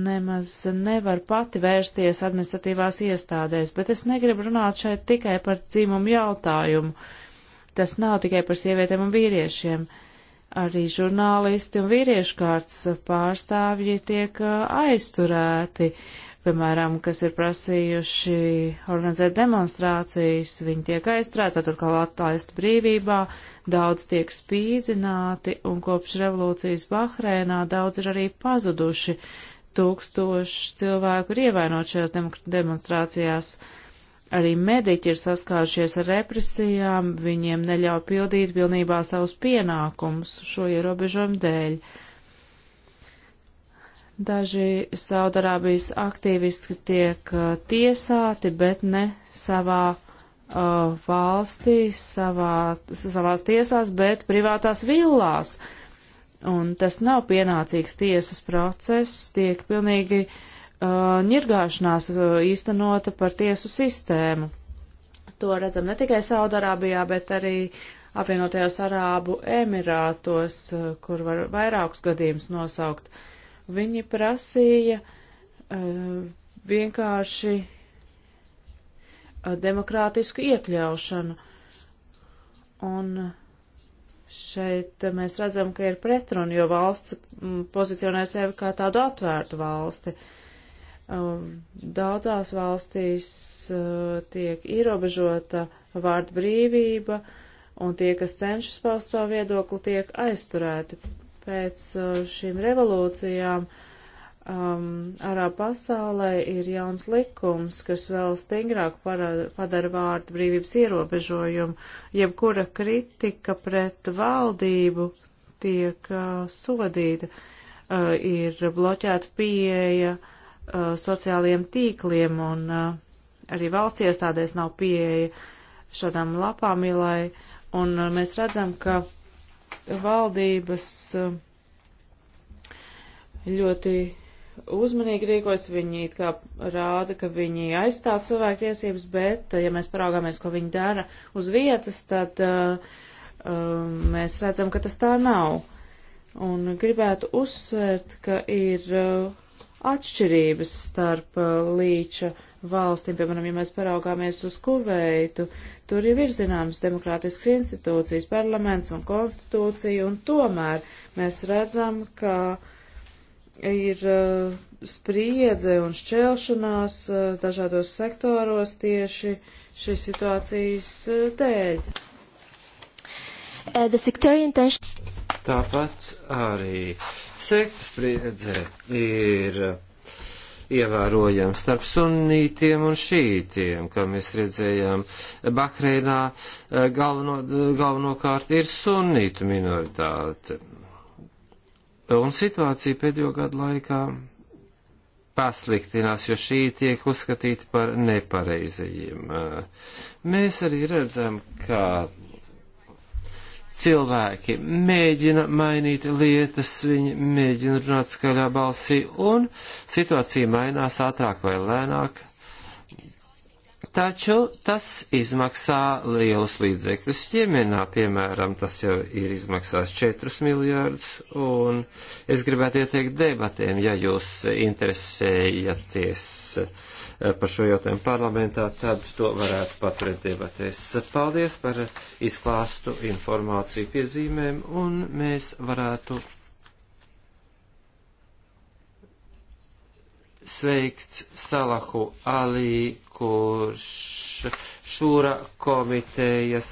nemaz nevar pati vērsties administratīvās iestādēs, bet es negribu runāt šeit tikai par dzimumu jautājumu. Tas nav tikai par sievietēm un vīriešiem arī žurnālisti un vīriešu kārtas pārstāvji tiek eh, aizturēti piemēram, kas ir prasījuši organizēt demonstrācijas, viņi tiek aizturēti, tad atkal atlaisti brīvībā, daudz tiek spīdzināti, un kopš revolūcijas Bahreinā daudz ir arī pazuduši. Tūkstoši cilvēku ir ievainot šajās demonstrācijās. Arī mediķi ir saskārušies ar represijām, viņiem neļauj pildīt pilnībā savus pienākumus šo ierobežojumu dēļ. Uh, Daži Saudarābijas aktīvisti tiek uh, tiesāti, bet ne savā uh, valstī, savā, savās tiesās, bet privātās villās. Un tas nav pienācīgs tiesas process, tiek pilnīgi uh, ņirgāšanās uh, īstenota par tiesu sistēmu. To redzam ne tikai Saudarābijā, bet arī apvienotajos Arābu Emirātos, uh, kur var vairākus gadījumus nosaukt. Uh, Viņi prasīja uh, vienkārši uh, demokrātisku iekļaušanu. Un šeit mēs redzam, ka ir pretruna, jo valsts mm, pozicionē sevi kā tādu atvērtu valsti. Um, daudzās valstīs uh, tiek ierobežota vārda brīvība, un tie, kas cenšas paust savu viedokli, tiek aizturēti pēc uh, šīm revolūcijām um, arā pasaulē ir jauns likums, kas vēl stingrāk padara vārdu brīvības ierobežojumu. Jebkura kritika pret valdību tiek uh, sodīta, uh, ir bloķēta pieeja uh, sociālajiem tīkliem un uh, arī valsts iestādēs nav pieeja šādām lapām, lai, un uh, mēs redzam, ka uh, valdības eh, ļoti uzmanīgi rīkojas, viņi it kā rāda, ka viņi aizstāv cilvēku tiesības, bet, eh, ja mēs paraugāmies, ko viņi dara uz vietas, tad uh, mēs redzam, ka tas tā nav. Un gribētu uzsvērt, ka ir uh, atšķirības starp uh, līča uh, valstīm, piemēram, ja mēs paraugāmies uz Kuveitu, tur jau ir zināmas demokrātiskas institūcijas, parlaments un konstitūcija, un tomēr mēs redzam, ka ir uh, spriedze un šķelšanās uh, dažādos sektoros tieši šīs situācijas uh, dēļ. Uh, Tāpat arī sektas spriedze ir. Uh, ievērojami starp sunnītiem un šītiem, kā mēs redzējām. Bahreinā eh, galveno, galvenokārt ir sunnītu minoritāte. Un situācija pēdējo gadu laikā pasliktinās, jo šī tiek uzskatīta par nepareizajiem. Eh, mēs arī redzam, ka cilvēki mēģina mainīt lietas, viņi mēģina runāt skaļā balsī, un situācija mainās ātrāk vai lēnāk. Taču tas izmaksā lielus līdzekļus ģimenā, piemēram, tas jau ir izmaksās 4 miljārdus, un es gribētu ieteikt debatēm, ja jūs interesējaties uh, Eh, par šo jautājumu parlamentā, tad to varētu paturēt debatēs. Paldies par izklāstu informāciju piezīmēm, un mēs varētu sveikt Salahu Alī kurš šūra komitejas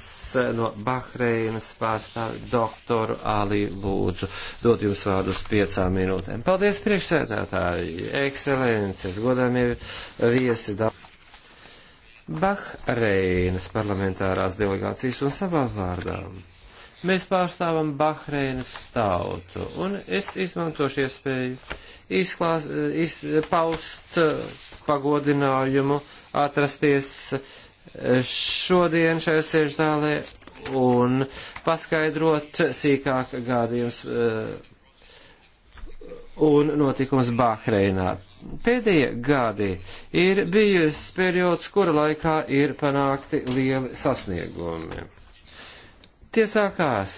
no Bahreinas pārstāvi doktoru Ali Lūdzu. Dod jums vārdu uz piecām minūtēm. Paldies priekšsēdētāji, ekscelences, godāmie viesi. Bahreinas parlamentārās delegācijas un savā vārdā. Mēs pārstāvam Bahreinas tautu, un es izmantošu iespēju izklās, iz, paust eh, pagodinājumu uh, atrasties šodien šajā sēžu zālē un paskaidrot sīkāk gādījums eh, un notikums Bahreinā. Pēdējie gadi ir bijis periods, kura laikā ir panākti lieli sasniegumi. Tie sākās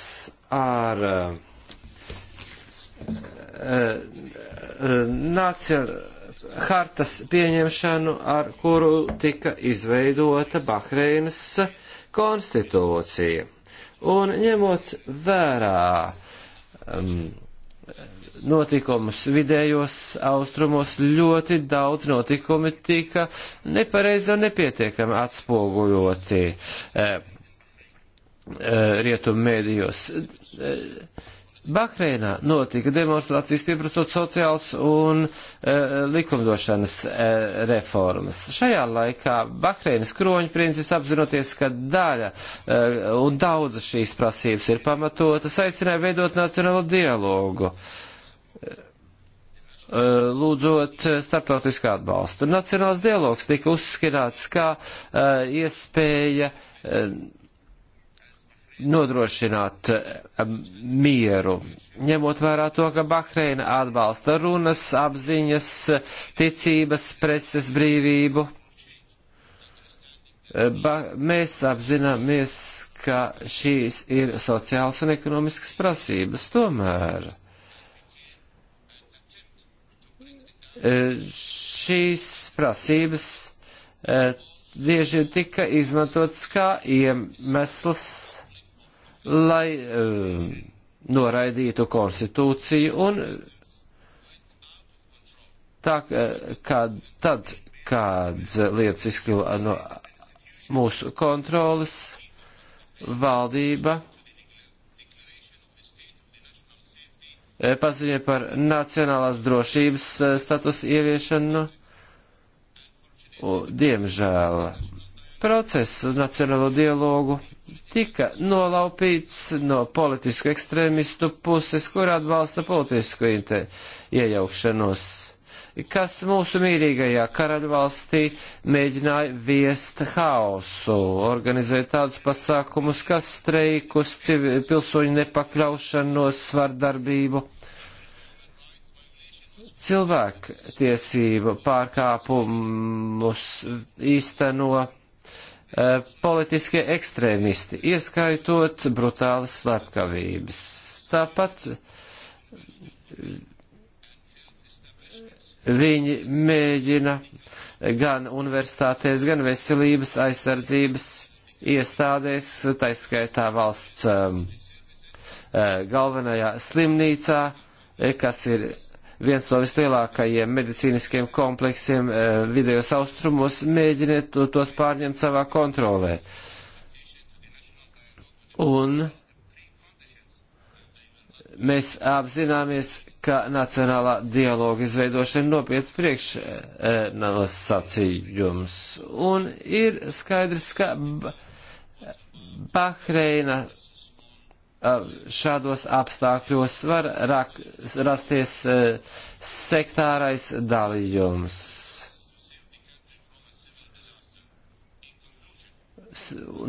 ar uh, eh, uh, eh, nacionālu hartas pieņemšanu, ar kuru tika izveidota Bahreinas konstitūcija. Un ņemot vērā um, notikumus vidējos austrumos, ļoti daudz notikumi tika nepareizi un nepietiekami atspoguļoti. Um, rietumu mēdījos. Eh, Bahreinā notika demonstrācijas pieprasot sociāls un e, likumdošanas e, reformas. Šajā laikā Bahreinas kroņprincis apzinoties, ka daļa e, un daudzas šīs prasības ir pamatotas, aicināja veidot nacionālo dialogu, e, lūdzot starptautisku atbalstu. Nacionāls dialogs tika uzskatīts kā e, iespēja. E, nodrošināt eh, mieru, ņemot vērā to, ka Bahreina atbalsta runas, apziņas, ticības, preses brīvību. Eh, ba mēs apzināmies, ka šīs ir sociāls un ekonomiskas prasības tomēr. Eh, šīs prasības bieži tika izmantotas kā iemesls lai um, noraidītu konstitūciju un eh, tā, eh, kā tad, kad lietas izkļuva no mūsu kontrolas, valdība paziņoja par nacionālās drošības statusu ieviešanu. Diemžēl process uz nacionālo dialogu tika nolaupīts no politisku ekstrēmistu puses, kur atbalsta politisku iejaukšanos, kas mūsu mīrīgajā karaļvalstī mēģināja viest haosu, organizēt tādus pasākumus, kas streikus, pilsoņu nepakļaušanos, svardarbību. Cilvēku tiesību pārkāpumus īstenot Eh, politiskie ekstrēmisti, ieskaitot brutālas slepkavības. Tāpat eh, viņi mēģina gan universitātēs, gan veselības aizsardzības iestādēs, taiskaitā valsts um, galvenajā slimnīcā, kas ir viens no vislielākajiem medicīniskiem kompleksiem eh, vidējos austrumos, mēģiniet tos pārņemt savā kontrolē. Un mēs apzināmies, ka nacionālā dialoga izveidošana ir nopietns priekšnosacījums. Eh, Un ir skaidrs, ka Bahreina šādos apstākļos var rak, rasties sektārais dalījums.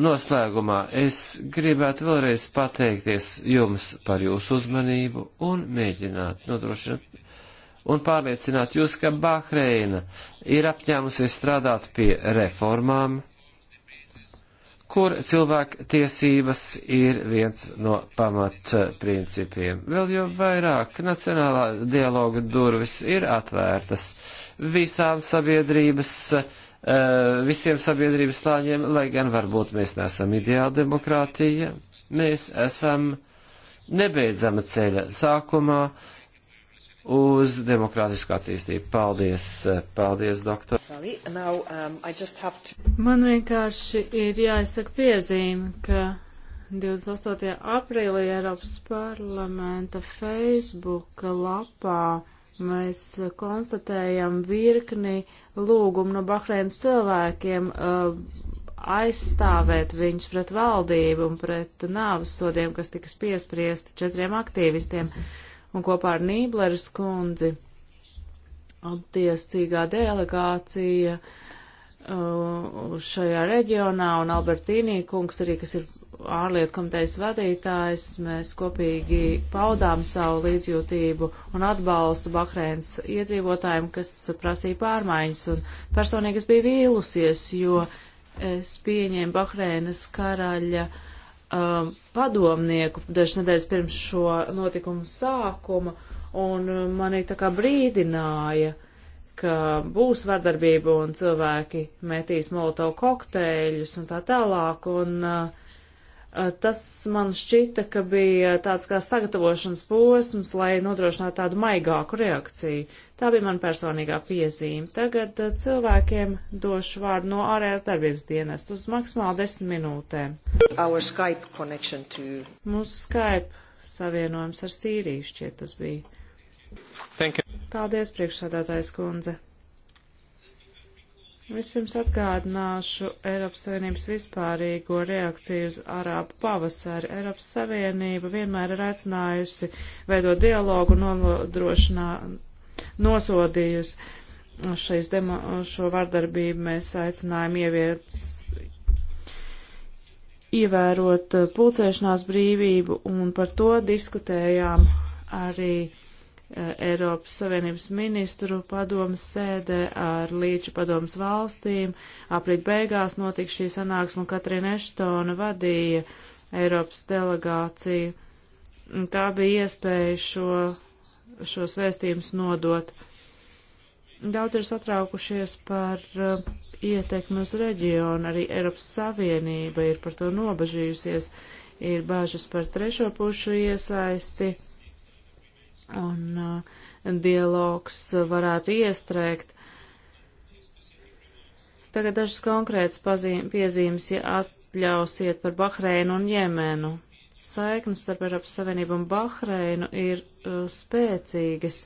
Noslēgumā es gribētu vēlreiz pateikties jums par jūsu uzmanību un mēģināt nodrošināt un pārliecināt jūs, ka Bahreina ir apņēmusies strādāt pie reformām kur cilvēktiesības ir viens no pamatprincipiem. Eh, Vēl jau vairāk nacionālā dialoga durvis ir atvērtas visām sabiedrības, eh, visiem sabiedrības slāņiem, lai gan varbūt mēs neesam ideāla demokrātija. Mēs esam nebeidzama ceļa sākumā, uz demokrātisku attīstību. Paldies, paldies, doktor. Now, um, to... Man vienkārši ir jāizsaka piezīme, ka 28. aprīlī Eiropas parlamenta Facebook lapā mēs konstatējam virkni lūgumu no Bahreinas cilvēkiem uh, aizstāvēt viņus pret valdību un pret nāvas sodiem, kas tika piespriesti četriem aktīvistiem. Mm un kopā ar Nībleres kundzi attiecīgā delegācija uh, šajā reģionā un Albertīnī kungs arī, kas ir ārlietu komitejas vadītājs, mēs kopīgi paudām savu līdzjūtību un atbalstu Bahreins iedzīvotājiem, kas prasīja pārmaiņas. Un personīgi es biju vīlusies, jo es pieņēmu Bahreinas karaļa uh, uh, padomnieku dažas nedēļas pirms šo notikumu sākuma, un um, mani tā kā brīdināja, ka būs vardarbība un cilvēki metīs molotovu kokteļus un tā tālāk, un uh, tas man šķita, ka bija tāds kā sagatavošanas posms, lai nodrošinātu tādu maigāku reakciju. Tā bija man personīgā piezīme. Tagad uh, cilvēkiem došu vārdu no ārējās darbības dienas uz maksimāli desmit minūtēm. Skype to... Mūsu Skype savienojums ar Sīriju šķiet tas bija. Paldies, priekšsādātājs kundze. Vispirms atgādināšu Eiropas Savienības vispārīgo reakciju uz Arābu pavasari. Eiropas Savienība vienmēr ir aicinājusi veidot dialogu, nodrošināt nosodījusi šais demo, šo vardarbību. Mēs aicinājām ieviet, ievērot pulcēšanās brīvību un par to diskutējām arī eh, Eiropas Savienības ministru padomas sēdē ar līča padomas valstīm. Aprīt beigās notika šī sanāksme, un Katrīna Eštona vadīja Eiropas delegāciju. Tā bija iespēja šo šos vēstījumus nodot. Daudz ir satraukušies par uh, ietekmi uz reģionu, arī Eiropas Savienība ir par to nobežījusies, ir bāžas par trešo pušu iesaisti, un uh, dialogs varētu iestrēgt. Tagad dažas konkrētas pazīm, piezīmes, ja atļausiet par Bahreinu un Jemenu saiknes starp Eiropas Savienību un Bahreinu ir uh, spēcīgas.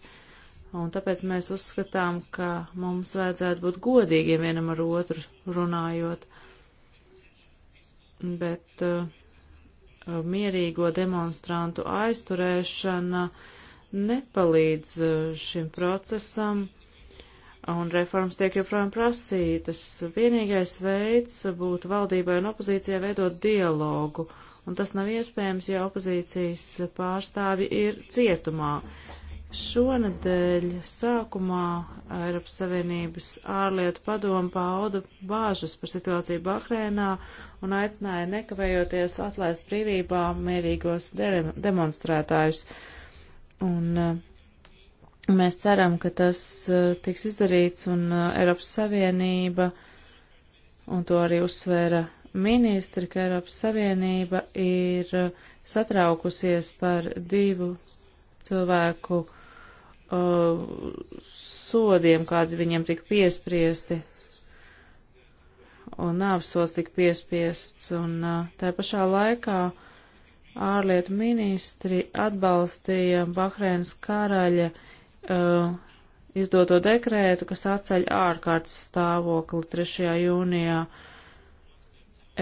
Un tāpēc mēs uzskatām, ka mums vajadzētu būt godīgiem vienam ar otru runājot. Bet uh, mierīgo demonstrantu aizturēšana nepalīdz uh, šim procesam un reformas tiek joprojām prasītas. Vienīgais veids būtu valdībai un opozīcijai veidot dialogu, un tas nav iespējams, ja opozīcijas pārstāvi ir cietumā. Šonadēļ sākumā Eiropas Savienības ārlietu padomu pauda bāžas par situāciju Bahreinā un aicināja nekavējoties atlaist brīvībā mierīgos demonstrētājus. Un uh, Mēs ceram, ka tas eh, tiks izdarīts un eh, Eiropas Savienība, un to arī uzsvēra ministri, ka Eiropas Savienība ir eh, satraukusies par divu cilvēku uh, sodiem, kādi viņiem tika piespriesti, un nāvsos tika piespiests, un uh, tā pašā laikā ārlietu ministri atbalstīja Bahreinas karaļa uh, uh, izdoto dekrētu, kas atceļ ārkārtas stāvokli 3. jūnijā.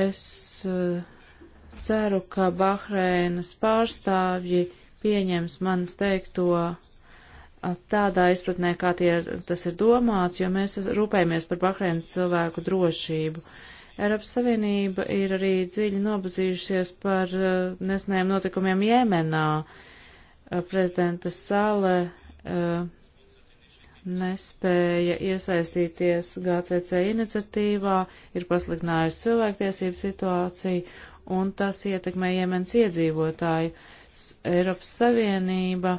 Es uh, ceru, ka Bahreinas pārstāvji pieņems manis teikto uh, tādā izpratnē, kā tie, tas ir domāts, jo mēs rūpējamies par Bahreinas cilvēku drošību. Eiropas Savienība ir arī dziļi nobazījušies par uh, nesnējiem notikumiem Jemenā. Uh, prezidenta Sale Eh, nespēja iesaistīties GCC iniciatīvā, ir pasliktinājusi cilvēktiesību situāciju, un tas ietekmē Jemens iedzīvotāju. Eiropas Savienība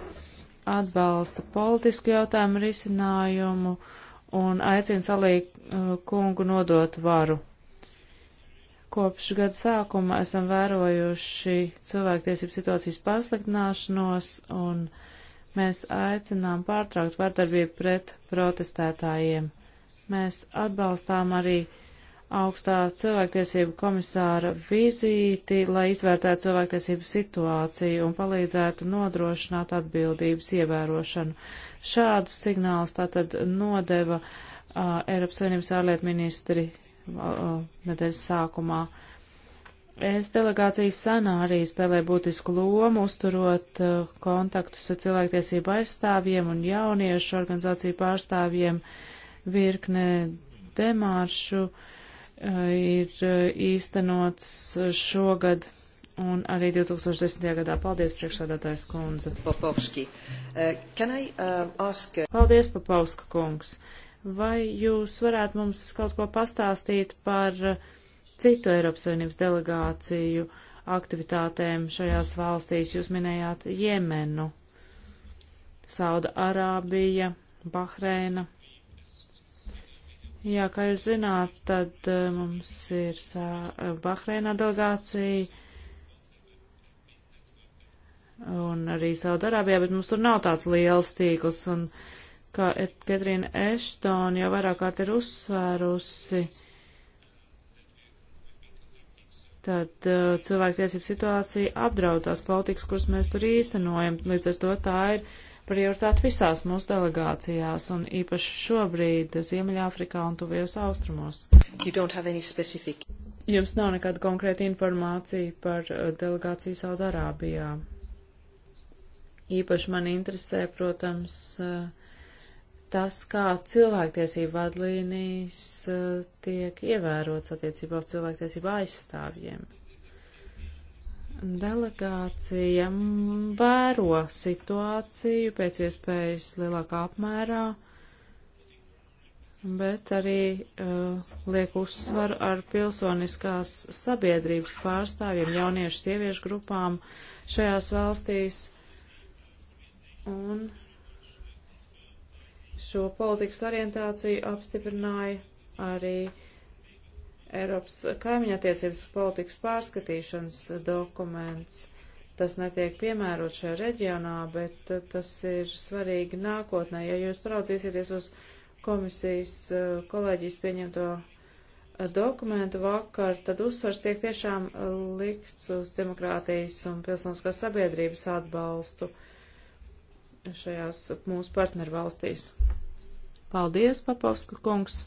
atbalsta politisku jautājumu risinājumu un aicina salīgu eh, kungu nodot varu. Kopš gada sākuma esam vērojuši cilvēktiesību situācijas pasliktināšanos un uh, Mēs aicinām pārtraukt vardarbību pret protestētājiem. Mēs atbalstām arī augstā cilvēktiesību komisāra vizīti, lai izvērtētu cilvēktiesību situāciju un palīdzētu nodrošināt atbildības ievērošanu. Šādu signālus tātad nodeva uh, Eiropas Savienības ārlietu ministri uh, nedēļas sākumā. Uh, Es delegācijas sanā arī spēlē būtisku lomu, uzturot uh, kontaktus ar cilvēktiesību aizstāvjiem un jauniešu organizāciju pārstāvjiem virkne demāršu uh, ir uh, īstenots šogad un arī 2010. gadā. Paldies, priekšsādātājs kundze. Papovski. Uh, I, uh, ask... Uh, Paldies, Papovska kungs. Vai jūs varētu mums kaut ko pastāstīt par uh, citu Eiropas Savienības delegāciju aktivitātēm šajās valstīs. Jūs minējāt Jemenu, Sauda Arābija, Bahreina. Jā, kā jūs zināt, tad eh, mums ir eh, Bahreinā delegācija un arī Saudarābijā, bet mums tur nav tāds liels tīkls. Un kā Katrīna Eštona jau vairāk kārt ir uzsvērusi, uh, Tad uh, cilvēktiesību situācija apdraud tās politikas, kuras mēs tur īstenojam. Līdz ar to tā ir prioritāte visās mūsu delegācijās un īpaši šobrīd Ziemeļāfrikā un Tuvijos austrumos. Specific... Jums nav nekāda konkrēta informācija par eh, delegāciju Saudārābijā. Īpaši man interesē, protams, uh, tas, kā cilvēktiesību vadlīnijas eh, tiek ievērots attiecībā uz cilvēktiesību aizstāvjiem. Delegācija vēro situāciju pēc iespējas lielākā apmērā, bet arī uh, liek uzsvaru ar pilsoniskās sabiedrības pārstāvjiem, jauniešu sieviešu grupām šajās valstīs. Un Šo politikas orientāciju apstiprināja arī Eiropas kaimiņattiecības politikas pārskatīšanas dokuments. Tas netiek piemērot šajā reģionā, bet uh, tas ir svarīgi nākotnē. Ja jūs paraudzīsieties uz komisijas uh, kolēģijas pieņemto uh, dokumentu vakar, tad uzsvars tiek tiešām likts uz demokrātijas un pilsoniskās sabiedrības atbalstu. Uh, šajās mūsu partneru valstīs. Paldies, Papovska kungs.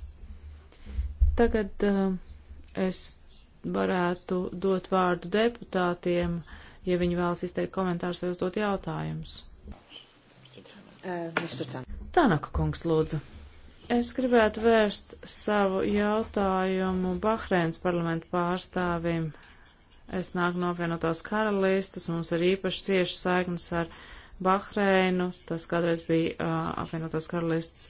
Tagad uh, es varētu dot vārdu deputātiem, ja viņi vēlas izteikt komentārus vai uzdot jautājumus. Uh, Tanaka kungs, lūdzu. Es gribētu vērst savu jautājumu Bahreins parlamentu pārstāvim. Es nāku no apvienotās karalistas, mums ir īpaši cieši saiknes ar Bahreinu, tas kādreiz bija uh, apvienotās karalists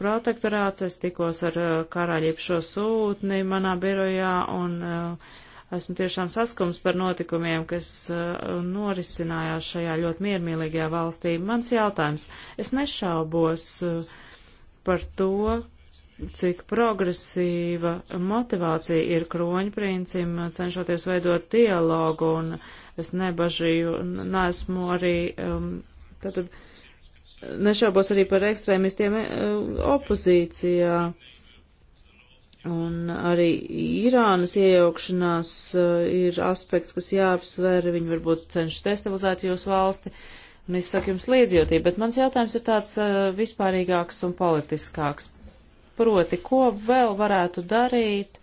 protektorāts, es tikos ar uh, karaļiepu šo sūtni manā birojā un uh, esmu tiešām saskums par notikumiem, kas uh, norisinājās šajā ļoti miermīlīgajā valstī. Mans jautājums, es nešaubos uh, par to, cik progresīva motivācija ir kroņprincim, cenšoties veidot dialogu un Es nebažīju, neesmu arī, um, tātad nešaubos arī par ekstrēmistiem e, opozīcijā. Un arī Irānas iejaukšanās uh, ir aspekts, kas jāapsver. Viņi varbūt cenšas destabilizēt jūsu valsti un izsaka jums līdzjūtību. Bet mans jautājums ir tāds uh, vispārīgāks un politiskāks. Proti, ko vēl varētu darīt,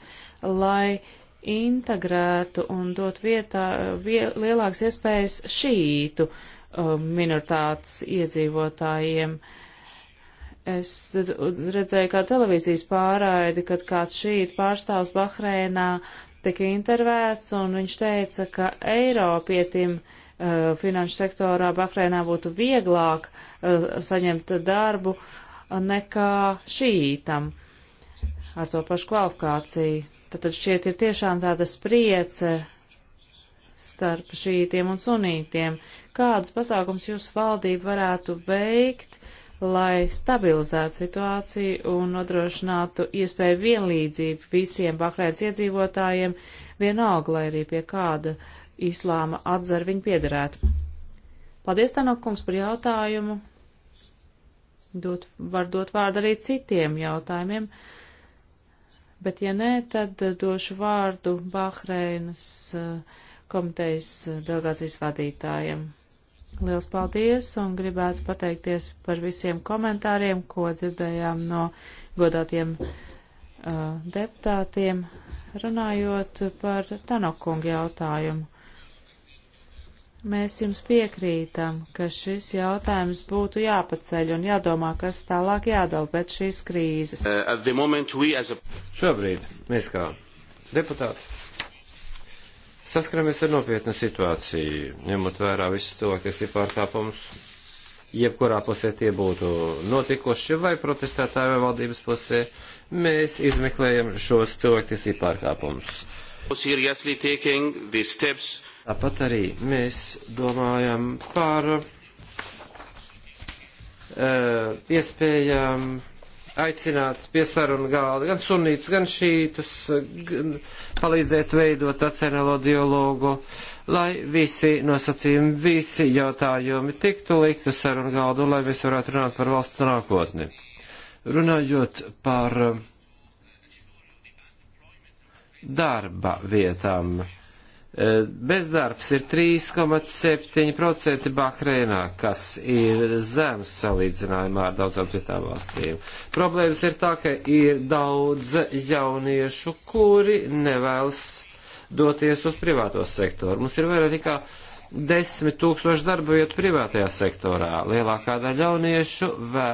lai uh, integrētu un dot vietā vie, lielākas iespējas šītu um, minoritātes iedzīvotājiem. Es redzēju kā televīzijas pārraidi, kad kāds šīt pārstāvs Bahreinā tika intervēts, un viņš teica, ka Eiropietim uh, finanšu sektorā Bahreinā būtu vieglāk uh, saņemt darbu nekā šītam ar to pašu kvalifikāciju. Tad šķiet ir tiešām tāda spriece starp šītiem un sunītiem. Kādus pasākums jūsu valdība varētu veikt, lai stabilizētu situāciju un nodrošinātu iespēju vienlīdzību visiem Bahrēnas iedzīvotājiem, vienalga, lai arī pie kāda islāma atzara viņi piederētu? Paldies, Tanokums, par jautājumu. Dot, var dot vārdu arī citiem jautājumiem. Uh, bet ja nē, tad eh, došu vārdu Bahreinas eh, komitejas eh, delegācijas vadītājiem. Liels paldies un gribētu pateikties par visiem komentāriem, ko dzirdējām no godātiem uh, deputātiem, runājot par Tanokungu jautājumu. Mēs jums piekrītam, ka šis jautājums būtu jāpaceļ un jādomā, kas tālāk jādala pēc šīs krīzes. Uh, a... Šobrīd mēs kā deputāti saskaramies ar nopietnu situāciju, ņemot vērā visu to, kas ir pārkāpums, jebkurā pusē tie būtu notikuši, vai protestētāju vai valdības pusē. Mēs izmeklējam šos cilvēktiesību pārkāpumus. Seriously taking these steps Tāpat arī mēs domājam par uh, iespējām aicināt pie sarunu galda gan sunītus, gan šītus, gan palīdzēt veidot nacionālo dialogu, lai visi nosacījumi, visi jautājumi tiktu likt uz sarunu galdu, un lai mēs varētu runāt par valsts nākotni. Runājot par darba vietām Bezdarbs ir 3,7% Bahreinā, kas ir zems salīdzinājumā ar daudzām citām valstīm. Problēmas ir tā, ka ir daudz jauniešu, kuri nevēlas doties uz privāto sektoru. Mums ir vairāk nekā 10 tūkstoši darba vietu privātajā sektorā. Lielākā daļa jauniešu vē,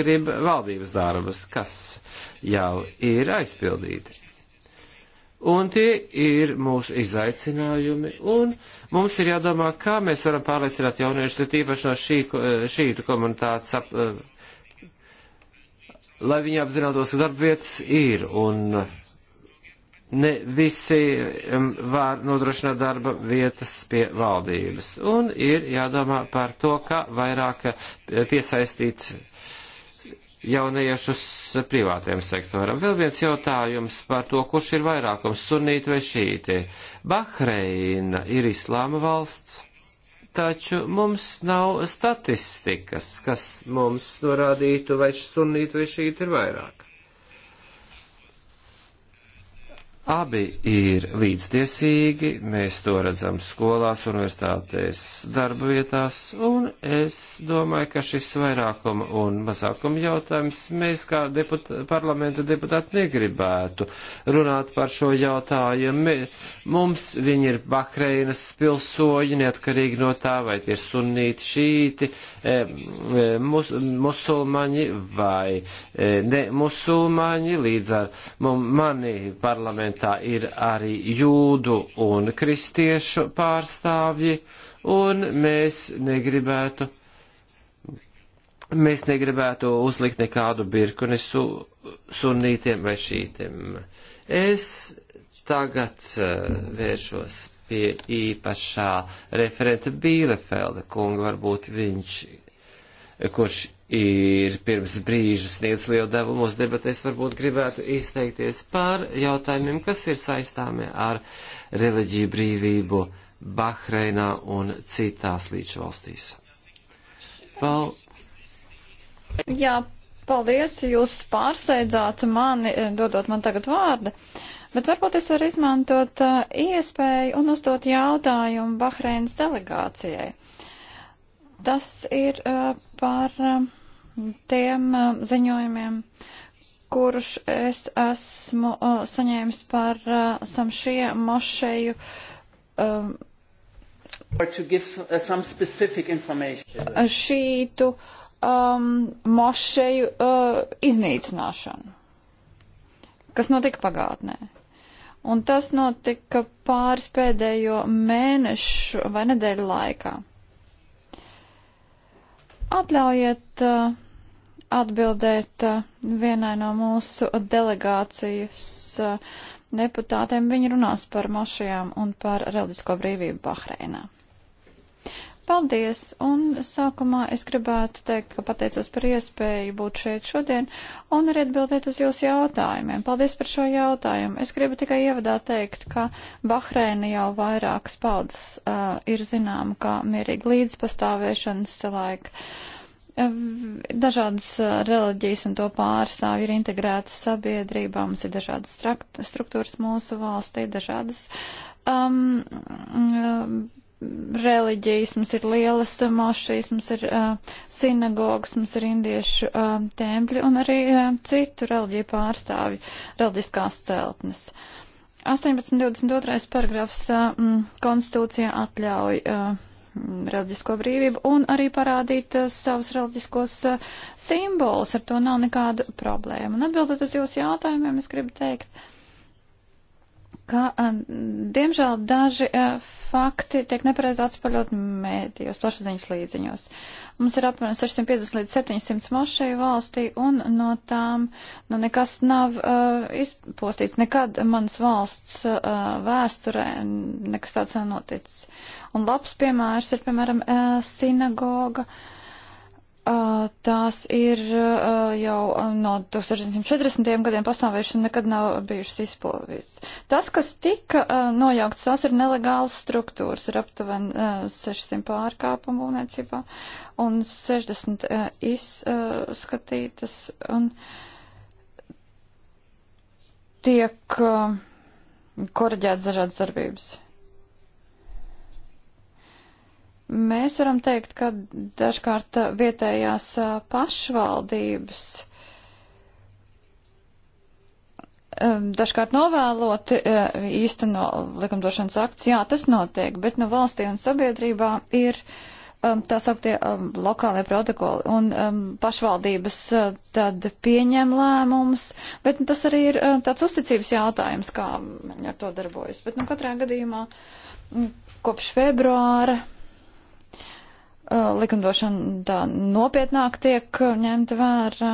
grib valdības darbus, kas jau ir aizpildīti Un tie ir mūsu izaicinājumi, un mums ir jādomā, kā mēs varam pārliecināt jauniešus, tīpaši no šī, šītu komunitātes, ap, eh, lai viņi apzinātos, ka darbvietas ir, un ne visi var nodrošināt darba vietas pie valdības. Un ir jādomā par to, kā vairāk eh, piesaistīt uh, jauniešus privātiem sektoram. Vēl viens jautājums par to, kurš ir vairākums - sunīti vai šīti. Bahreina ir islāma valsts, taču mums nav statistikas, kas mums norādītu, vai sunīti vai šīti ir vairāk. Abi ir līdztiesīgi, mēs to redzam skolās, universitātēs, darba vietās, un es domāju, ka šis vairākuma un mazākuma jautājums mēs kā deput parlamenta deputāti negribētu runāt par šo jautājumu. Mums viņi ir Bahreinas pilsoņi, neatkarīgi no tā, vai tie ir sunnīti, šīti, e, e, mus, musulmaņi vai e, ne musulmaņi, līdz ar mani parlamentu skaitā ir arī jūdu un kristiešu pārstāvji, un mēs negribētu, mēs negribētu uzlikt nekādu birkuni su, sunītiem vai šītiem. Es tagad eh, vēršos pie īpašā referenta Bīlefelda kunga, varbūt viņš, kurš ir pirms brīža sniedz lielu devumu mūsu debatēs, varbūt gribētu izteikties par jautājumiem, kas ir saistāmi ar reliģiju brīvību Bahreinā un citās līdzvalstīs. Pal... Jā, paldies, jūs pārsteidzāt mani, dodot man tagad vārdu. Bet varbūt es varu izmantot uh, iespēju un uzdot jautājumu Bahreinas delegācijai. Tas ir uh, par. Uh, tiem uh, ziņojumiem, kurus es esmu uh, saņēmis par uh, samšie mošeju. Uh, šītu um, mošeju uh, iznīcināšanu, kas notika pagātnē. Un tas notika pāris pēdējo mēnešu vai nedēļu laikā. Atļaujiet uh, atbildēt eh, vienai no mūsu delegācijas eh, deputātiem. Viņi runās par mašajām un par reliģisko brīvību Bahreinā. Paldies! Un sākumā es gribētu teikt, ka pateicos par iespēju būt šeit šodien un arī atbildēt uz jūsu jautājumiem. Paldies par šo jautājumu. Es gribu tikai ievadā teikt, ka Bahreina jau vairākas paudzes uh, ir zinām kā mierīgi līdzpastāvēšanas laika. Uh, Dažādas reliģijas un to pārstāvji ir integrētas sabiedrībā, mums ir dažādas struktūras mūsu valstī, dažādas um, um reliģijas, mums ir lielas mošīs, mums ir uh, sinagogas, mums ir indiešu uh, tempļi un arī uh, citu reliģiju pārstāvju reliģiskās celtnes. 18.22. paragrafs uh, konstitūcijā atļauj uh, reliģisko brīvību un arī parādīt uh, savus reliģiskos uh, simbolus. Ar to nav nekāda problēma. Un atbildot uz jūsu jautājumiem, es gribu teikt, ka, diemžēl, daži fakti tiek nepareizi atspaļot mēdījos, plašsaziņas līdziņos. Mums ir apmēram 650 līdz 700 mašīnu šajā valstī, un no tām nu, nekas nav uh, izpostīts. Nekad manas valsts uh, vēsturē nekas tāds nav noticis. Un labs piemērs ir, piemēram, uh, sinagoga. Uh, tās ir jau no 1940. gadiem pastāvējušas un nekad nav bijušas izpildītas. Tas, kas tika nojaukts, tās ir nelegālas struktūras, ir aptuveni 600 pārkāpumu būvniecībā un 60 izskatītas un tiek koreģētas dažādas darbības. Mēs varam teikt, ka dažkārt uh, vietējās uh, pašvaldības um, dažkārt novēloti uh, īsteno likumdošanas akts. Jā, tas notiek, bet nu valstī un sabiedrībā ir um, tā sauktie um, lokālie protokoli un pašvaldības tad pieņem lēmumus, bet nu, tas arī ir tāds uzticības jautājums, kā viņi ar to darbojas. Bet nu katrā gadījumā mm, kopš februāra Uh, likumdošana tā nopietnāk tiek uh, ņemta vērā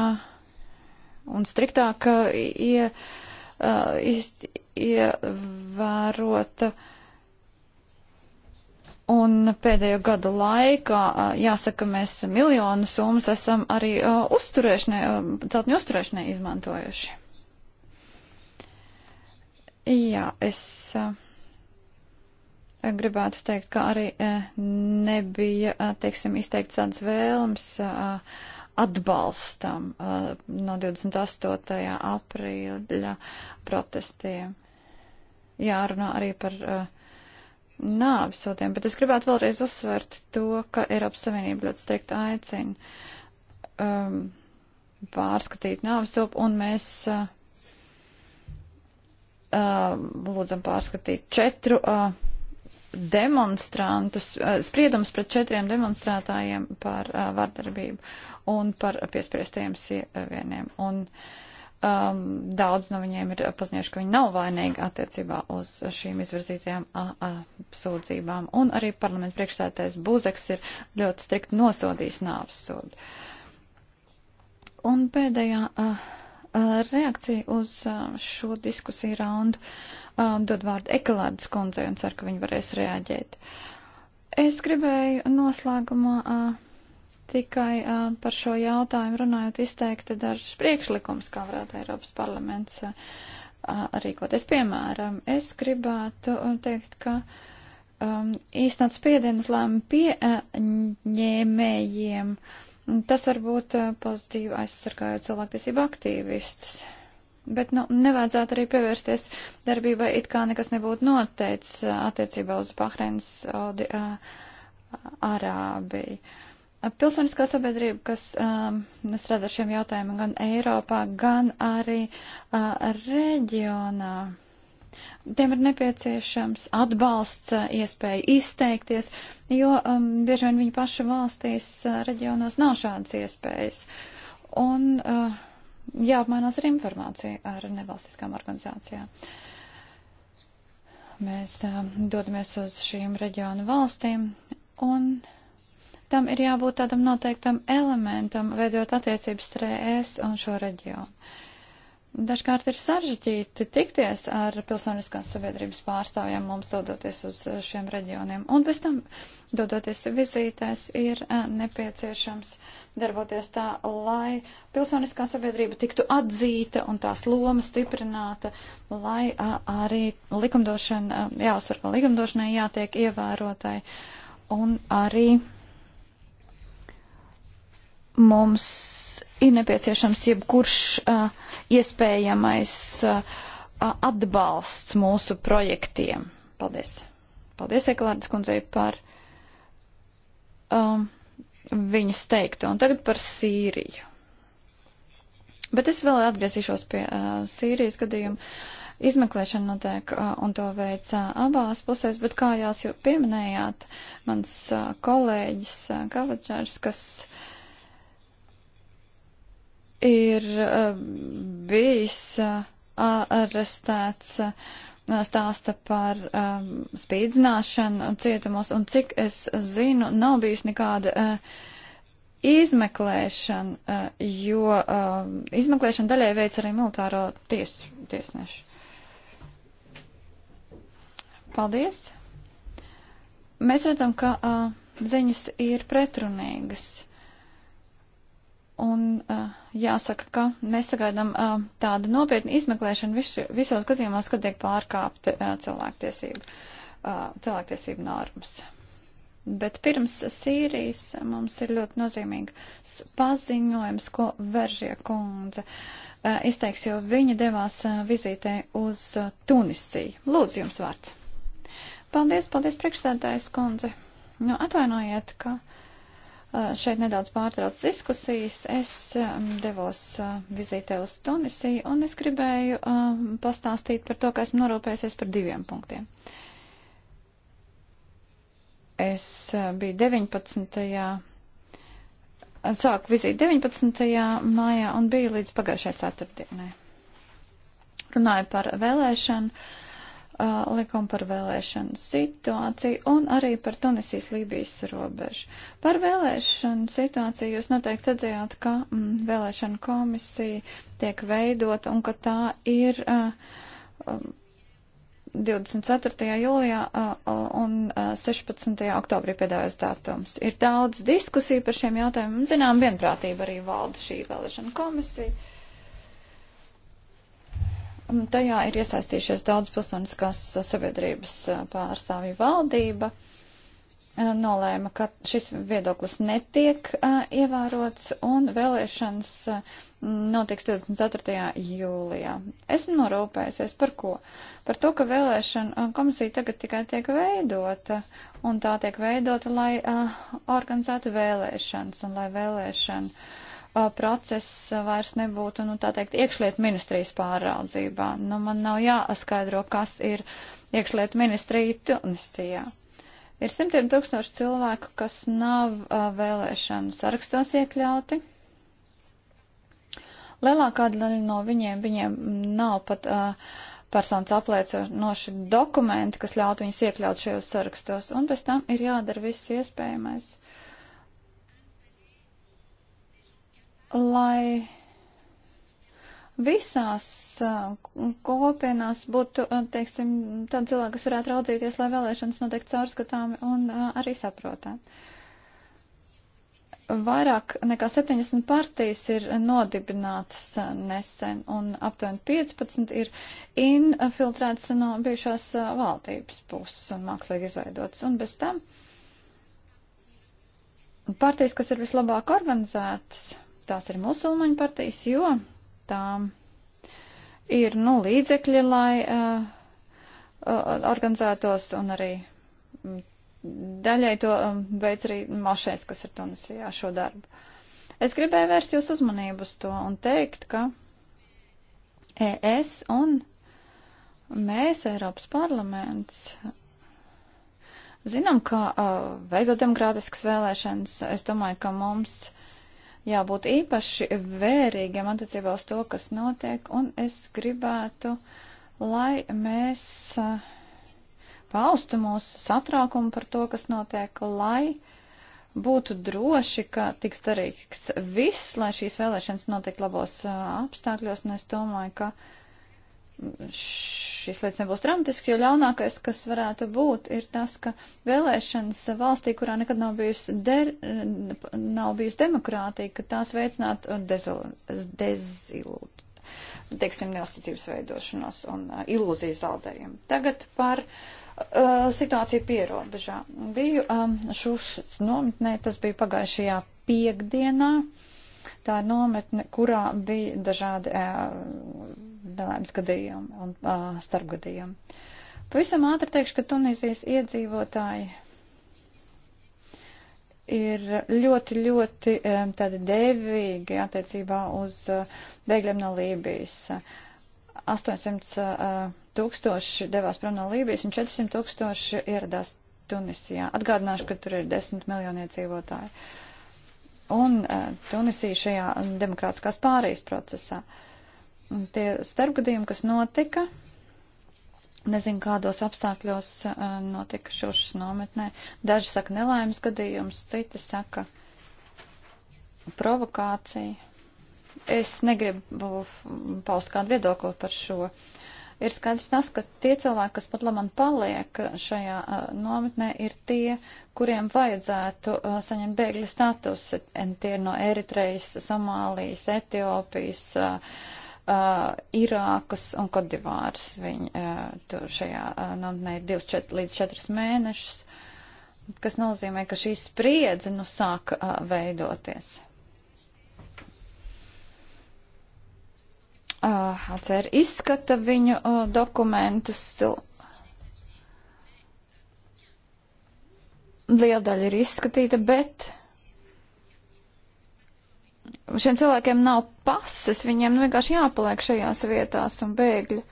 un striktāk uh, ie, ievērota. Un pēdējo gadu laikā, jāsaka, mēs miljonu summas esam arī uzturēšanai, celtņu uzturēšanai izmantojuši. Jā, es. Uh, gribētu teikt, ka arī e, nebija, e, teiksim, izteikts tāds vēlms e, atbalstam no 28. aprīļa protestiem. Jārunā arī par nāvisotiem, bet es gribētu vēlreiz uzsvert to, ka Eiropas Savienība ļoti strikt aicina um, pārskatīt nāvisopu, un mēs uh, lūdzam pārskatīt četru. Uh, demonstrantus, eh, spriedums pret četriem demonstrētājiem par uh, vardarbību un par piespriestajiem sievieniem. Un um, daudz no viņiem ir paziņojuši, ka viņi nav vainīgi attiecībā uz šīm izvirzītajām apsūdzībām. Un arī parlamenta priekšsētais Buzeks ir ļoti strikt nosodījis nāves sodu. Un pēdējā. Uh, reakcija uz šo diskusiju raundu dod vārdu Ekelārdas kundzei un ceru, ka viņi varēs reaģēt. Es gribēju noslēgumā tikai par šo jautājumu runājot izteikt dažus priekšlikumus, kā varētu Eiropas parlaments rīkoties. Piemēram, es gribētu teikt, ka um, īstenot spiedienas lēmumu pieņēmējiem. Uh, Tas varbūt eh, pozitīvi aizsargājot cilvēktiesību aktīvistus. Bet nu, nevajadzētu arī pievērsties darbībai, it kā nekas nebūtu noteicis eh, attiecībā uz Bahreinas Saudi eh, Arābiju. Pilsoniskā sabiedrība, kas um, ehm, strādā ar šiem jautājumiem gan Eiropā, gan arī uh, reģionā, Tiem ir nepieciešams atbalsts, eh, iespēja izteikties, jo um, bieži vien viņu pašu valstīs, eh, reģionos nav šādas iespējas. Un uh, jāapmainās ar informāciju ar nevalstiskām organizācijām. Mēs uh, dodamies uz šīm reģionu valstīm un tam ir jābūt tādam noteiktam elementam, veidot attiecības starp ES un šo reģionu. Dažkārt ir sarežģīti tikties ar pilsoniskās sabiedrības pārstāvjiem mums dodoties uz eh, šiem reģioniem. Un bez tam, dodoties vizītēs, ir eh, nepieciešams darboties tā, lai pilsoniskā sabiedrība tiktu atzīta un tās loma stiprināta, lai arī likumdošana, jāuzsver, ka likumdošanai jātiek ievērotai un arī mums ir nepieciešams jebkurš uh, iespējamais uh, atbalsts mūsu projektiem. Paldies. Paldies Eklārdas kundzei par um, viņas teikto. Un tagad par Sīriju. Bet es vēl atgriezīšos pie uh, Sīrijas gadījuma. Izmeklēšana notiek uh, un to veic uh, abās pusēs, bet kā jūs jau pieminējāt, mans uh, kolēģis uh, Kavačārs, kas ir eh, bijis eh, arestēts eh, stāsta par um, spīdzināšanu cietumos, un cik es zinu, nav bijis nekāda uh, izmeklēšana, uh, jo uh, izmeklēšana daļai veids arī militāro tiesu, tiesnešu. Paldies! Mēs redzam, ka uh, ziņas ir pretrunīgas. Uh, Un uh, jāsaka, ka mēs sagaidām uh, tādu nopietnu izmeklēšanu vis, visos gadījumos, kad tiek pārkāpti uh, cilvēktiesību, uh, cilvēktiesību normas. Bet pirms Sīrijas mums ir ļoti nozīmīgs paziņojums, ko Veržie kundze uh, izteiks, jo viņa devās uh, vizītē uz uh, Tunisiju. Lūdzu, jums vārds. Paldies, paldies, priekšsēdājas kundze. Nu, atvainojiet, ka. Uh, Uh, šeit nedaudz pārtrauc diskusijas. Es um, devos uh, vizītē uz Tunisiju un es gribēju um, pastāstīt par to, ka esmu norūpējusies par diviem punktiem. Es uh, biju 19. sāku vizīti 19. mājā un biju līdz pagājušajai ceturtdienai. Runāju par vēlēšanu Uh, likumu par vēlēšanu situāciju un arī par Tunisijas Lībijas robežu. Par vēlēšanu situāciju jūs noteikti atzījāt, ka mm, vēlēšana komisija tiek veidota un ka tā ir uh, 24. Um, jūlijā uh, uh un 16. Uh, oktobrī piedāvājas datums. Ir daudz diskusiju par šiem jautājumiem. Zinām, vienprātība arī valda šī vēlēšana komisija Tajā ir iesaistījušies daudz pilsoniskās sabiedrības pārstāvju valdība. Nolēma, ka šis viedoklis netiek ievērots un vēlēšanas notiks 24. jūlijā. Esmu norūpējusies par ko? Par to, ka vēlēšana komisija tagad tikai tiek veidota un tā tiek veidota, lai organizētu vēlēšanas un lai vēlēšana process vairs nebūtu, nu, tā teikt, iekšliet ministrijas pārraudzībā. Nu, man nav jāskaidro, kas ir iekšliet ministrija Tunisijā. Ir simtiem tūkstoši cilvēku, kas nav uh, vēlēšanu sarakstos iekļauti. Lielākā daļa no viņiem, viņiem nav pat uh, personas apliecinoši dokumenti, kas ļautu viņus iekļaut šajos sarakstos, un pēc tam ir jādara viss iespējamais lai visās uh, kopienās būtu, uh, teiksim, tādi cilvēki, kas varētu raudzīties, lai vēlēšanas notiek caurskatāmi un uh, arī saprotami. Vairāk nekā 70 partijas ir nodibinātas nesen un aptuveni 15 ir infiltrētas no bijušās valdības puses un mākslīgi izveidotas. Un bez tam partijas, kas ir vislabāk organizētas, tās ir musulmaņu partijas, jo tām ir nu, līdzekļi, lai uh, uh organizētos un arī mm, daļai to um, veic arī mašais, kas ir Tunisijā šo darbu. Es gribēju vērst jūs uzmanību uz to un teikt, ka ES un mēs, Eiropas parlaments, zinām, ka uh, veidot demokrātiskas vēlēšanas, es domāju, ka mums uh, jābūt īpaši vērīgiem attiecībā uz to, kas notiek, un es gribētu, lai mēs eh, paustu mūsu satraukumu par to, kas notiek, lai būtu droši, ka tiks darīts viss, lai šīs vēlēšanas notiek labos eh, apstākļos, un es domāju, ka šīs lietas nebūs dramatiski, jo ļaunākais, kas varētu būt, ir tas, ka vēlēšanas valstī, kurā nekad nav bijusi, der, nav bijusi demokrātija, ka tās veicinātu dezilūt, teiksim, neusticības veidošanos un uh, ilūziju zaudējumu. Tagad par uh, situāciju pierobežā. Biju um, šušas nometnē, tas bija pagājušajā piekdienā. Tā ir nometne, kurā bija dažādi. Uh, nelaimes gadījumi un uh, starpgadījumi. Pavisam ātri teikšu, ka Tunizijas iedzīvotāji ir ļoti, ļoti um, tādi devīgi attiecībā uz uh, bēgļiem no Lībijas. 800 uh, tūkstoši devās prom no Lībijas un 400 tūkstoši ieradās Tunisijā. Atgādināšu, ka tur ir 10 miljoni iedzīvotāji. Un uh, Tunisija šajā demokrātiskās pārējas procesā. Uh, tie starpgadījumi, kas notika, nezinu, kādos apstākļos notika šūšas nometnē. Daži saka nelaimes gadījums, citi saka provokācija. Es negribu paust kādu viedokli par šo. Ir skaidrs tas, ka tie cilvēki, kas pat labam paliek šajā nometnē, ir tie, kuriem vajadzētu saņemt bēgļa statusu. Tie ir no Eritrejas, Somālijas, Etiopijas. Uh, uh, Irākas un Kodivāras. Viņi uh, tur šajā uh, nometnē ir 2 čet, līdz 4 mēnešus, kas nozīmē, ka šī spriedze nu sāka uh, veidoties. Uh, ACR izskata viņu uh, dokumentus. Liela daļa ir izskatīta, bet šiem cilvēkiem nav pases, viņiem nu vienkārši jāpaliek šajās vietās un bēgļi.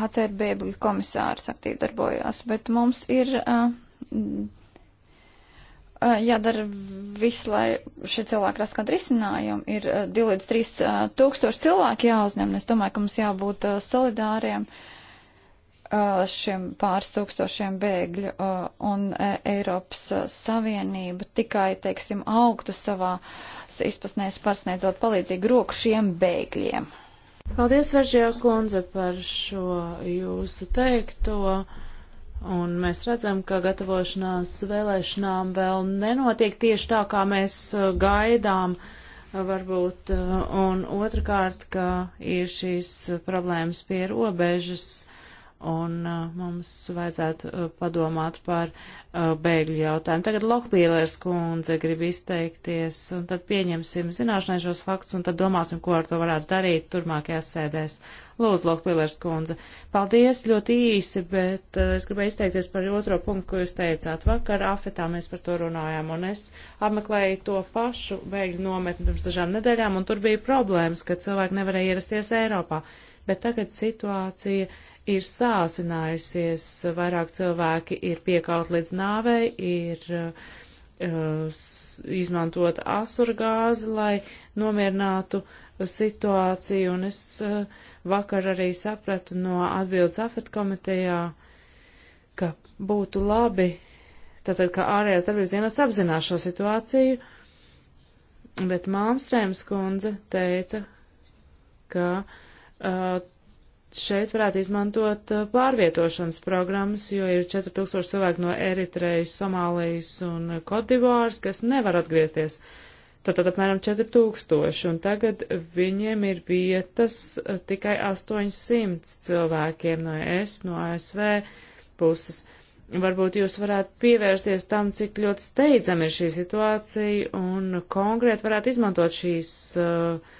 HCR bēgļu komisārs aktīvi darbojās, bet mums ir uh, jādara viss, lai šie cilvēki rastu kādu risinājumu. Ir 2 līdz 3 tūkstoši cilvēki jāuzņem, un es domāju, ka mums jābūt solidāriem. Uh, Uh, šiem pāris tūkstošiem bēgļu uh, un uh, Eiropas Savienība tikai, teiksim, augtu savā izpasnēs pārsniedzot palīdzīgu roku šiem bēgļiem. Paldies, Veržijā kundze, par šo jūsu teikto. Un mēs redzam, ka gatavošanās vēlēšanām vēl nenotiek tieši tā, kā mēs gaidām varbūt. Un otrkārt, ka ir šīs problēmas pie robežas un uh, mums vajadzētu uh, padomāt par uh, bēgļu jautājumu. Tagad Lohbīlērs kundze grib izteikties, un tad pieņemsim zināšanai šos faktus, un tad domāsim, ko ar to varētu darīt turmākajās sēdēs. Lūdzu, Lohbīlērs kundze. Paldies ļoti īsi, bet uh, es gribēju izteikties par otro punktu, ko jūs teicāt. Vakar afetā mēs par to runājām, un es apmeklēju to pašu bēgļu nometni pirms dažām nedēļām, un tur bija problēmas, ka cilvēki nevarēja ierasties Eiropā. Bet tagad situācija ir sāsinājusies, vairāk cilvēki ir piekaut līdz nāvei, ir uh, izmantot asurgāzi, lai nomierinātu situāciju, un es uh, vakar arī sapratu no atbildes afet komitejā, ka būtu labi, tātad, ka ārējās darbības dienas apzinās šo situāciju, bet Māmsrēms kundze teica, ka uh, šeit varētu izmantot uh, pārvietošanas programmas, jo ir 4000 cilvēku no Eritrejas, Somālijas un Kodivārs, kas nevar atgriezties. Tātad apmēram 4000, un tagad viņiem ir vietas uh, tikai 800 cilvēkiem no ES, no ASV puses. Varbūt jūs varētu pievērsties tam, cik ļoti steidzam ir šī situācija, un konkrēti varētu izmantot šīs uh,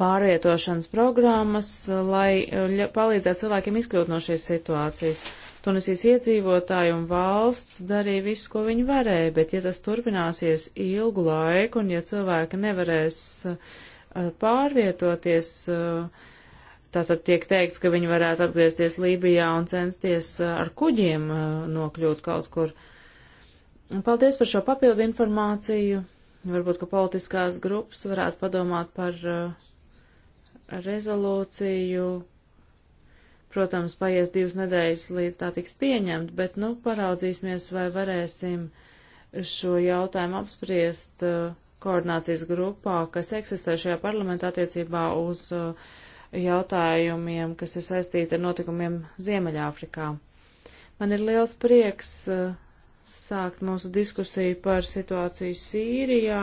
pārvietošanas programmas, lai eh, palīdzētu cilvēkiem izkļūt no šīs situācijas. Tunisijas iedzīvotāji un valsts darīja visu, ko viņi varēja, bet ja tas turpināsies ilgu laiku un ja cilvēki nevarēs eh, pārvietoties, eh, tātad tiek teikts, ka viņi varētu atgriezties Lībijā un censties ar kuģiem nokļūt kaut kur. Paldies par šo papildu informāciju. Varbūt, ka politiskās grupas varētu padomāt par uh, rezolūciju, protams, paies divas nedēļas, līdz tā tiks pieņemt, bet, nu, paraudzīsimies, vai varēsim šo jautājumu apspriest uh, koordinācijas grupā, kas eksistē šajā parlamentā attiecībā uz uh, jautājumiem, kas ir saistīti ar notikumiem Ziemeļāfrikā. Man ir liels prieks uh, sākt mūsu diskusiju par situāciju Sīrijā,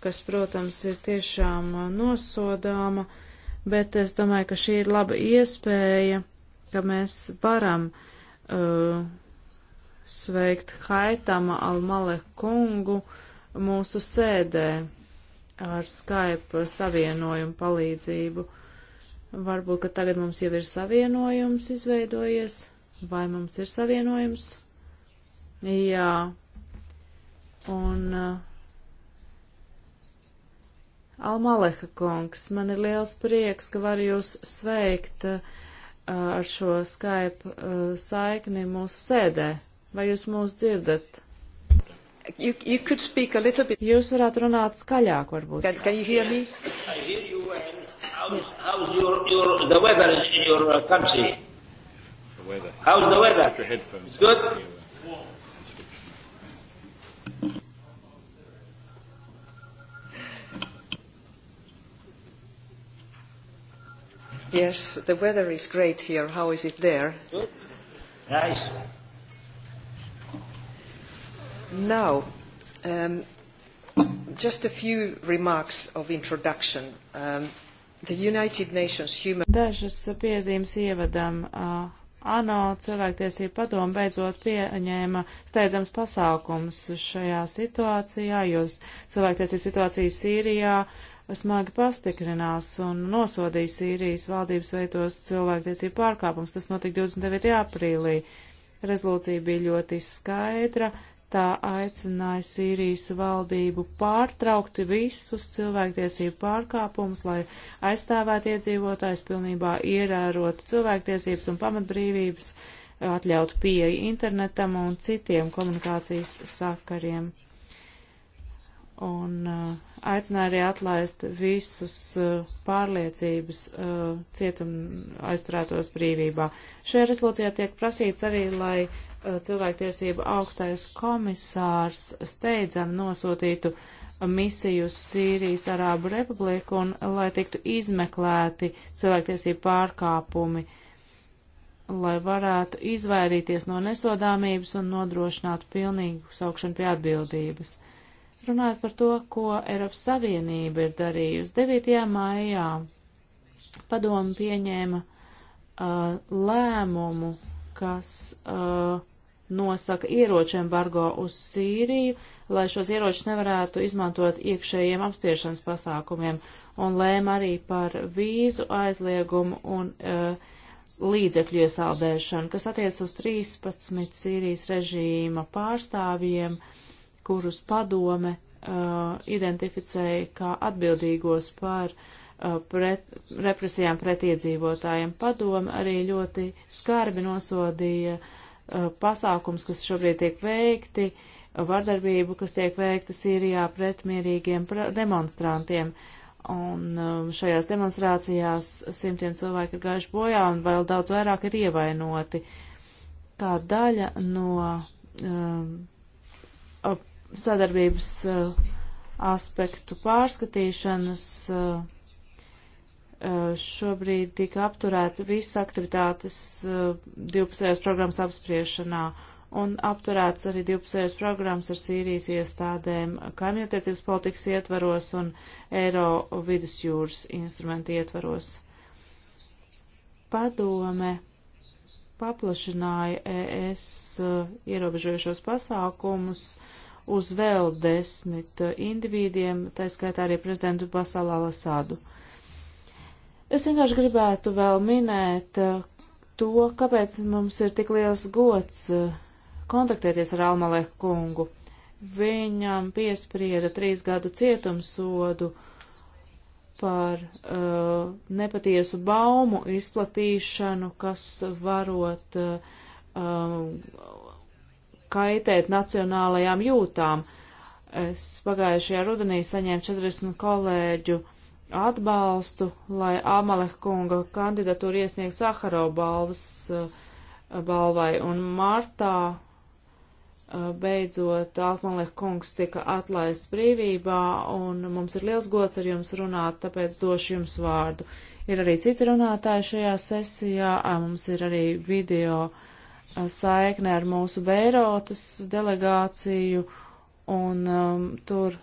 kas, protams, ir tiešām nosodāma. Uh, bet es domāju, ka šī ir laba iespēja, ka mēs varam uh, sveikt Haitama Almale kungu mūsu sēdē ar Skype savienojumu palīdzību. Varbūt, ka tagad mums jau ir savienojums izveidojies, vai mums ir savienojums? Jā. Un uh, Almaleha kungs, man ir liels prieks, ka varu jūs sveikt uh, ar šo Skype uh, saikni mūsu sēdē. Vai jūs mūs dzirdat? You, you could speak a little bit. Jūs varētu runāt skaļāk, varbūt. Can, can you hear me? I hear you. And how's, how's your, your, the weather in your uh, country? The weather. How's the weather? Good. Yes, the weather is great here. How is it there? Good. Nice. Now, um, just a few remarks of introduction. Um, the United Nations Human Dažas piezīmes ievadam. Uh, ANO cilvēktiesība padoma beidzot pieņēma steidzams pasākums šajā situācijā, jo cilvēktiesība situācija Sīrijā smagi pastiprinās un nosodīja Sīrijas valdības veitos cilvēktiesību pārkāpums. Tas notika 29. aprīlī. Rezolūcija bija ļoti skaidra tā aicināja Sīrijas valdību pārtraukt visus cilvēktiesību pārkāpumus, lai aizstāvētu iedzīvotājs pilnībā ierērotu cilvēktiesības un pamatbrīvības, atļautu pieeju internetam un citiem komunikācijas sakariem un uh, aicināja arī atlaist visus uh, pārliecības uh, cietum aizturētos brīvībā. Šajā rezolūcijā tiek prasīts arī, lai cilvēktiesība augstais komisārs steidzam nosūtītu misiju uz Sīrijas Arābu Republiku un lai tiktu izmeklēti cilvēktiesību pārkāpumi, lai varētu izvairīties no nesodāmības un nodrošinātu pilnīgu saukšanu pie atbildības runājot par to, ko Eiropas Savienība ir darījusi. 9. maijā padomu pieņēma uh, lēmumu, kas uh, nosaka ieroču embargo uz Sīriju, lai šos ieročus nevarētu izmantot iekšējiem apspiešanas pasākumiem, un lēma arī par vīzu aizliegumu un uh, līdzekļu iesaldēšanu, kas attiec uz 13 Sīrijas režīma pārstāvjiem. Uh, kurus padome uh, identificēja kā atbildīgos par uh, pret, represijām pret iedzīvotājiem. Padome arī ļoti skarbi nosodīja uh, pasākums, kas šobrīd tiek veikti, vardarbību, kas tiek veikta Sīrijā pret mierīgiem demonstrantiem. Un um, šajās demonstrācijās simtiem cilvēku ir gājuši bojā un vēl daudz vairāk ir ievainoti. Kā daļa no um, sadarbības uh, aspektu pārskatīšanas uh, uh, šobrīd tika apturēta visas aktivitātes divpusējos programmas apspriešanā un apturēts arī divpusējos programmas ar Sīrijas iestādēm kaimiņattiecības politikas ietvaros un Eiro vidusjūras instrumentu ietvaros. Padome paplašināja ES ierobežojušos pasākumus uh, uz vēl desmit eh, individiem, tā skaitā arī prezidentu Basalā Lasādu. Es vienkārši gribētu vēl minēt eh, to, kāpēc mums ir tik liels gods eh, kontaktēties ar Almaleku kungu. Viņam piesprieda trīs gadu cietumsodu par uh, nepatiesu baumu izplatīšanu, kas varot uh, kaitēt nacionālajām jūtām. Es pagājušajā rudenī saņēmu 40 kolēģu atbalstu, lai Amalek kunga kandidatūru iesniegtu Saharau balvas eh, balvai, un martā eh, beidzot Alkmalek kungs tika atlaists brīvībā, un mums ir liels gods ar jums runāt, tāpēc došu jums vārdu. Ir arī citi runātāji šajā sesijā, mums ir arī video uh, saikne ar mūsu Beirotas delegāciju, un um, tur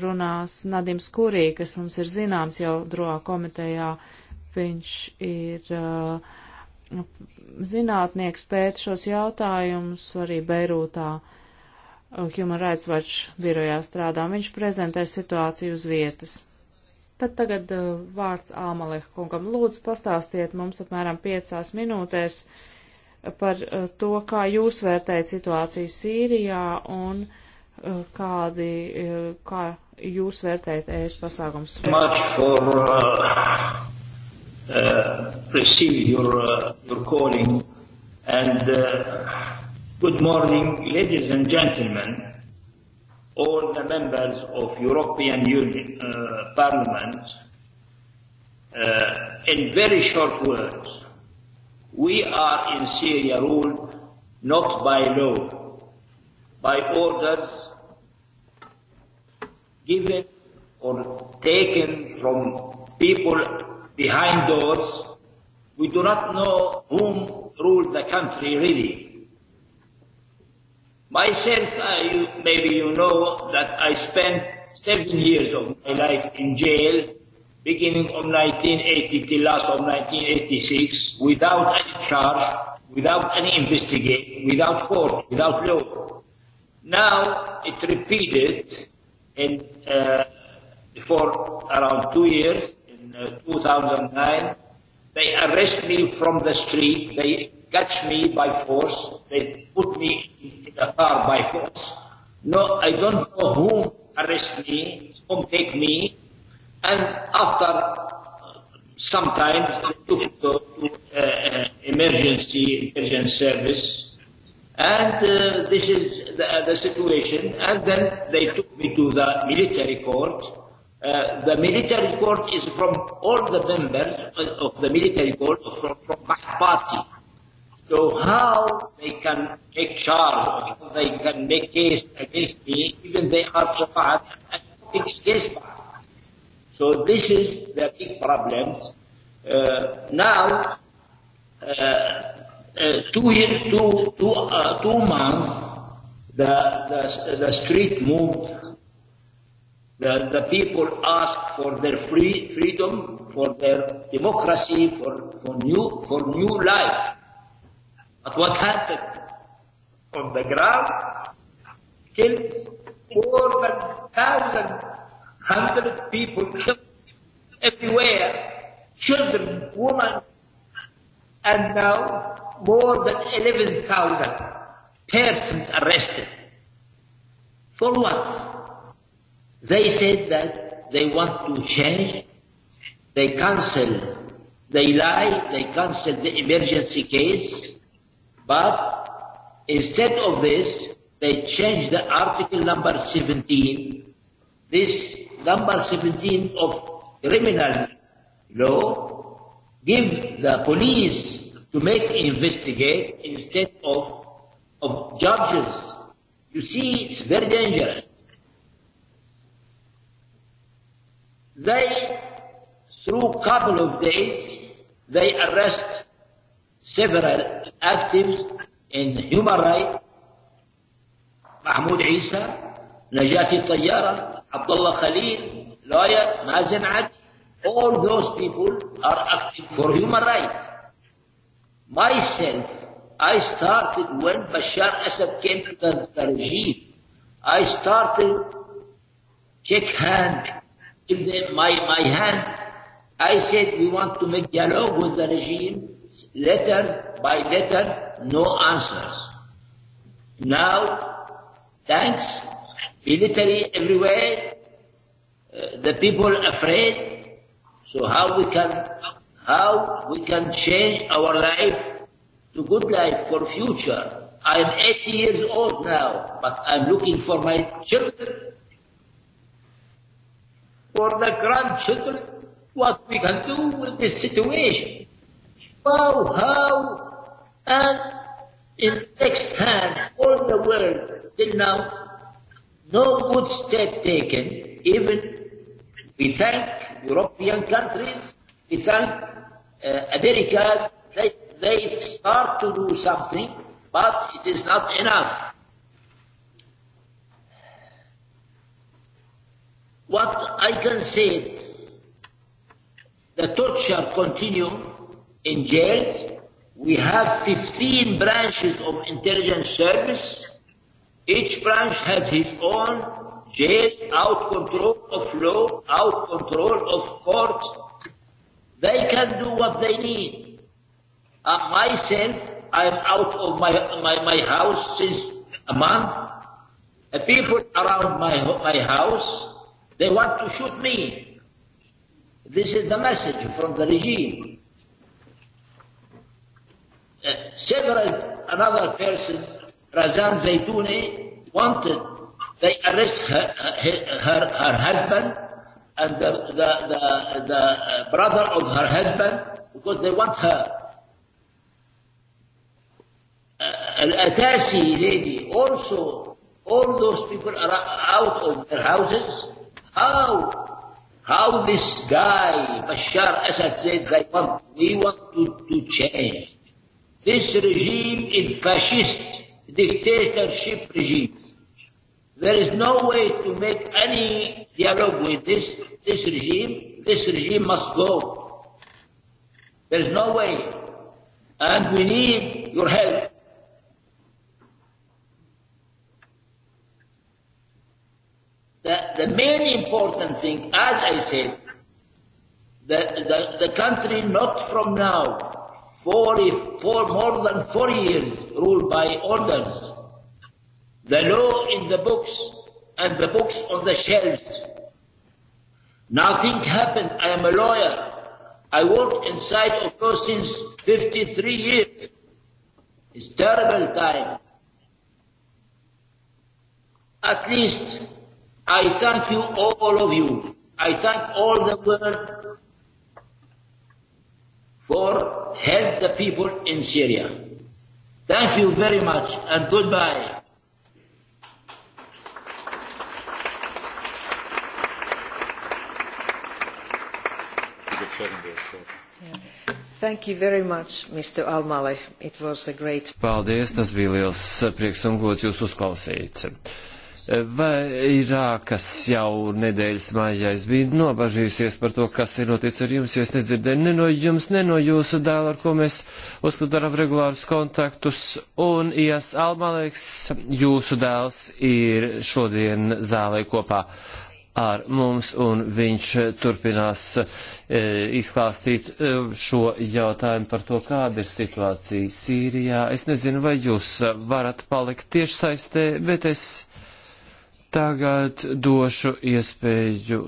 runās Nadims Kurī, kas mums ir zināms jau droā komitejā. Viņš ir uh, zinātnieks pēta šos jautājumus, arī Beirūtā uh, Human Rights Watch birojā strādā. Viņš prezentē situāciju uz vietas. Tad tagad uh, vārds Āmalek kungam. Lūdzu, pastāstiet mums apmēram piecās minūtēs par uh, to, kā jūs vērtējat situāciju Sīrijā un uh, kādi, uh, kā jūs vērtējat ES pasākums. For, uh, uh, your, uh, your calling. and uh, good morning, ladies and gentlemen, all the members of European Union uh, Parliament. Uh, in very short words, We are in Syria ruled not by law, by orders given or taken from people behind doors. We do not know whom ruled the country really. Myself, I, maybe you know that I spent seven years of my life in jail beginning of 1980 till last of 1986 without any charge, without any investigation, without court, without law. Now it repeated in, uh, for around two years, in uh, 2009, they arrest me from the street, they catch me by force, they put me in the car by force. No, I don't know whom arrest me, whom take me, and after some time they took to uh, emergency intelligence service and uh, this is the, the situation and then they took me to the military court uh, the military court is from all the members of the military court from, from my party so how they can take charge they can make case against me even they are from against me So this is the big problems. Uh, now, uh, uh, two, year, two, two, uh, two months, the, the, the street moved. The, the people asked for their free freedom, for their democracy, for, for new for new life. But what happened on the ground? Killed more than thousand hundreds of people killed everywhere, children, women, and now more than 11,000 persons arrested. For what? They said that they want to change, they cancel, they lie, they cancel the emergency case, but instead of this, they changed the article number 17 this number 17 of criminal law give the police to make investigate instead of of judges. You see, it's very dangerous. They, through couple of days, they arrest several activists in human rights, Mahmoud Isa, Najati Tayyara, Abdullah Khalil, lawyer, Mazen Ad, all those people are active for human rights. Myself, I started when Bashar Assad came to the, the regime. I started check hand, give them my, my hand. I said we want to make dialogue with the regime, letter by letter, no answers. Now, thanks In Italy, everywhere, uh, the people afraid. So how we can, how we can change our life to good life for future? I'm 80 years old now, but I'm looking for my children, for the grandchildren, what we can do with this situation. How, how, and in next hand, all the world till now no good step taken. Even we thank European countries, we thank uh, America, they, they start to do something, but it is not enough. What I can say, the torture continue in jails. We have 15 branches of intelligence service Each branch has his own jail, out control of law, out control of court. They can do what they need. Uh, myself, I'm out of my, my, my house since a month. The people around my, my house, they want to shoot me. This is the message from the regime. Uh, several, another person Razan Zaytouni wanted, they arrest her, her, her husband and the, the, the, the brother of her husband because they want her. Uh, Al-Atasi lady also, all those people are out of their houses. How? How this guy, Bashar Assad said they want, we want to, to change. This regime is fascist dictatorship regime. There is no way to make any dialogue with this, this regime. This regime must go. There is no way. And we need your help. The, the main important thing, as I said, the, the, the country not from now, 40, for more than 40 years ruled by orders. The law in the books and the books on the shelves. Nothing happened. I am a lawyer. I worked inside of course since 53 years. It's terrible time. At least I thank you, all of you. I thank all the world for help the people in Syria. Thank you very much and goodbye. Thank you very much, Mr. Almale. It was a great... Paldies, tas bija liels prieks un gods jūs uzklausīt. Vairākas jau nedēļas mājā es biju nobažījusies par to, kas ir noticis ar jums, jo es nedzirdēju ne no jums, ne no jūsu dēla, ar ko mēs uzskatām regulārus kontaktus. Un Ijas Almaleks, jūsu dēls, ir šodien zālē kopā ar mums, un viņš turpinās e, izklāstīt e, šo jautājumu par to, kāda ir situācija Sīrijā. Es nezinu, vai jūs varat palikt tiešsaistē, bet es Tagad došu iespēju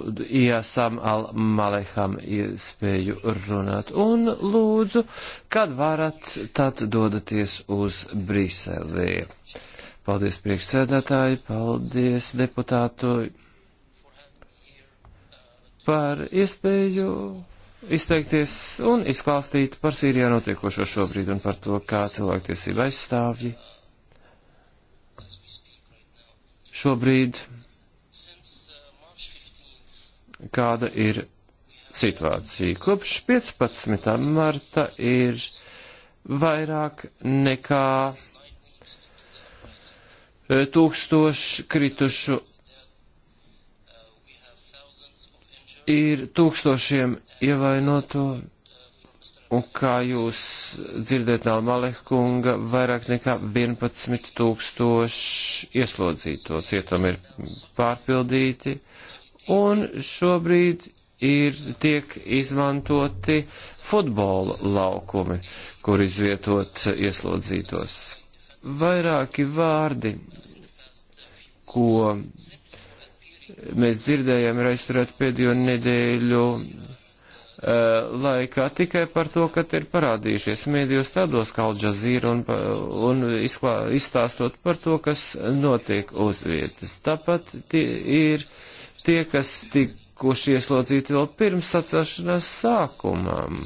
Iasam Al-Maleham iespēju runāt. Un lūdzu, kad varat, tad dodaties uz Briselī. Paldies priekšsēdētāji, paldies deputātu par iespēju izteikties un izklāstīt par Sīrijā notiekošo šobrīd un par to, kā cilvēktiesība aizstāvji šobrīd, kāda ir situācija. Kopš 15. marta ir vairāk nekā e, tūkstoši kritušu, ir tūkstošiem ievainoto. Un kā jūs dzirdat no Malekunga, vairāk nekā 11 tūkstoši ieslodzīto cietumi ir pārpildīti, un šobrīd ir tiek izmantoti futbola laukumi, kur izvietot ieslodzītos. Vairāki vārdi, ko mēs dzirdējām, ir aizturēt pēdējo nedēļu Eh, laikā tikai par to, ka ir parādījušies mēdījos tādos kā Alžazīra un, un izklā, izstāstot par to, kas notiek uz vietas. Tāpat tie ir tie, kas tikuši ieslodzīti vēl pirms sacēšanās sākumam.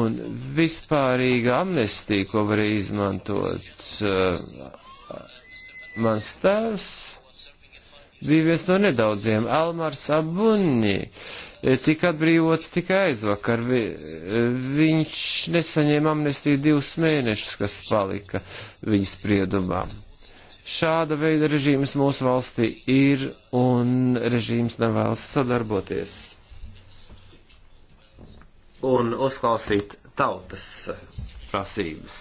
Un vispārīga amnestija, ko varēja izmantot uh, mans tēvs, bija viens no nedaudziem. Almars Abuņi e, tika atbrīvots tikai aizvakar. Vi, e, viņš nesaņēma amnestiju divus mēnešus, kas palika viņa spriedumā. Šāda veida režīms mūsu valstī ir, un režīms nevēlas sadarboties. Un uzklausīt tautas prasības.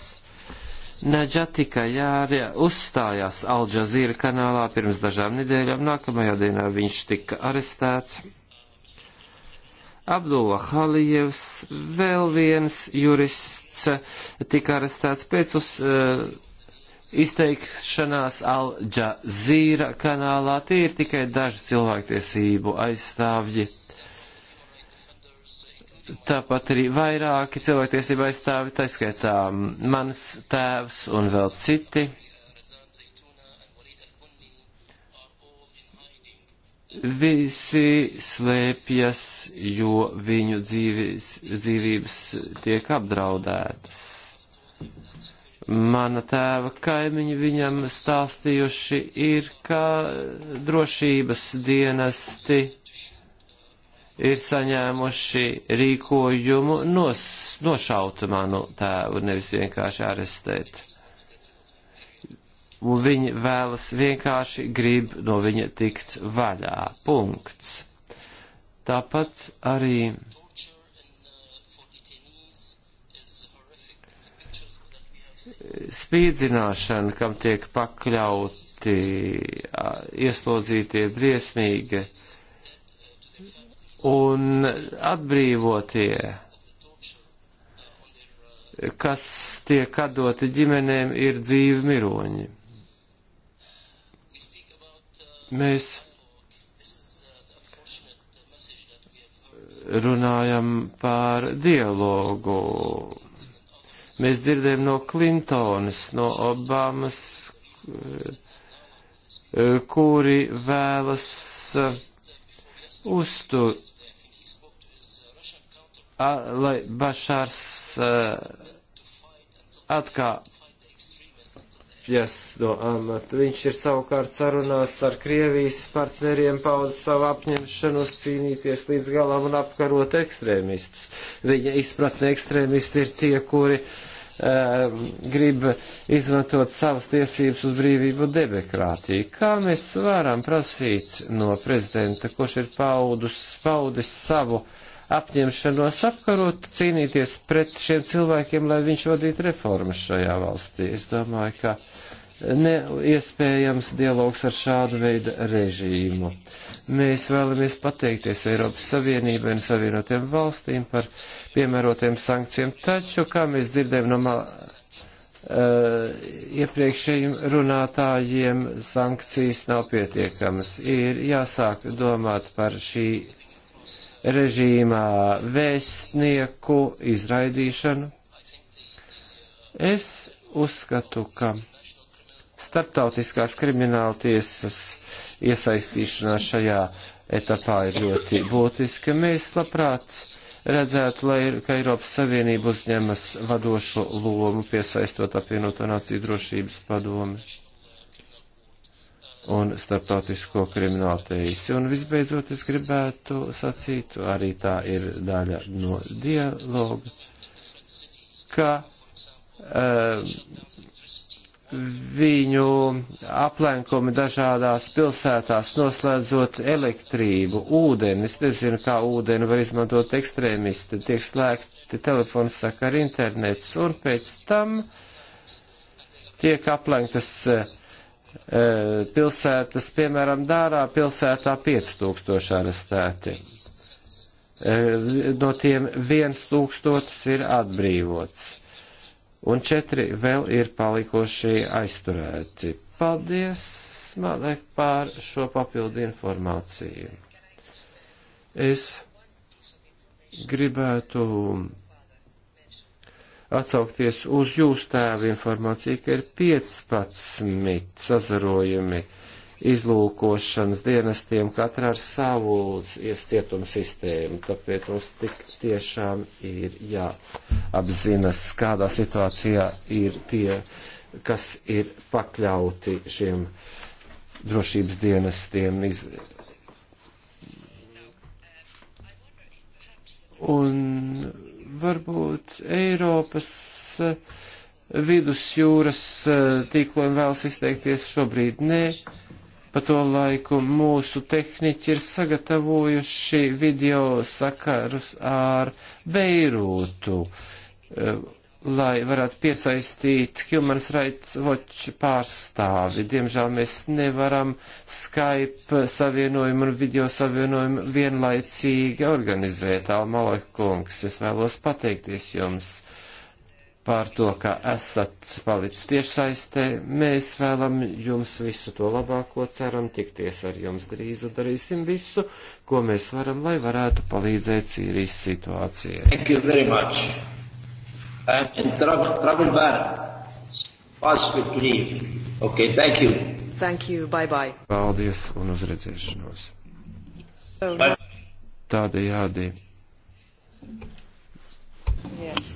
Naģatika Jārja uzstājās Alžazīra kanālā pirms dažām nedēļām. Nākamajā dienā viņš tika arestēts. Abdulla Halijevs, vēl viens jurists, tika arestēts pēc uz, uh, izteikšanās Alžazīra kanālā. Tie ir tikai daži cilvēktiesību aizstāvji. Uh, tāpat arī vairāki cilvēktiesība aizstāvi, taiskaitā mans tēvs un vēl citi. Visi slēpjas, jo viņu dzīvis, dzīvības tiek apdraudētas. Mana tēva kaimiņi viņam stāstījuši ir, ka drošības dienesti ir saņēmuši rīkojumu nos, nošaut manu tēvu, nevis vienkārši arestēt. Un viņi vēlas vienkārši grib no viņa tikt vaļā. Punkts. Tāpat arī spīdzināšana, kam tiek pakļauti ieslodzītie briesmīgi, uh, un atbrīvotie, kas tiek atdoti ģimenēm, ir dzīvi miroņi. Mēs runājam par dialogu. Mēs dzirdējam no Klintonas, no Obamas, kuri vēlas uztur, a, lai Bašārs atkāpjas no amata. Viņš ir savukārt sarunās ar Krievijas partneriem paudz savu apņemšanos cīnīties līdz galam un apkarot ekstrēmistus. Viņa izpratne ekstrēmisti ir tie, kuri. Uh, Ehm, grib izmantot savas tiesības uz brīvību un demokrātiju. Kā mēs varam prasīt no prezidenta, kurš ir paudus, paudis savu apņemšanos apkarot, cīnīties pret šiem cilvēkiem, lai viņš vadītu reformas šajā valstī? Es domāju, ka neiespējams dialogs ar šādu veidu režīmu. Mēs vēlamies pateikties Eiropas Savienībai un Savienotiem valstīm par piemērotiem sankcijiem, taču, kā mēs dzirdējam no mal, uh, eh, iepriekšējiem runātājiem, sankcijas nav pietiekamas. Ir jāsāk domāt par šī režīmā vēstnieku izraidīšanu. Es uzskatu, ka starptautiskās krimināla tiesas iesaistīšanās šajā etapā ir ļoti būtiska. Mēs labprāt redzētu, lai, ka Eiropas Savienība uzņemas vadošo lomu, piesaistot apvienoto nāciju drošības padomi un starptautisko kriminālu teisi. Un visbeidzot, es gribētu sacīt, arī tā ir daļa no dialoga, ka uh, viņu aplenkumi dažādās pilsētās, noslēdzot elektrību, ūdeni. Es nezinu, kā ūdeni var izmantot ekstrēmisti. Tiek slēgti telefonu sakari internets un pēc tam tiek aplenktas uh, pilsētas, piemēram, Dārā pilsētā 5000 arestēti. Uh, no tiem 1000 ir atbrīvots un četri vēl ir palikošie aizturēti. Paldies, Malek, pār šo papildu informāciju. Es gribētu atsaukties uz jūsu tēvu informāciju, ka ir 15 sazarojumi izlūkošanas dienestiem, katra ar savu iecietumu sistēmu. Tāpēc mums tik tiešām ir jāapzinas, kādā situācijā ir tie, kas ir pakļauti šiem drošības dienestiem. Iz... Un varbūt Eiropas eh, vidusjūras eh, tīkliem vēlas izteikties šobrīd nē. Ne pa to laiku mūsu tehniķi ir sagatavojuši video sakarus ar Beirūtu, eh, lai varētu piesaistīt Human Rights Watch pārstāvi. Diemžēl mēs nevaram Skype savienojumu un video savienojumu vienlaicīgi organizēt. Almalek kungs, es vēlos pateikties jums par to, ka esat palicis tiešsaistē. Mēs vēlam jums visu to labāko, ceram tikties ar jums drīz un darīsim visu, ko mēs varam, lai varētu palīdzēt Sīrijas situācijai. Thank you very much. I'm in trouble, trouble bar. Possible to leave. Okay, thank you. Thank you, bye bye. Paldies un uzredzēšanos. So, Tādējādi. Yes.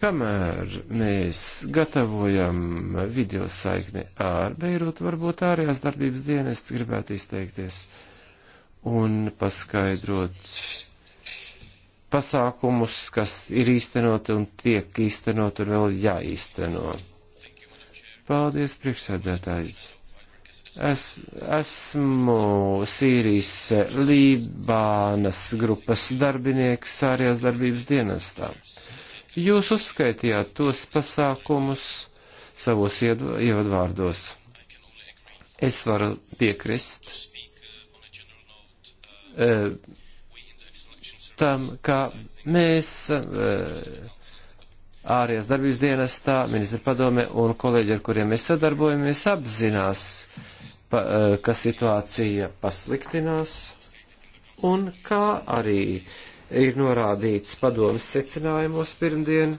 Kamēr mēs gatavojam video saikni ar Beirutu, varbūt ārējās darbības dienests gribētu izteikties un paskaidrot pasākumus, kas ir īstenoti un tiek īstenot un vēl jāīsteno. Paldies, priekšsēdētāji! Es, esmu Sīrijas Lībānas grupas darbinieks ārējās darbības dienestā. Jūs uzskaitījāt tos pasākumus savos ievadvārdos. Es varu piekrist eh, tam, ka mēs eh, ārējās darbības dienestā, ministra padome un kolēģi, ar kuriem mēs sadarbojamies, apzinās, pa, e, ka situācija pasliktinās un kā arī ir norādīts padomas secinājumos pirmdien.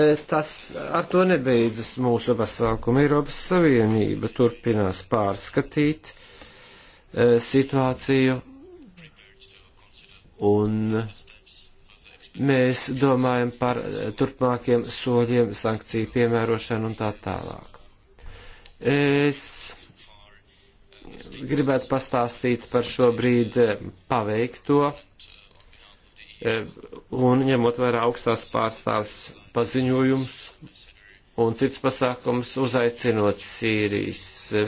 E, tas ar to nebeidzas mūsu pasākuma. Eiropas Savienība turpinās pārskatīt e, situāciju un mēs domājam par e, turpmākiem soļiem, sankciju piemērošanu un tā tālāk. Es gribētu pastāstīt par šobrīd paveikto E, un ņemot vērā augstās pārstāvs paziņojums un cits pasākums, uzaicinot Sīrijas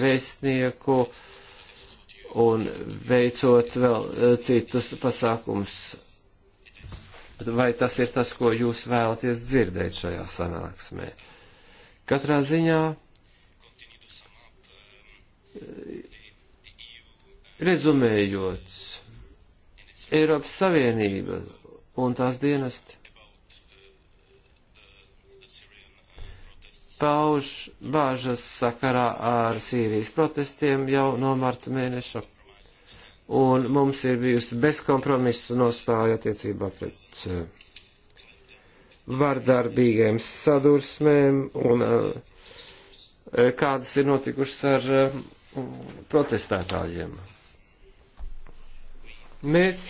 vēstnieku un veicot vēl e, citus pasākums. Vai tas ir tas, ko jūs vēlaties dzirdēt šajā sanāksmē? Katrā ziņā e, rezumējot, Eiropas Savienība un tās dienesti pauž bāžas sakarā ar Sīrijas protestiem jau no marta mēneša. Un mums ir bijusi bezkompromisu nospēja attiecībā pret eh, vardarbīgiem sadursmēm un eh, eh, kādas ir notikušas ar protestētājiem. Mēs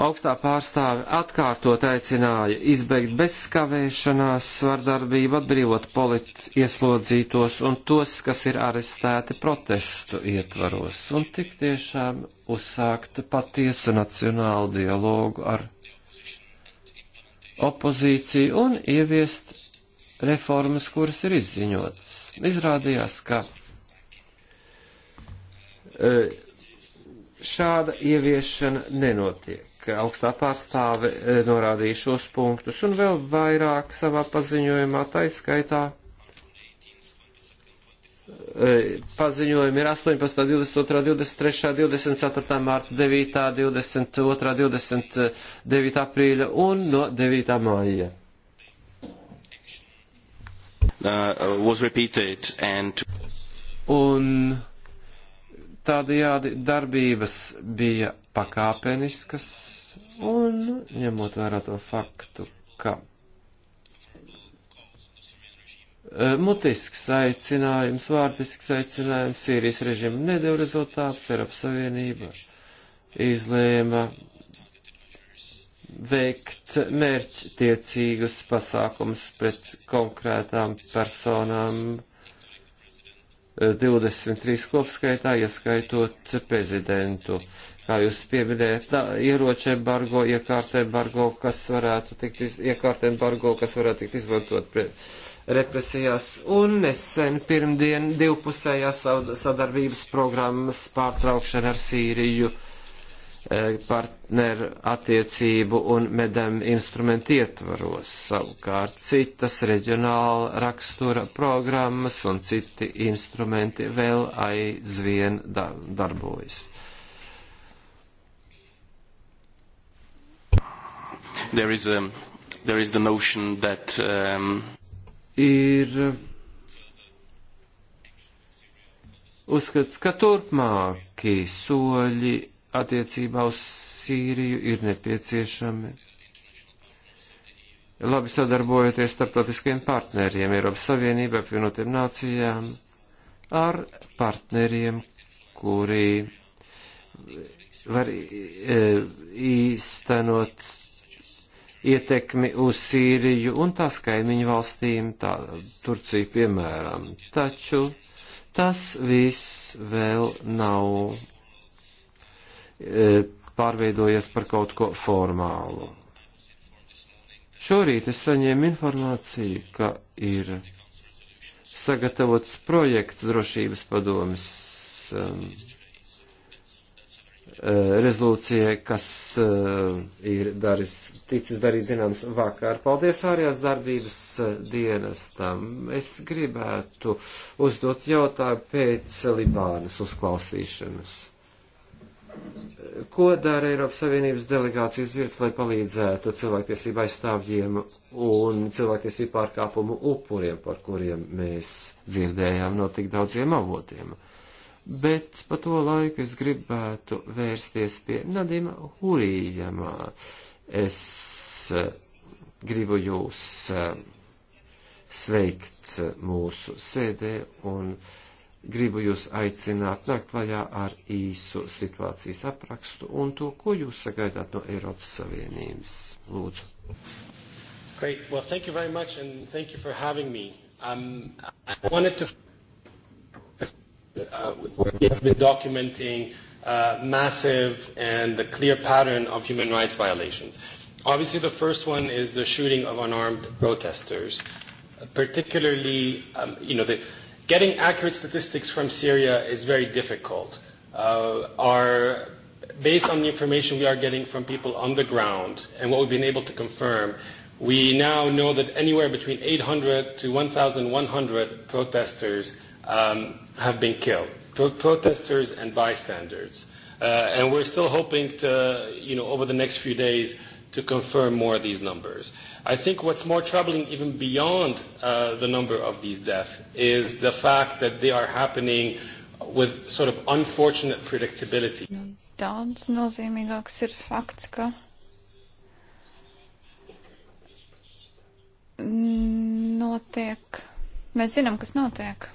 augstā pārstāve atkārtot aicināja izbeigt bezskavēšanās svardarbību, atbrīvot politiski ieslodzītos un tos, kas ir arestēti protestu ietvaros, un tik tiešām uzsākt patiesu nacionālu dialogu ar opozīciju un ieviest reformas, kuras ir izziņotas. Izrādījās, ka e, šāda ieviešana nenotiek ka augstā pārstāve e, norādīja šos punktus un vēl vairāk savā paziņojumā taiskaitā e, paziņojumi ir 18, 22, 23, 24, mārta, 9, 22, 29 aprīļa un no 9. māja. Uh, and... Un tādajādi darbības bija pakāpeniskas un ņemot vērā to faktu, ka e, mutisks aicinājums, vārdisks aicinājums Sīrijas režīmu nedēļ rezultāts, Eiropas Savienība izlēma veikt mērķtiecīgus pasākums pret konkrētām personām 23 e, kopskaitā, ieskaitot prezidentu kā jūs pieminējat, ieroču embargo, iekārta embargo, kas varētu tikt, iz, iekārta embargo, kas varētu tikt izmantot pret represijās. Un nesen pirmdien divpusējā sadarbības programmas pārtraukšana ar Sīriju e, partneru attiecību un medem instrumentu ietvaros. Savukārt citas reģionāla rakstura programmas un citi instrumenti vēl aizvien darbojas. there is, a, um, there is the notion that um, ir uh, uzskats, ka turpmākie soļi attiecībā uz Sīriju ir nepieciešami. Labi sadarbojoties starptautiskajiem partneriem, Eiropas Savienībai, apvienotiem nācijām, ar partneriem, kuri var e, īstenot ietekmi uz Sīriju un tās kaimiņu valstīm, tā Turcija piemēram. Taču tas viss vēl nav e, pārveidojies par kaut ko formālu. Šorīt es saņēmu informāciju, ka ir sagatavots projekts drošības padomis um, e, Eh, rezolūcijai, kas eh, ir daris, ticis darīt zināms vakar. Paldies ārējās darbības eh, dienestam. Es gribētu uzdot jautājumu pēc Libānas uzklausīšanas. Ko dara Eiropas Savienības delegācijas vietas, lai palīdzētu cilvēktiesību aizstāvjiem un cilvēktiesību pārkāpumu upuriem, par kuriem mēs dzirdējām no tik daudziem avotiem? Uh, bet pa to laiku es gribētu vērsties pie Nadima Hurijamā. Es eh, gribu jūs eh, sveikt mūsu sēdē un gribu jūs aicināt nākt klajā ar īsu situācijas aprakstu un to, ko jūs sagaidāt no Eiropas Savienības. Lūdzu. Great. Well, thank you very much and thank you for having me. Um, I wanted to uh, we have been documenting uh, massive and the clear pattern of human rights violations. Obviously, the first one is the shooting of unarmed protesters, particularly, um, you know, the, getting accurate statistics from Syria is very difficult. Uh, our, based on the information we are getting from people on the ground and what we've been able to confirm, we now know that anywhere between 800 to 1,100 protesters um, have been killed, pro- protesters and bystanders. Uh, and we're still hoping to, you know, over the next few days to confirm more of these numbers. I think what's more troubling even beyond uh, the number of these deaths is the fact that they are happening with sort of unfortunate predictability. Daudz nozīmīgāks ir fakts, ka notiek. Mēs zinām, kas notiek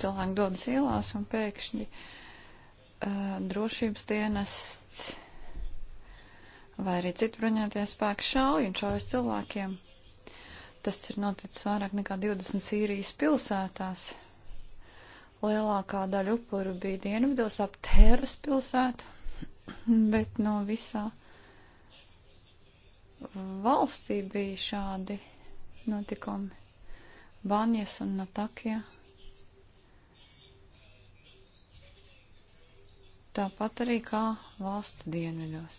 cilvēki dodas ielās un pēkšņi uh, drošības dienests vai arī citu bruņotie spēki šauj un šaujas cilvēkiem. Tas ir noticis vairāk nekā 20 Sīrijas pilsētās. Lielākā daļa upuru bija dienvidos ap Tēras pilsētu, bet no visā valstī bija šādi notikumi. Banjas un Natakija. No tāpat arī kā valsts dienvidos.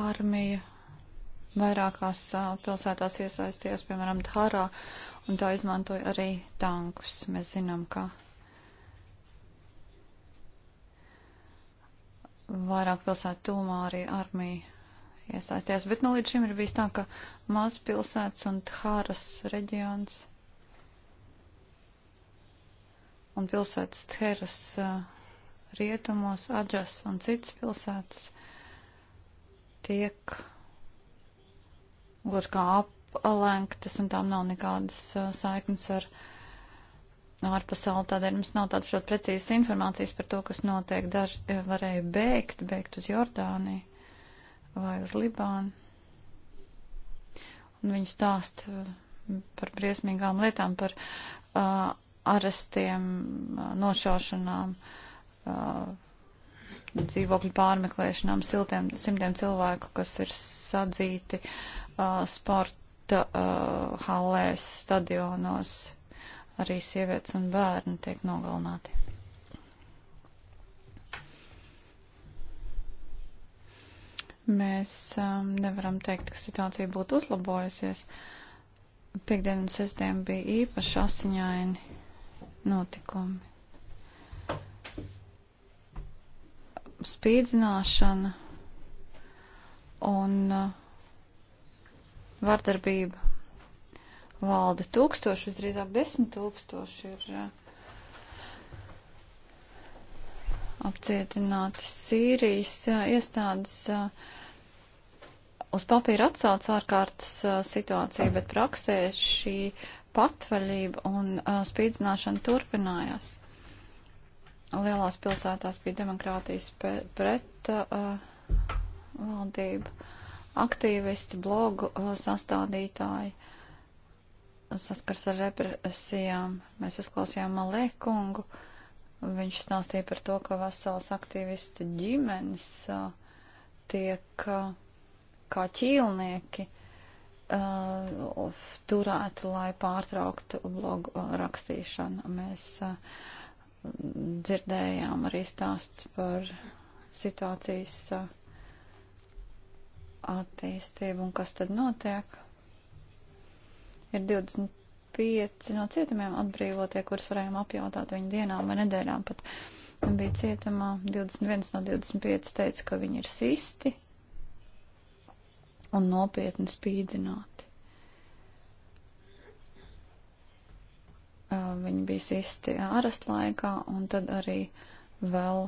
Armija vairākās pilsētās iesaistījās, piemēram, Dhārā, un tā izmantoja arī tankus. Mēs zinām, ka vairāk pilsētu tūmā arī armija iesaistījās. Bet nu, līdz šim ir bijis tā, ka mazpilsētas un Tharas reģions un pilsētas Theras rietumos, Adžas un citas pilsētas tiek gluži kā aplenktas, un tām nav nekādas saiknes ar ārpasauli. Tādēļ mums nav tādas ļoti precīzas informācijas par to, kas notiek. Daži varēja bēgt, bēgt uz Jordāniju vai uz Libānu. Un viņi stāst par briesmīgām lietām, par uh, arestiem, nošaušanām, dzīvokļu pārmeklēšanām, siltiem, simtiem cilvēku, kas ir sadzīti sporta halēs, stadionos, arī sievietes un bērni tiek nogalināti. Mēs um, nevaram teikt, ka situācija būtu uzlabojusies. Piekdien un sestdien bija īpaši asiņaini notikumi. Spīdzināšana un uh, vardarbība valda tūkstoši, visdrīzāk desmit tūkstoši ir uh, apcietināti Sīrijas uh, iestādes. Uz papīra atsauc ārkārtas situācija, bet praksē šī uh, patvaļība un uh, spīdzināšana turpinājās. Lielās pilsētās bija demokrātijas pret uh, valdību, aktīvisti, blogu uh, sastādītāji saskars ar represijām. Mēs uzklausījām Malēkungu. Viņš stāstīja par to, ka vesels aktīvistu ģimenes uh, tiek uh, kā ķīlnieki uh, turēt, lai pārtrauktu blogu uh, rakstīšanu. Mēs uh, dzirdējām arī stāsts par situācijas uh, attīstību un kas tad notiek. Ir 25 no cietumiem atbrīvotie, kurus varējām apjautāt viņu dienām vai nedēļām pat. Bija cietumā 21 no 25 teica, ka viņi ir sisti, un nopietni spīdzināti. Viņi bija sisti arestlaikā un tad arī vēl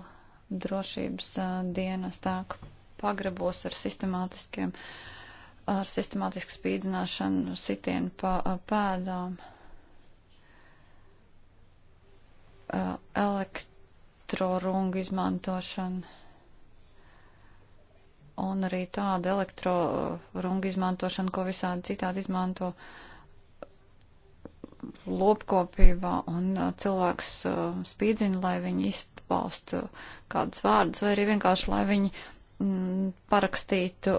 drošības dienas tāk pagrabos ar sistemātiskiem, ar sistemātisku spīdzināšanu sitienu pa pēdām. Elektrorungu izmantošanu un arī tāda elektrorunga uh, izmantošana, ko visādi citādi izmanto lopkopībā, un uh, cilvēks uh, spīdzina, lai viņi izpaustu kādus vārdus, vai arī vienkārši, lai viņi mm, parakstītu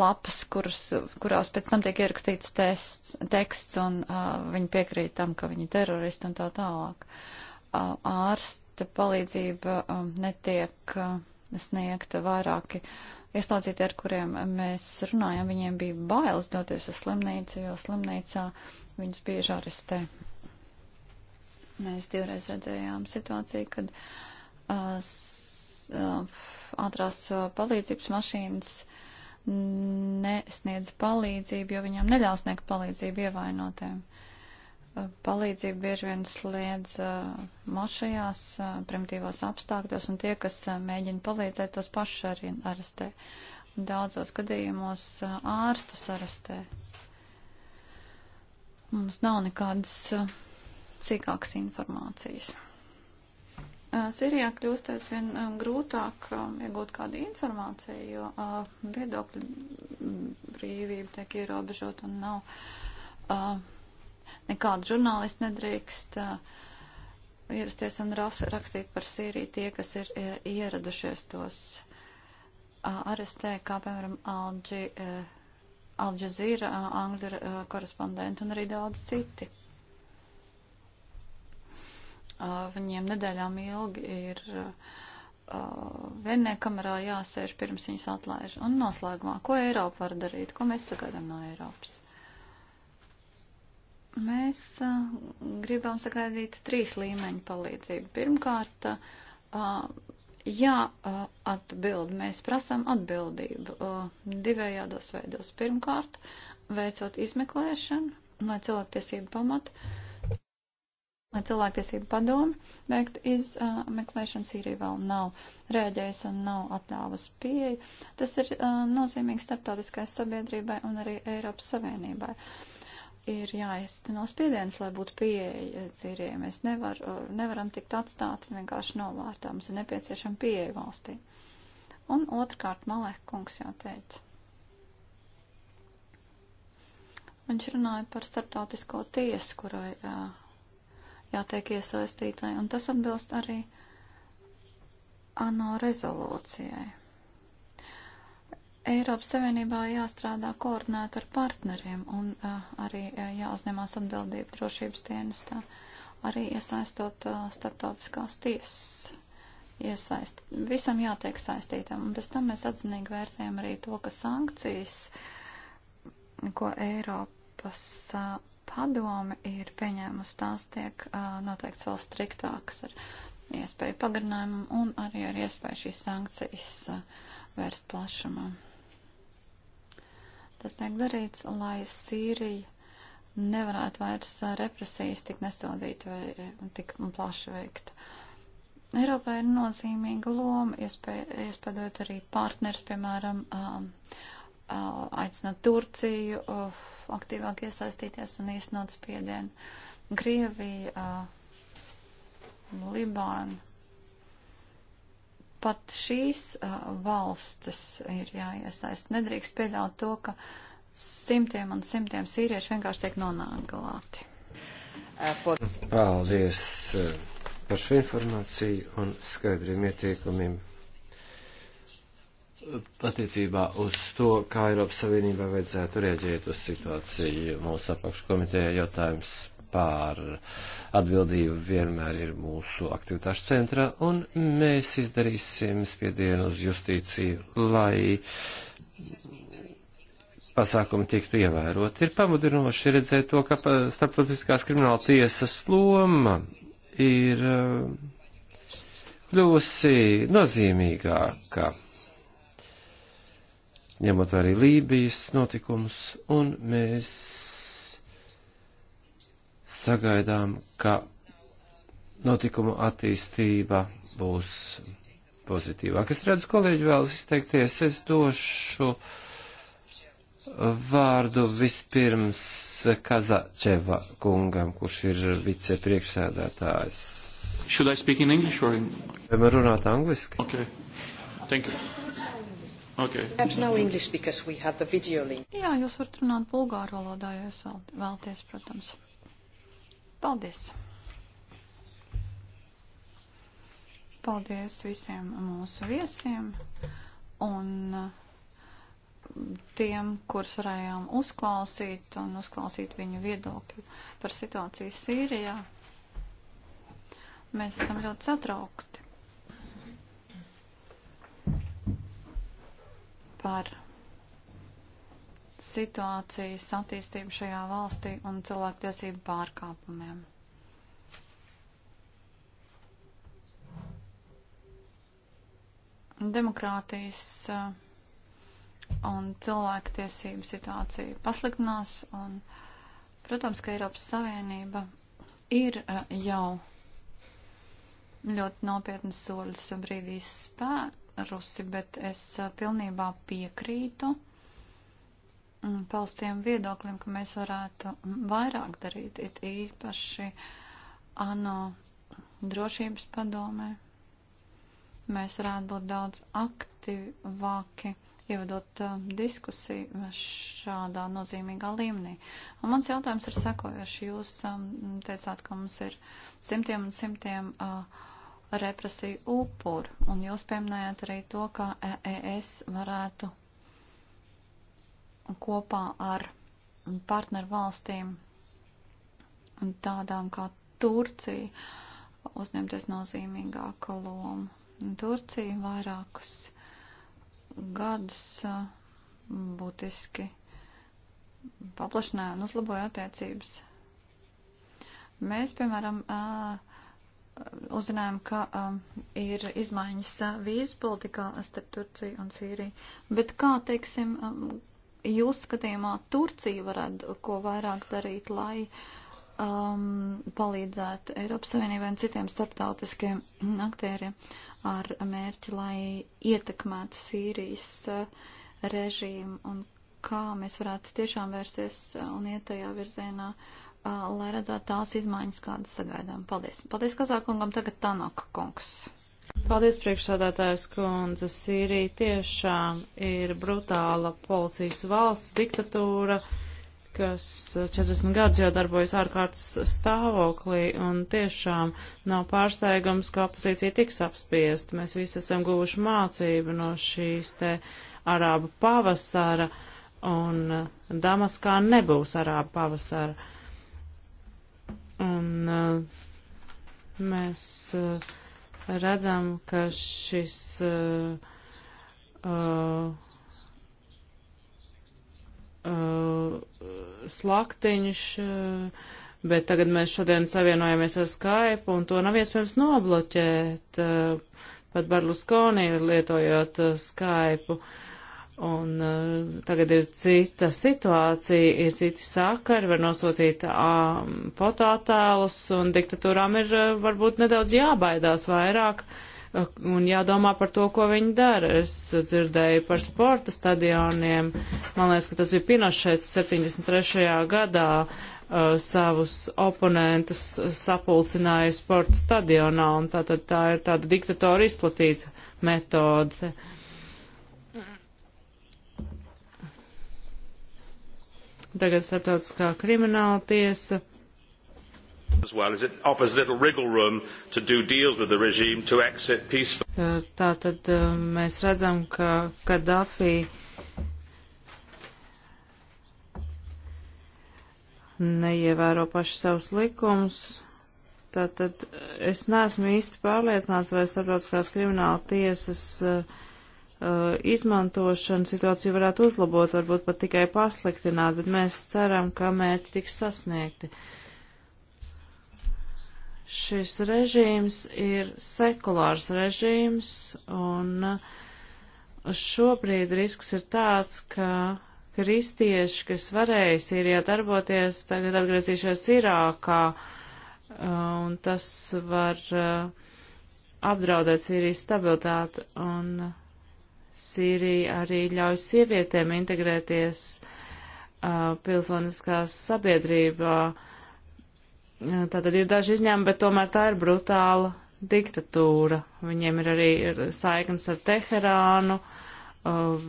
lapas, kuras, kurās pēc tam tiek ierakstīts tests, teksts, un viņi piekrīt tam, ka viņi teroristi un tā tālāk. Ārsta palīdzība um, netiek sniegta vairāki ieslodzīti, ar kuriem mēs runājam. Viņiem bija bailes doties uz slimnīcu, jo slimnīcā viņus bieži arestē. Mēs divreiz redzējām situāciju, kad uh, uh ātrās uh, palīdzības mašīnas nesniedz palīdzību, jo viņām neļaus sniegt palīdzību ievainotēm. Uh, palīdzību bieži vien sliedz uh, mašajās, uh, primitīvos apstākļos, un tie, kas mēģina palīdzēt, tos paši arī arestē. Daudzos gadījumos ārstus arestē. Mums nav nekādas cīkākas informācijas. Sirijā kļūst aizvien grūtāk um, iegūt kādu informāciju, jo viedokļu brīvība tiek ierobežota un nav. Uh, Nekāds žurnālists nedrīkst uh, ierasties un ras, rakstīt par Sīriju tie, kas ir uh, ieradušies tos uh, arestē, kā piemēram Alģi, uh, Alģazīra, uh, Angļu uh, korespondenti un arī daudz citi. Uh, viņiem nedēļām ilgi ir. Uh, uh, vienai kamerā jāsēž pirms viņas atlaiž. Un noslēgumā, ko Eiropa var darīt, ko mēs sagaidām no Eiropas? Mēs uh, gribam sagaidīt trīs līmeņu palīdzību. Pirmkārt, uh, jā, uh, atbild. Mēs prasām atbildību uh, divējādos veidos. Pirmkārt, veicot izmeklēšanu vai cilvēktiesību pamatu, vai cilvēktiesību padomu, veikt izmeklēšanu Sīrija vēl nav rēģējis un nav atļāvus pieeju. Tas ir uh, nozīmīgs starptautiskais sabiedrībai un arī Eiropas Savienībai. Uh, ir jāizteno spiediens, lai būtu pieeja dzīviem. Mēs nevar, nevaram tikt atstāti vienkārši novārtā. Mums ir nepieciešama pieeja valstī. Un otrkārt, Malek kungs jau teica. Viņš runāja par starptautisko tiesu, kurai jā, jātiek iesaistītai, un tas atbilst arī ANO rezolūcijai. Eiropas Savienībā jāstrādā koordinēt ar partneriem un uh, arī uh, jāuzņemās atbildība drošības dienestā, arī iesaistot uh, starptautiskās tiesas iesaist. Visam jātiek saistītam, un bez tam mēs atzinīgi vērtējam arī to, ka sankcijas, ko Eiropas uh, padome ir pieņēmusi, tās tiek uh, noteikts vēl striktākas ar iespēju pagarinājumu un arī ar iespēju šīs sankcijas uh, vērst plašumā tas tiek darīts, lai Sīrija nevarētu vairs represijas tik nesodīt vai tik plaši veikt. Eiropai ir nozīmīga loma, iespējot arī partners, piemēram, aicināt Turciju aktīvāk iesaistīties un īstenot spiedienu. Krievija, Libāna, pat šīs valstis ir jāiesaist. Nedrīkst pieļaut to, ka simtiem un simtiem sīriešu vienkārši tiek nonāgalāti. Paldies par šo informāciju un skaidriem ieteikumiem attiecībā uz to, kā Eiropas Savienībā vajadzētu rieģēt uz situāciju. Mūsu apakškomiteja jautājums pār atbildību vienmēr ir mūsu aktivitāšu centrā, un mēs izdarīsim spiedienu uz justīciju, lai pasākumi tiktu ievēroti. Ir pamudinoši redzēt to, ka starptautiskās krimināla tiesas loma ir eh, kļuvusi nozīmīgāka, ņemot vērā Lībijas notikumus, un mēs sagaidām, ka notikumu attīstība būs pozitīvāk. Es redzu, kolēģi vēlas izteikties. Es došu vārdu vispirms Kazačeva kungam, kurš ir vicepriekšsēdētājs. Should I speak in English or in... Vai man runāt angliski? Okay. Thank you. Okay. Perhaps now English because we have the video link. Jā, jūs varat runāt bulgāru valodā, ja jūs vēlties, protams. Paldies! Paldies visiem mūsu viesiem un tiem, kurus varējām uzklausīt un uzklausīt viņu viedokli par situāciju Sīrijā. Mēs esam ļoti satraukti par situācijas attīstību šajā valstī un cilvēktiesību pārkāpumiem. Demokrātijas eh, un cilvēktiesību situācija pasliktinās un, protams, ka Eiropas Savienība ir eh, jau ļoti nopietnas soļus brīdīs spērusi, bet es eh, pilnībā piekrītu uh, Mm, paustiem viedoklim, ka mēs varētu vairāk darīt, it īpaši ANO drošības padomē. Mēs varētu būt daudz aktīvāki, ievadot uh, diskusiju šādā nozīmīgā līmenī. Un mans jautājums ir sekojoši. Jūs um, teicāt, ka mums ir simtiem un simtiem uh, represiju upuru, un jūs pieminējāt arī to, ka EES varētu kopā ar partneru valstīm, tādām kā Turcija, uzņemties nozīmīgāku lomu. Turcija vairākus gadus būtiski paplašināja un uzlaboja attiecības. Mēs, piemēram, uzzinājām, ka ir izmaiņas vīzu politikā starp Turciju un Sīriju, bet kā, teiksim, jūs skatījumā Turcija varētu ko vairāk darīt, lai um, palīdzētu Eiropas Savienībai un citiem starptautiskiem aktieriem ar mērķi, lai ietekmētu Sīrijas uh, režīmu un kā mēs varētu tiešām vērsties uh, un iet tajā virzienā, uh, lai redzētu tās izmaiņas, kādas sagaidām. Paldies. Paldies Kazākungam, tagad Tanaka kungs. Paldies, priekšsādātājs kundze. Sīrija tiešām ir brutāla policijas valsts diktatūra, kas 40 gadus jau darbojas ārkārtas stāvoklī, un tiešām nav pārsteigums, ka opozīcija tiks apspiest. Mēs visi esam guvuši mācību no šīs te arābu pavasara, un Damaskā nebūs arābu pavasara. Un uh, mēs. Uh, redzam, ka šis uh, uh, uh, slaktiņš, uh, bet tagad mēs šodien savienojamies ar Skype, un to nav iespējams nobloķēt, uh, pat Berluskonī lietojot uh, Skype. Uh, Un uh, tagad ir cita situācija, ir citi sakari, var nosūtīt uh, fototēlus, un diktatūrām ir uh, varbūt nedaudz jābaidās vairāk uh, un jādomā par to, ko viņi dara. Es dzirdēju par sporta stadioniem, man liekas, ka tas bija Pinošets 73. gadā, uh, savus oponentus sapulcināja sporta stadionā, un tā, tā, tā ir tāda diktatora izplatīta metode. Uh, tagad starptautiskā krimināla tiesa. As well as it offers little wriggle room to do deals with the regime to exit peacefully. Tātad uh, mēs redzam, ka Gaddafi neievēro paši savus likumus. Tātad uh, es neesmu īsti pārliecināts, vai starptautiskās krimināla tiesas uh, Eh, izmantošanu situāciju varētu uzlabot, varbūt pat tikai pasliktināt, bet mēs ceram, ka mērķi tiks sasniegti. Šis režīms ir sekulārs režīms, un šobrīd risks ir tāds, ka kristieši, kas varēja Sīrijā darboties, tagad atgriezīšies Irākā, un tas var eh, apdraudēt Sīrijas stabilitāti. Un Sīrija arī ļauj sievietēm integrēties uh, pilsoniskās sabiedrībā. Tātad ir daži izņēmumi, bet tomēr tā ir brutāla diktatūra. Viņiem ir arī saiknes ar Teherānu uh,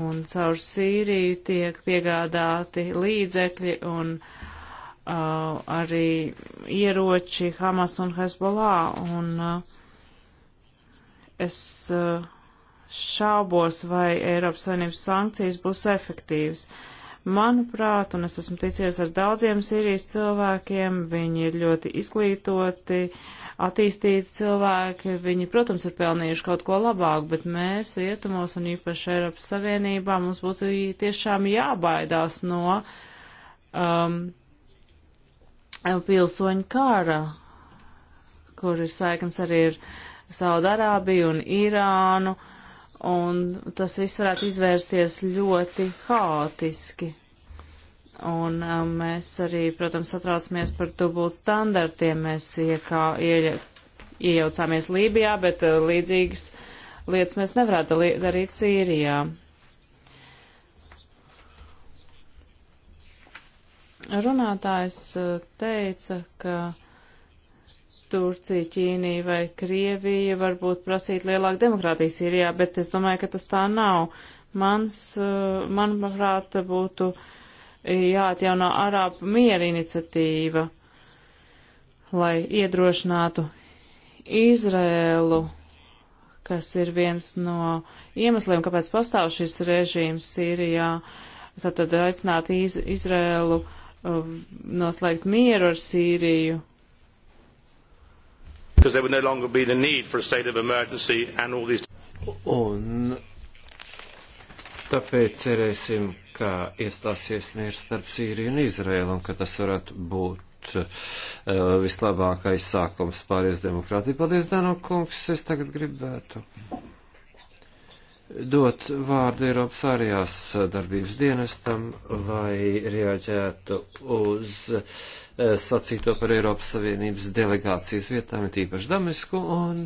un caur Sīriju tiek piegādāti līdzekļi un uh, arī ieroči Hamas un Hezbollah. Un, uh, es uh, šaubos, vai Eiropas Savienības sankcijas būs efektīvas. Manuprāt, un es esmu ticies ar daudziem Sīrijas cilvēkiem, viņi ir ļoti izglītoti, attīstīti cilvēki, viņi, protams, ir pelnījuši kaut ko labāku, bet mēs, rietumos un īpaši Eiropas Savienībā, mums būtu tiešām jābaidās no um, pilsoņu kara, kur ir saiknes arī ar Saudarābiju un Irānu. Uh, un tas viss varētu izvērsties ļoti haotiski. Un um, mēs arī, protams, satraucamies par dubult standartiem. Mēs iekā, ie, iejaucāmies Lībijā, bet uh, līdzīgas lietas mēs nevarētu darīt Sīrijā. Runātājs uh, teica, ka Turcija, Ķīnija vai Krievija varbūt prasīt lielāku demokrātiju Sīrijā, bet es domāju, ka tas tā nav. Mans, eh, manuprāt, būtu jāatjauno Arābu miera iniciatīva, lai iedrošinātu Izrēlu, kas ir viens no iemesliem, kāpēc pastāv šis režīms Sīrijā. Tātad aicināt iz, Izrēlu eh, noslēgt mieru ar Sīriju because there would no longer be the need for a state of emergency and all these. Un tāpēc cerēsim, ka iestāsies miers starp Sīriju un Izrēlu un ka tas varētu būt uh, vislabākais sākums pāries demokrātiju. Paldies, Dano kungs, es tagad gribētu dot vārdu Eiropas ārējās darbības dienestam, lai reaģētu uz uh, Eh, sacīto par Eiropas Savienības delegācijas vietām, ir tīpaši Damasku, un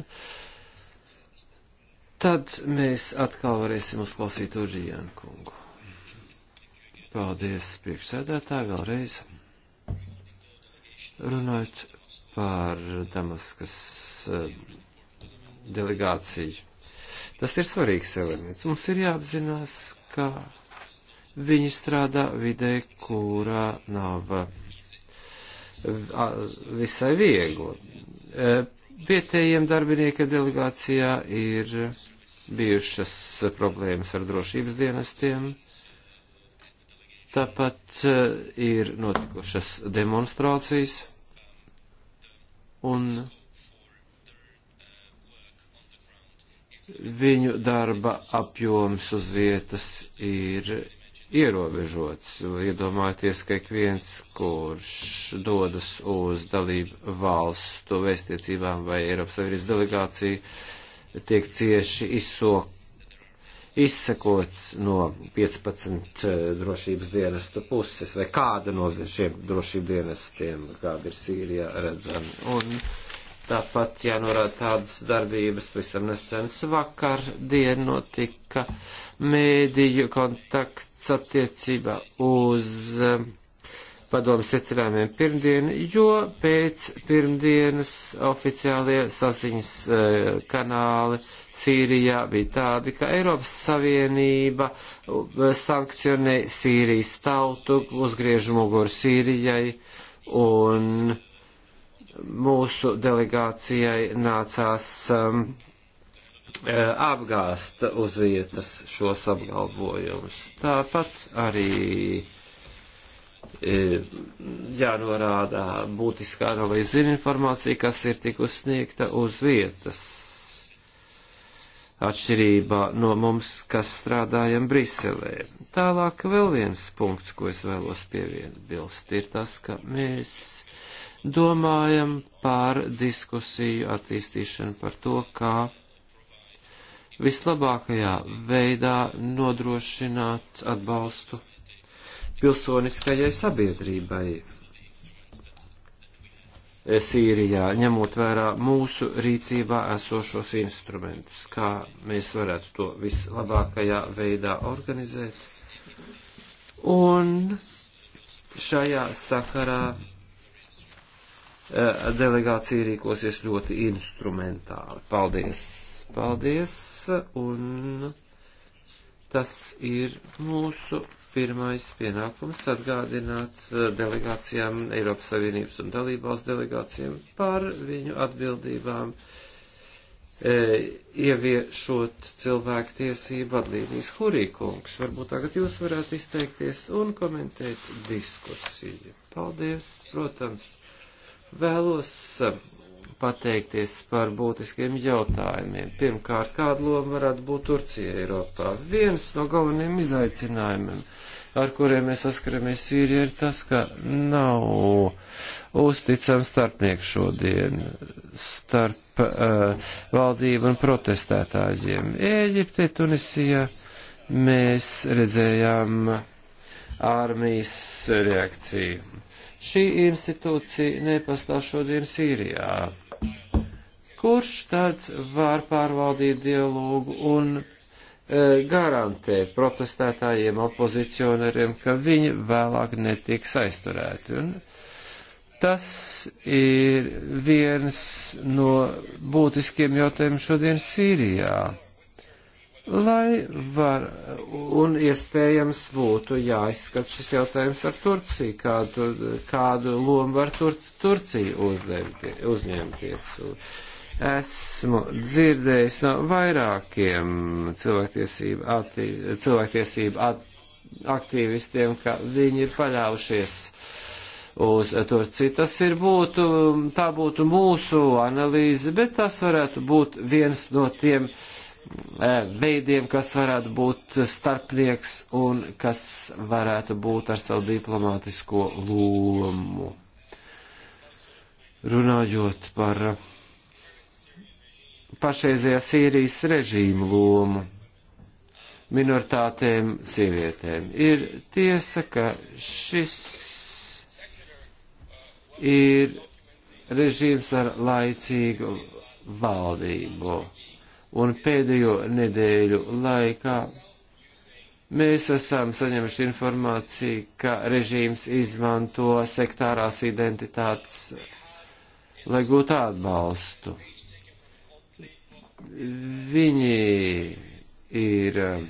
tad mēs atkal varēsim uzklausīt Urijānu kungu. Paldies, priekšsēdētāji, vēlreiz. Runājot par Damaskas eh, delegāciju. Tas ir svarīgs elements. Mums ir jāapzinās, ka viņi strādā vidē, kurā nav visai viegli. E, vietējiem darbiniekiem delegācijā ir bijušas problēmas ar drošības dienestiem. Tāpat e, ir notikušas demonstrācijas un viņu darba apjoms uz vietas ir ierobežots. Iedomājieties, ka ik viens, kurš dodas uz dalību valstu vēstniecībām vai Eiropas Savienības delegāciju, tiek cieši izsok, izsekots no 15 eh, drošības dienestu puses vai kāda no šiem drošības dienestiem, kāda ir Sīrijā redzama. Un, Tāpat jānorāda tādas darbības, visam nesenas vakar diena notika mēdīju kontakts attiecībā uz um, padomu secinājumiem pirmdien, jo pēc pirmdienas oficiālie saziņas uh, kanāli Sīrijā bija tādi, ka Eiropas Savienība uh, sankcionē Sīrijas tautu, uzgriež muguru Sīrijai un mūsu delegācijai nācās um, e, apgāst uz vietas šos apgalvojumus. Tāpat arī e, jānorāda būtiskā analīze informācija, kas ir tikus sniegta uz vietas. Atšķirībā no mums, kas strādājam Briselē. Tālāk vēl viens punkts, ko es vēlos pievienot, ir tas, ka mēs domājam par diskusiju attīstīšanu par to, kā vislabākajā veidā nodrošināt atbalstu pilsoniskajai sabiedrībai Sīrijā, ņemot vērā mūsu rīcībā esošos instrumentus, kā mēs varētu to vislabākajā veidā organizēt. Un šajā sakarā Eh, delegācija rīkosies ļoti instrumentāli. Paldies! Paldies! Un tas ir mūsu pirmais pienākums atgādināt eh, delegācijām, Eiropas Savienības un dalībās delegācijām par viņu atbildībām e, ieviešot cilvēktiesību atlīnijas hurīkungs. Varbūt tagad jūs varētu izteikties un komentēt diskusiju. Paldies, protams. Vēlos eh, pateikties par būtiskiem jautājumiem. Pirmkārt, kāda loma varētu būt Turcija Eiropā? Viens no galvenajiem izaicinājumiem, ar kuriem mēs saskaramies Sīrijā, ir tas, ka nav uzticams starpnieks šodien starp uh, valdību un protestētājiem. Ēģipte, Tunisija, mēs redzējām armijas reakciju šī institūcija nepastāv šodien Sīrijā. Kurš tad var pārvaldīt dialogu un e, garantēt protestētājiem, opozicionāriem, ka viņi vēlāk netiks aizturēti? Un tas ir viens no būtiskiem jautājumiem šodien Sīrijā lai var un iespējams būtu jāizskat šis jautājums ar Turciju, kādu, kādu lomu var Turc, Turcija uzdevti, uzņemties. Esmu dzirdējis no vairākiem cilvēktiesību, atti, cilvēktiesību at, aktīvistiem, ka viņi ir paļaujušies uz Turciju. Tas ir būtu, tā būtu mūsu analīze, bet tas varētu būt viens no tiem uh, Eh, veidiem, kas varētu būt starpnieks un kas varētu būt ar savu diplomātisko lomu. Runājot par pašreizējā Sīrijas režīmu lomu minoritātēm, sievietēm. Ir tiesa, ka šis ir režīms ar laicīgu valdību un pēdējo nedēļu laikā mēs esam saņemuši informāciju, ka režīms izmanto sektārās identitātes, lai gūtu atbalstu. Viņi ir um,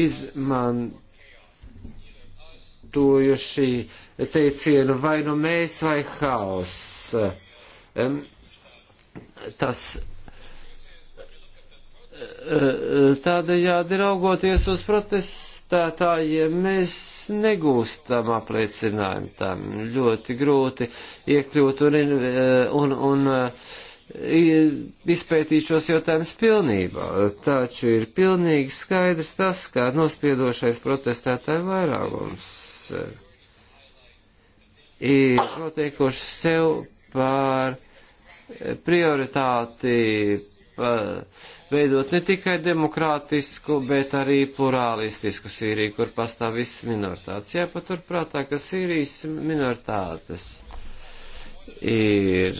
izmantojuši teicienu vai nu mēs vai haus. Um, tas tādējādi raugoties uz protestētājiem, mēs negūstam apliecinājumu tam. Ļoti grūti iekļūt un, un, un eh, izpētīt šos jautājumus pilnībā. Taču ir pilnīgi skaidrs tas, kā nospiedošais protestētāju vairākums eh, ir noteikuši sev par prioritāti veidot ne tikai demokrātisku, bet arī plurālistisku Sīriju, kur pastāv viss minoritātes. Jāpaturprātā, ka Sīrijas minoritātes ir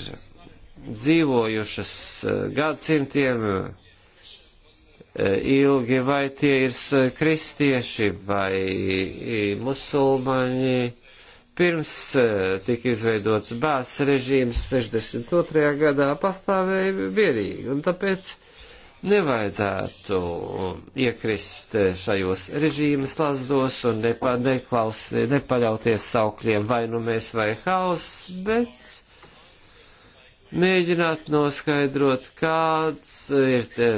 dzīvojušas eh, gadsimtiem eh, ilgi, vai tie ir kristieši vai eh, musulmaņi Pirms e, tika izveidots bāzes režīms 62. gadā pastāvēja vienīgi, un tāpēc nevajadzētu iekrist e, šajos režīmas lazdos un nepa, neklaus, e, nepaļauties saukļiem vai nu mēs vai haus, bet mēģināt noskaidrot, kāds ir, te,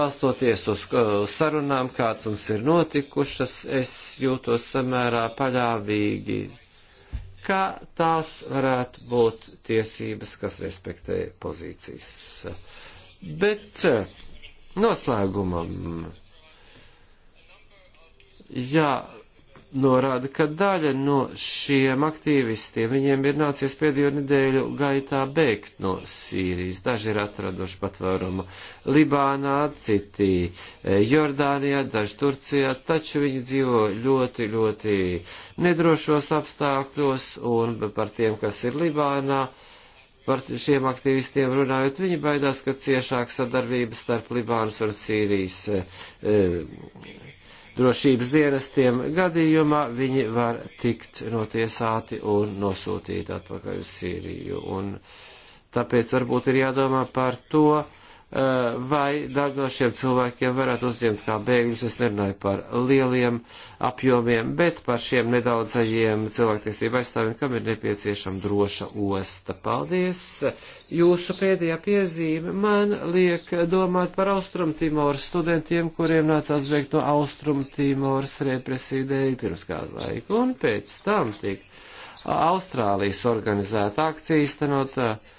balstoties uz, uz sarunām, kāds mums ir notikušas, es jūtos samērā paļāvīgi ka tās varētu būt tiesības, kas respektē pozīcijas. Bet eh, noslēgumam, jā, norāda, ka daļa no šiem aktīvistiem, viņiem ir nācies pēdējo nedēļu gaitā bēgt no Sīrijas. Daži ir atraduši patvērumu Libānā, citi e, Jordānijā, daži Turcijā, taču viņi dzīvo ļoti, ļoti nedrošos apstākļos, un par tiem, kas ir Libānā, par šiem aktīvistiem runājot, viņi baidās, ka ciešāk sadarbības starp Libānas un Sīrijas e, drošības dienestiem gadījumā viņi var tikt notiesāti un nosūtīti atpakaļ uz Sīriju. Un tāpēc varbūt ir jādomā par to, Eh, vai daļu no šiem cilvēkiem varētu uzņemt kā bēgļus. Es nerunāju par lieliem apjomiem, bet par šiem nedaudzajiem cilvēktiesību aizstāvjiem, kam ir nepieciešama droša osta. Paldies! Jūsu pēdējā piezīme man liek domāt par Austrumtimoras studentiem, kuriem nācās bēgt no Austrumtimoras represiju dēļ pirms kādu laiku, un pēc tam tika Austrālijas organizēta akcija īstenot. Uh,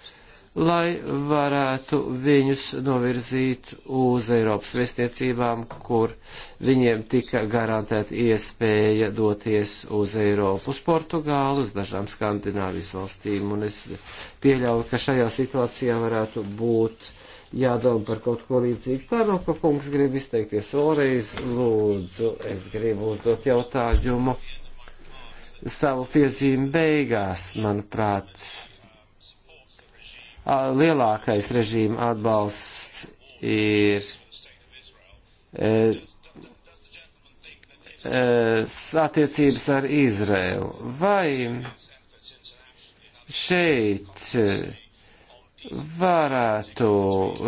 lai varētu viņus novirzīt uz Eiropas vēstniecībām, kur viņiem tika garantēta iespēja doties uz Eiropu, uz Portugālu, uz dažām Skandināvijas valstīm, un es pieļauju, ka šajā situācijā varētu būt jādoma par kaut ko līdzīgu. Tā nav, ka kungs grib izteikties vēlreiz, lūdzu, es gribu uzdot jautājumu savu piezīmi beigās, manuprāt lielākais režīma atbalsts ir e, e, attiecības ar Izraēlu. Vai šeit varētu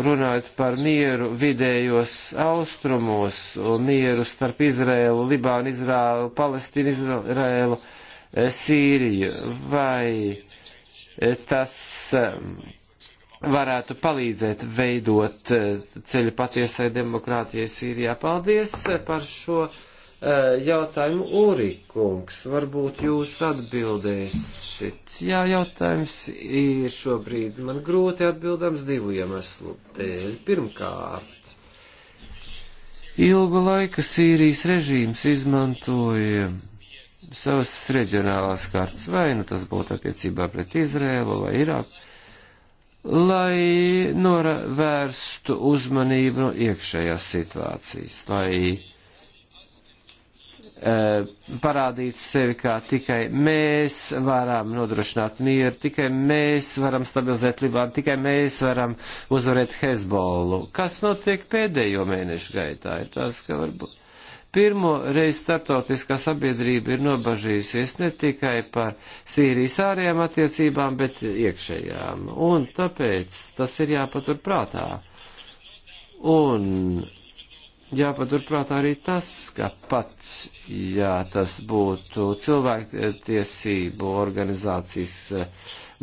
runāt par mieru vidējos austrumos un mieru starp Izraēlu, Libānu, Izraēlu, Palestīnu, Izraēlu, Sīriju, vai tas varētu palīdzēt veidot eh, ceļu patiesai demokrātijai Sīrijā. Paldies eh, par šo eh, jautājumu, Ūrikungs. Varbūt jūs atbildēsit. Jā, jautājums ir šobrīd man grūti atbildams divu iemeslu dēļ. Pirmkārt, ilgu laiku Sīrijas režīms izmantoja savas reģionālās kārtas, vai nu tas būtu attiecībā pret Izrēlu vai Irāku lai norvērstu uzmanību no iekšējās situācijas, lai e, parādīt sevi, kā tikai mēs varam nodrošināt mieru, tikai mēs varam stabilizēt Libānu, tikai mēs varam uzvarēt Hezbollu. Kas notiek pēdējo mēnešu gaitā? Ir tas, ka varbūt Pirmo reizi starptautiskā sabiedrība ir nobažījusies ne tikai par Sīrijas ārējām attiecībām, bet iekšējām. Un tāpēc tas ir jāpatur prātā. Un jāpaturprāt arī tas, ka pats, ja tas būtu cilvēktiesību organizācijas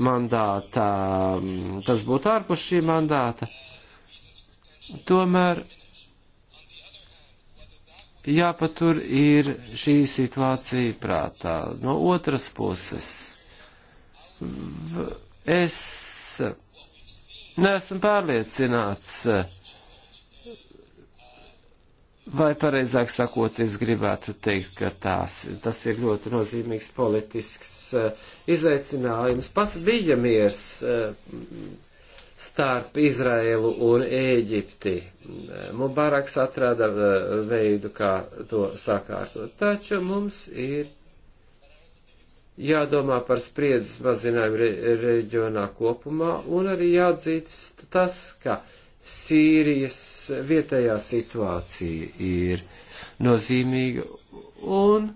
mandātā, tas būtu ārpus šī mandāta. Tomēr jāpatur ir šī situācija prātā. No otras puses, v, es neesmu pārliecināts, vai pareizāk sakot, es gribētu teikt, ka tās, tas ir ļoti nozīmīgs politisks eh, izaicinājums. Pas bija miers eh, starp Izraēlu un Ēģipti. Mubaraks atrada eh, veidu, kā to sakārtot. Taču mums ir jādomā par spriedzes mazinājumu re reģionā kopumā un arī jādzīst tas, ka Sīrijas vietējā situācija ir nozīmīga un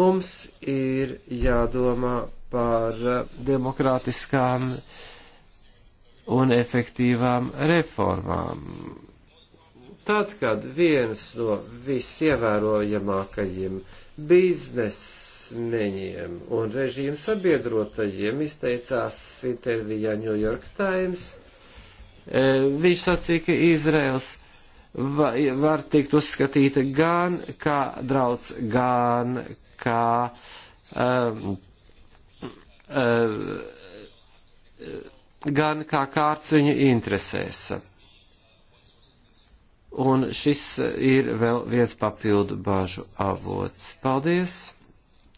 mums ir jādomā par eh, demokrātiskām uh, un efektīvām reformām. Tad, kad viens no visievērojamākajiem biznesmeņiem un režīmu sabiedrotajiem izteicās intervijā New York Times, e, viņš sacīja, ka Izraels var tikt uzskatīta gan kā draudz, gan kā um, um, gan kā kārts viņu interesēs. Un šis ir vēl viens papildu bāžu avots. Paldies!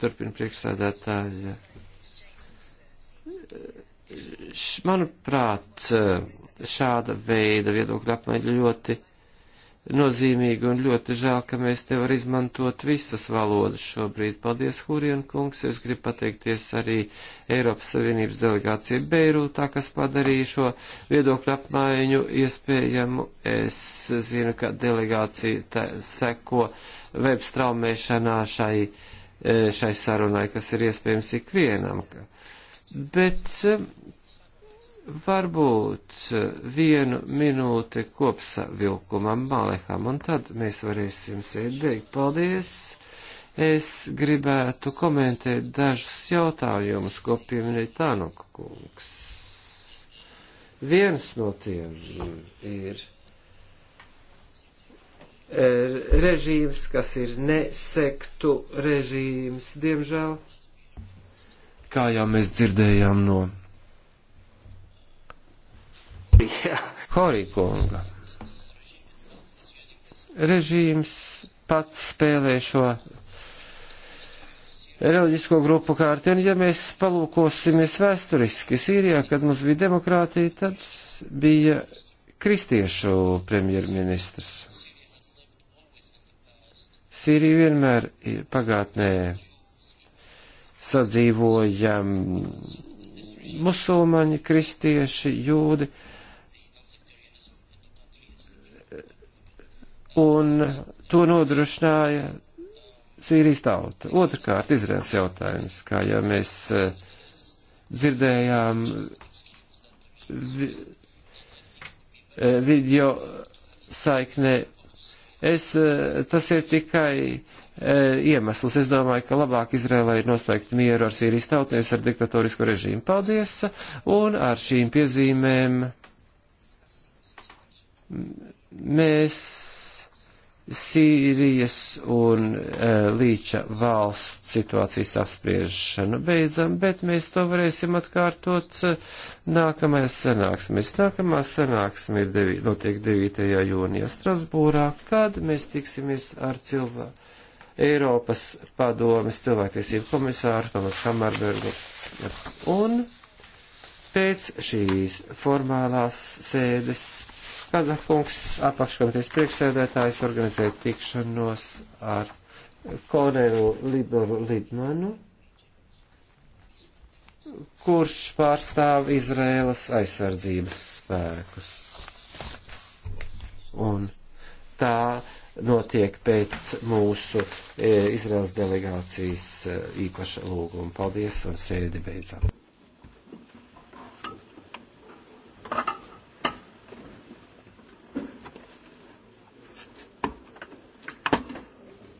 Turpin priekšsēdētāji. Manuprāt, šāda veida viedokļa apmaiņa ļoti nozīmīgi un ļoti žēl, ka mēs te var izmantot visas valodas šobrīd. Paldies, Hurien kungs, es gribu pateikties arī Eiropas Savienības delegācija Beirūtā, kas padarīja šo viedokļu apmaiņu iespējamu. Es zinu, ka delegācija seko web straumēšanā šai, eh, šai sarunai, kas ir iespējams ikvienam. Bet varbūt eh, vienu minūti kopsavilkumam Malekam, un tad mēs varēsim sēdēt beigt. Paldies! Es gribētu komentēt dažus jautājumus, ko pieminēja Tānoka kungs. Viens no tiem ir eh, režīms, kas ir nesektu režīms, diemžēl. Kā jau mēs dzirdējām no Horikunga. Režīms pats spēlē šo reliģisko grupu kārti. Un ja mēs palūkosimies vēsturiski Sīrijā, kad mums bija demokrātija, tad bija kristiešu premjerministrs. Sīrija vienmēr pagātnē sadzīvoja musulmaņi, kristieši, jūdi. Uh, un to nodrošināja Sīrijas tauta. Otrakārt, Izraels jautājums, kā jau mēs eh, dzirdējām vi, eh, video saiknē. Es, eh, tas ir tikai iemesls. Es domāju, ka labāk Izrēlai ir noslēgt mieru ar Sīrijas tautu, nevis ar diktatorisko režīmu. Paldies! Un ar šīm piezīmēm mēs Sīrijas un e, Līča valsts situācijas apspriešanu beidzam, bet mēs to varēsim atkārtot e, nākamajā sanāksmēs. Nākamā sanāksme ir devi, notiek 9. jūnijā Strasbūrā, kad mēs tiksimies ar cilvēku. Eiropas padomes cilvēktiesību komisāru Tomas Hamarbergu. Un pēc šīs formālās sēdes Kazakungs, apakškomitejas priekšsēdētājs, organizēja tikšanos ar Konelu Liboru Libmanu, kurš pārstāv Izrēlas aizsardzības spēkus. Un tā notiek pēc mūsu e, Izraels delegācijas e, īpaša lūguma. Paldies un sēdi beidzam.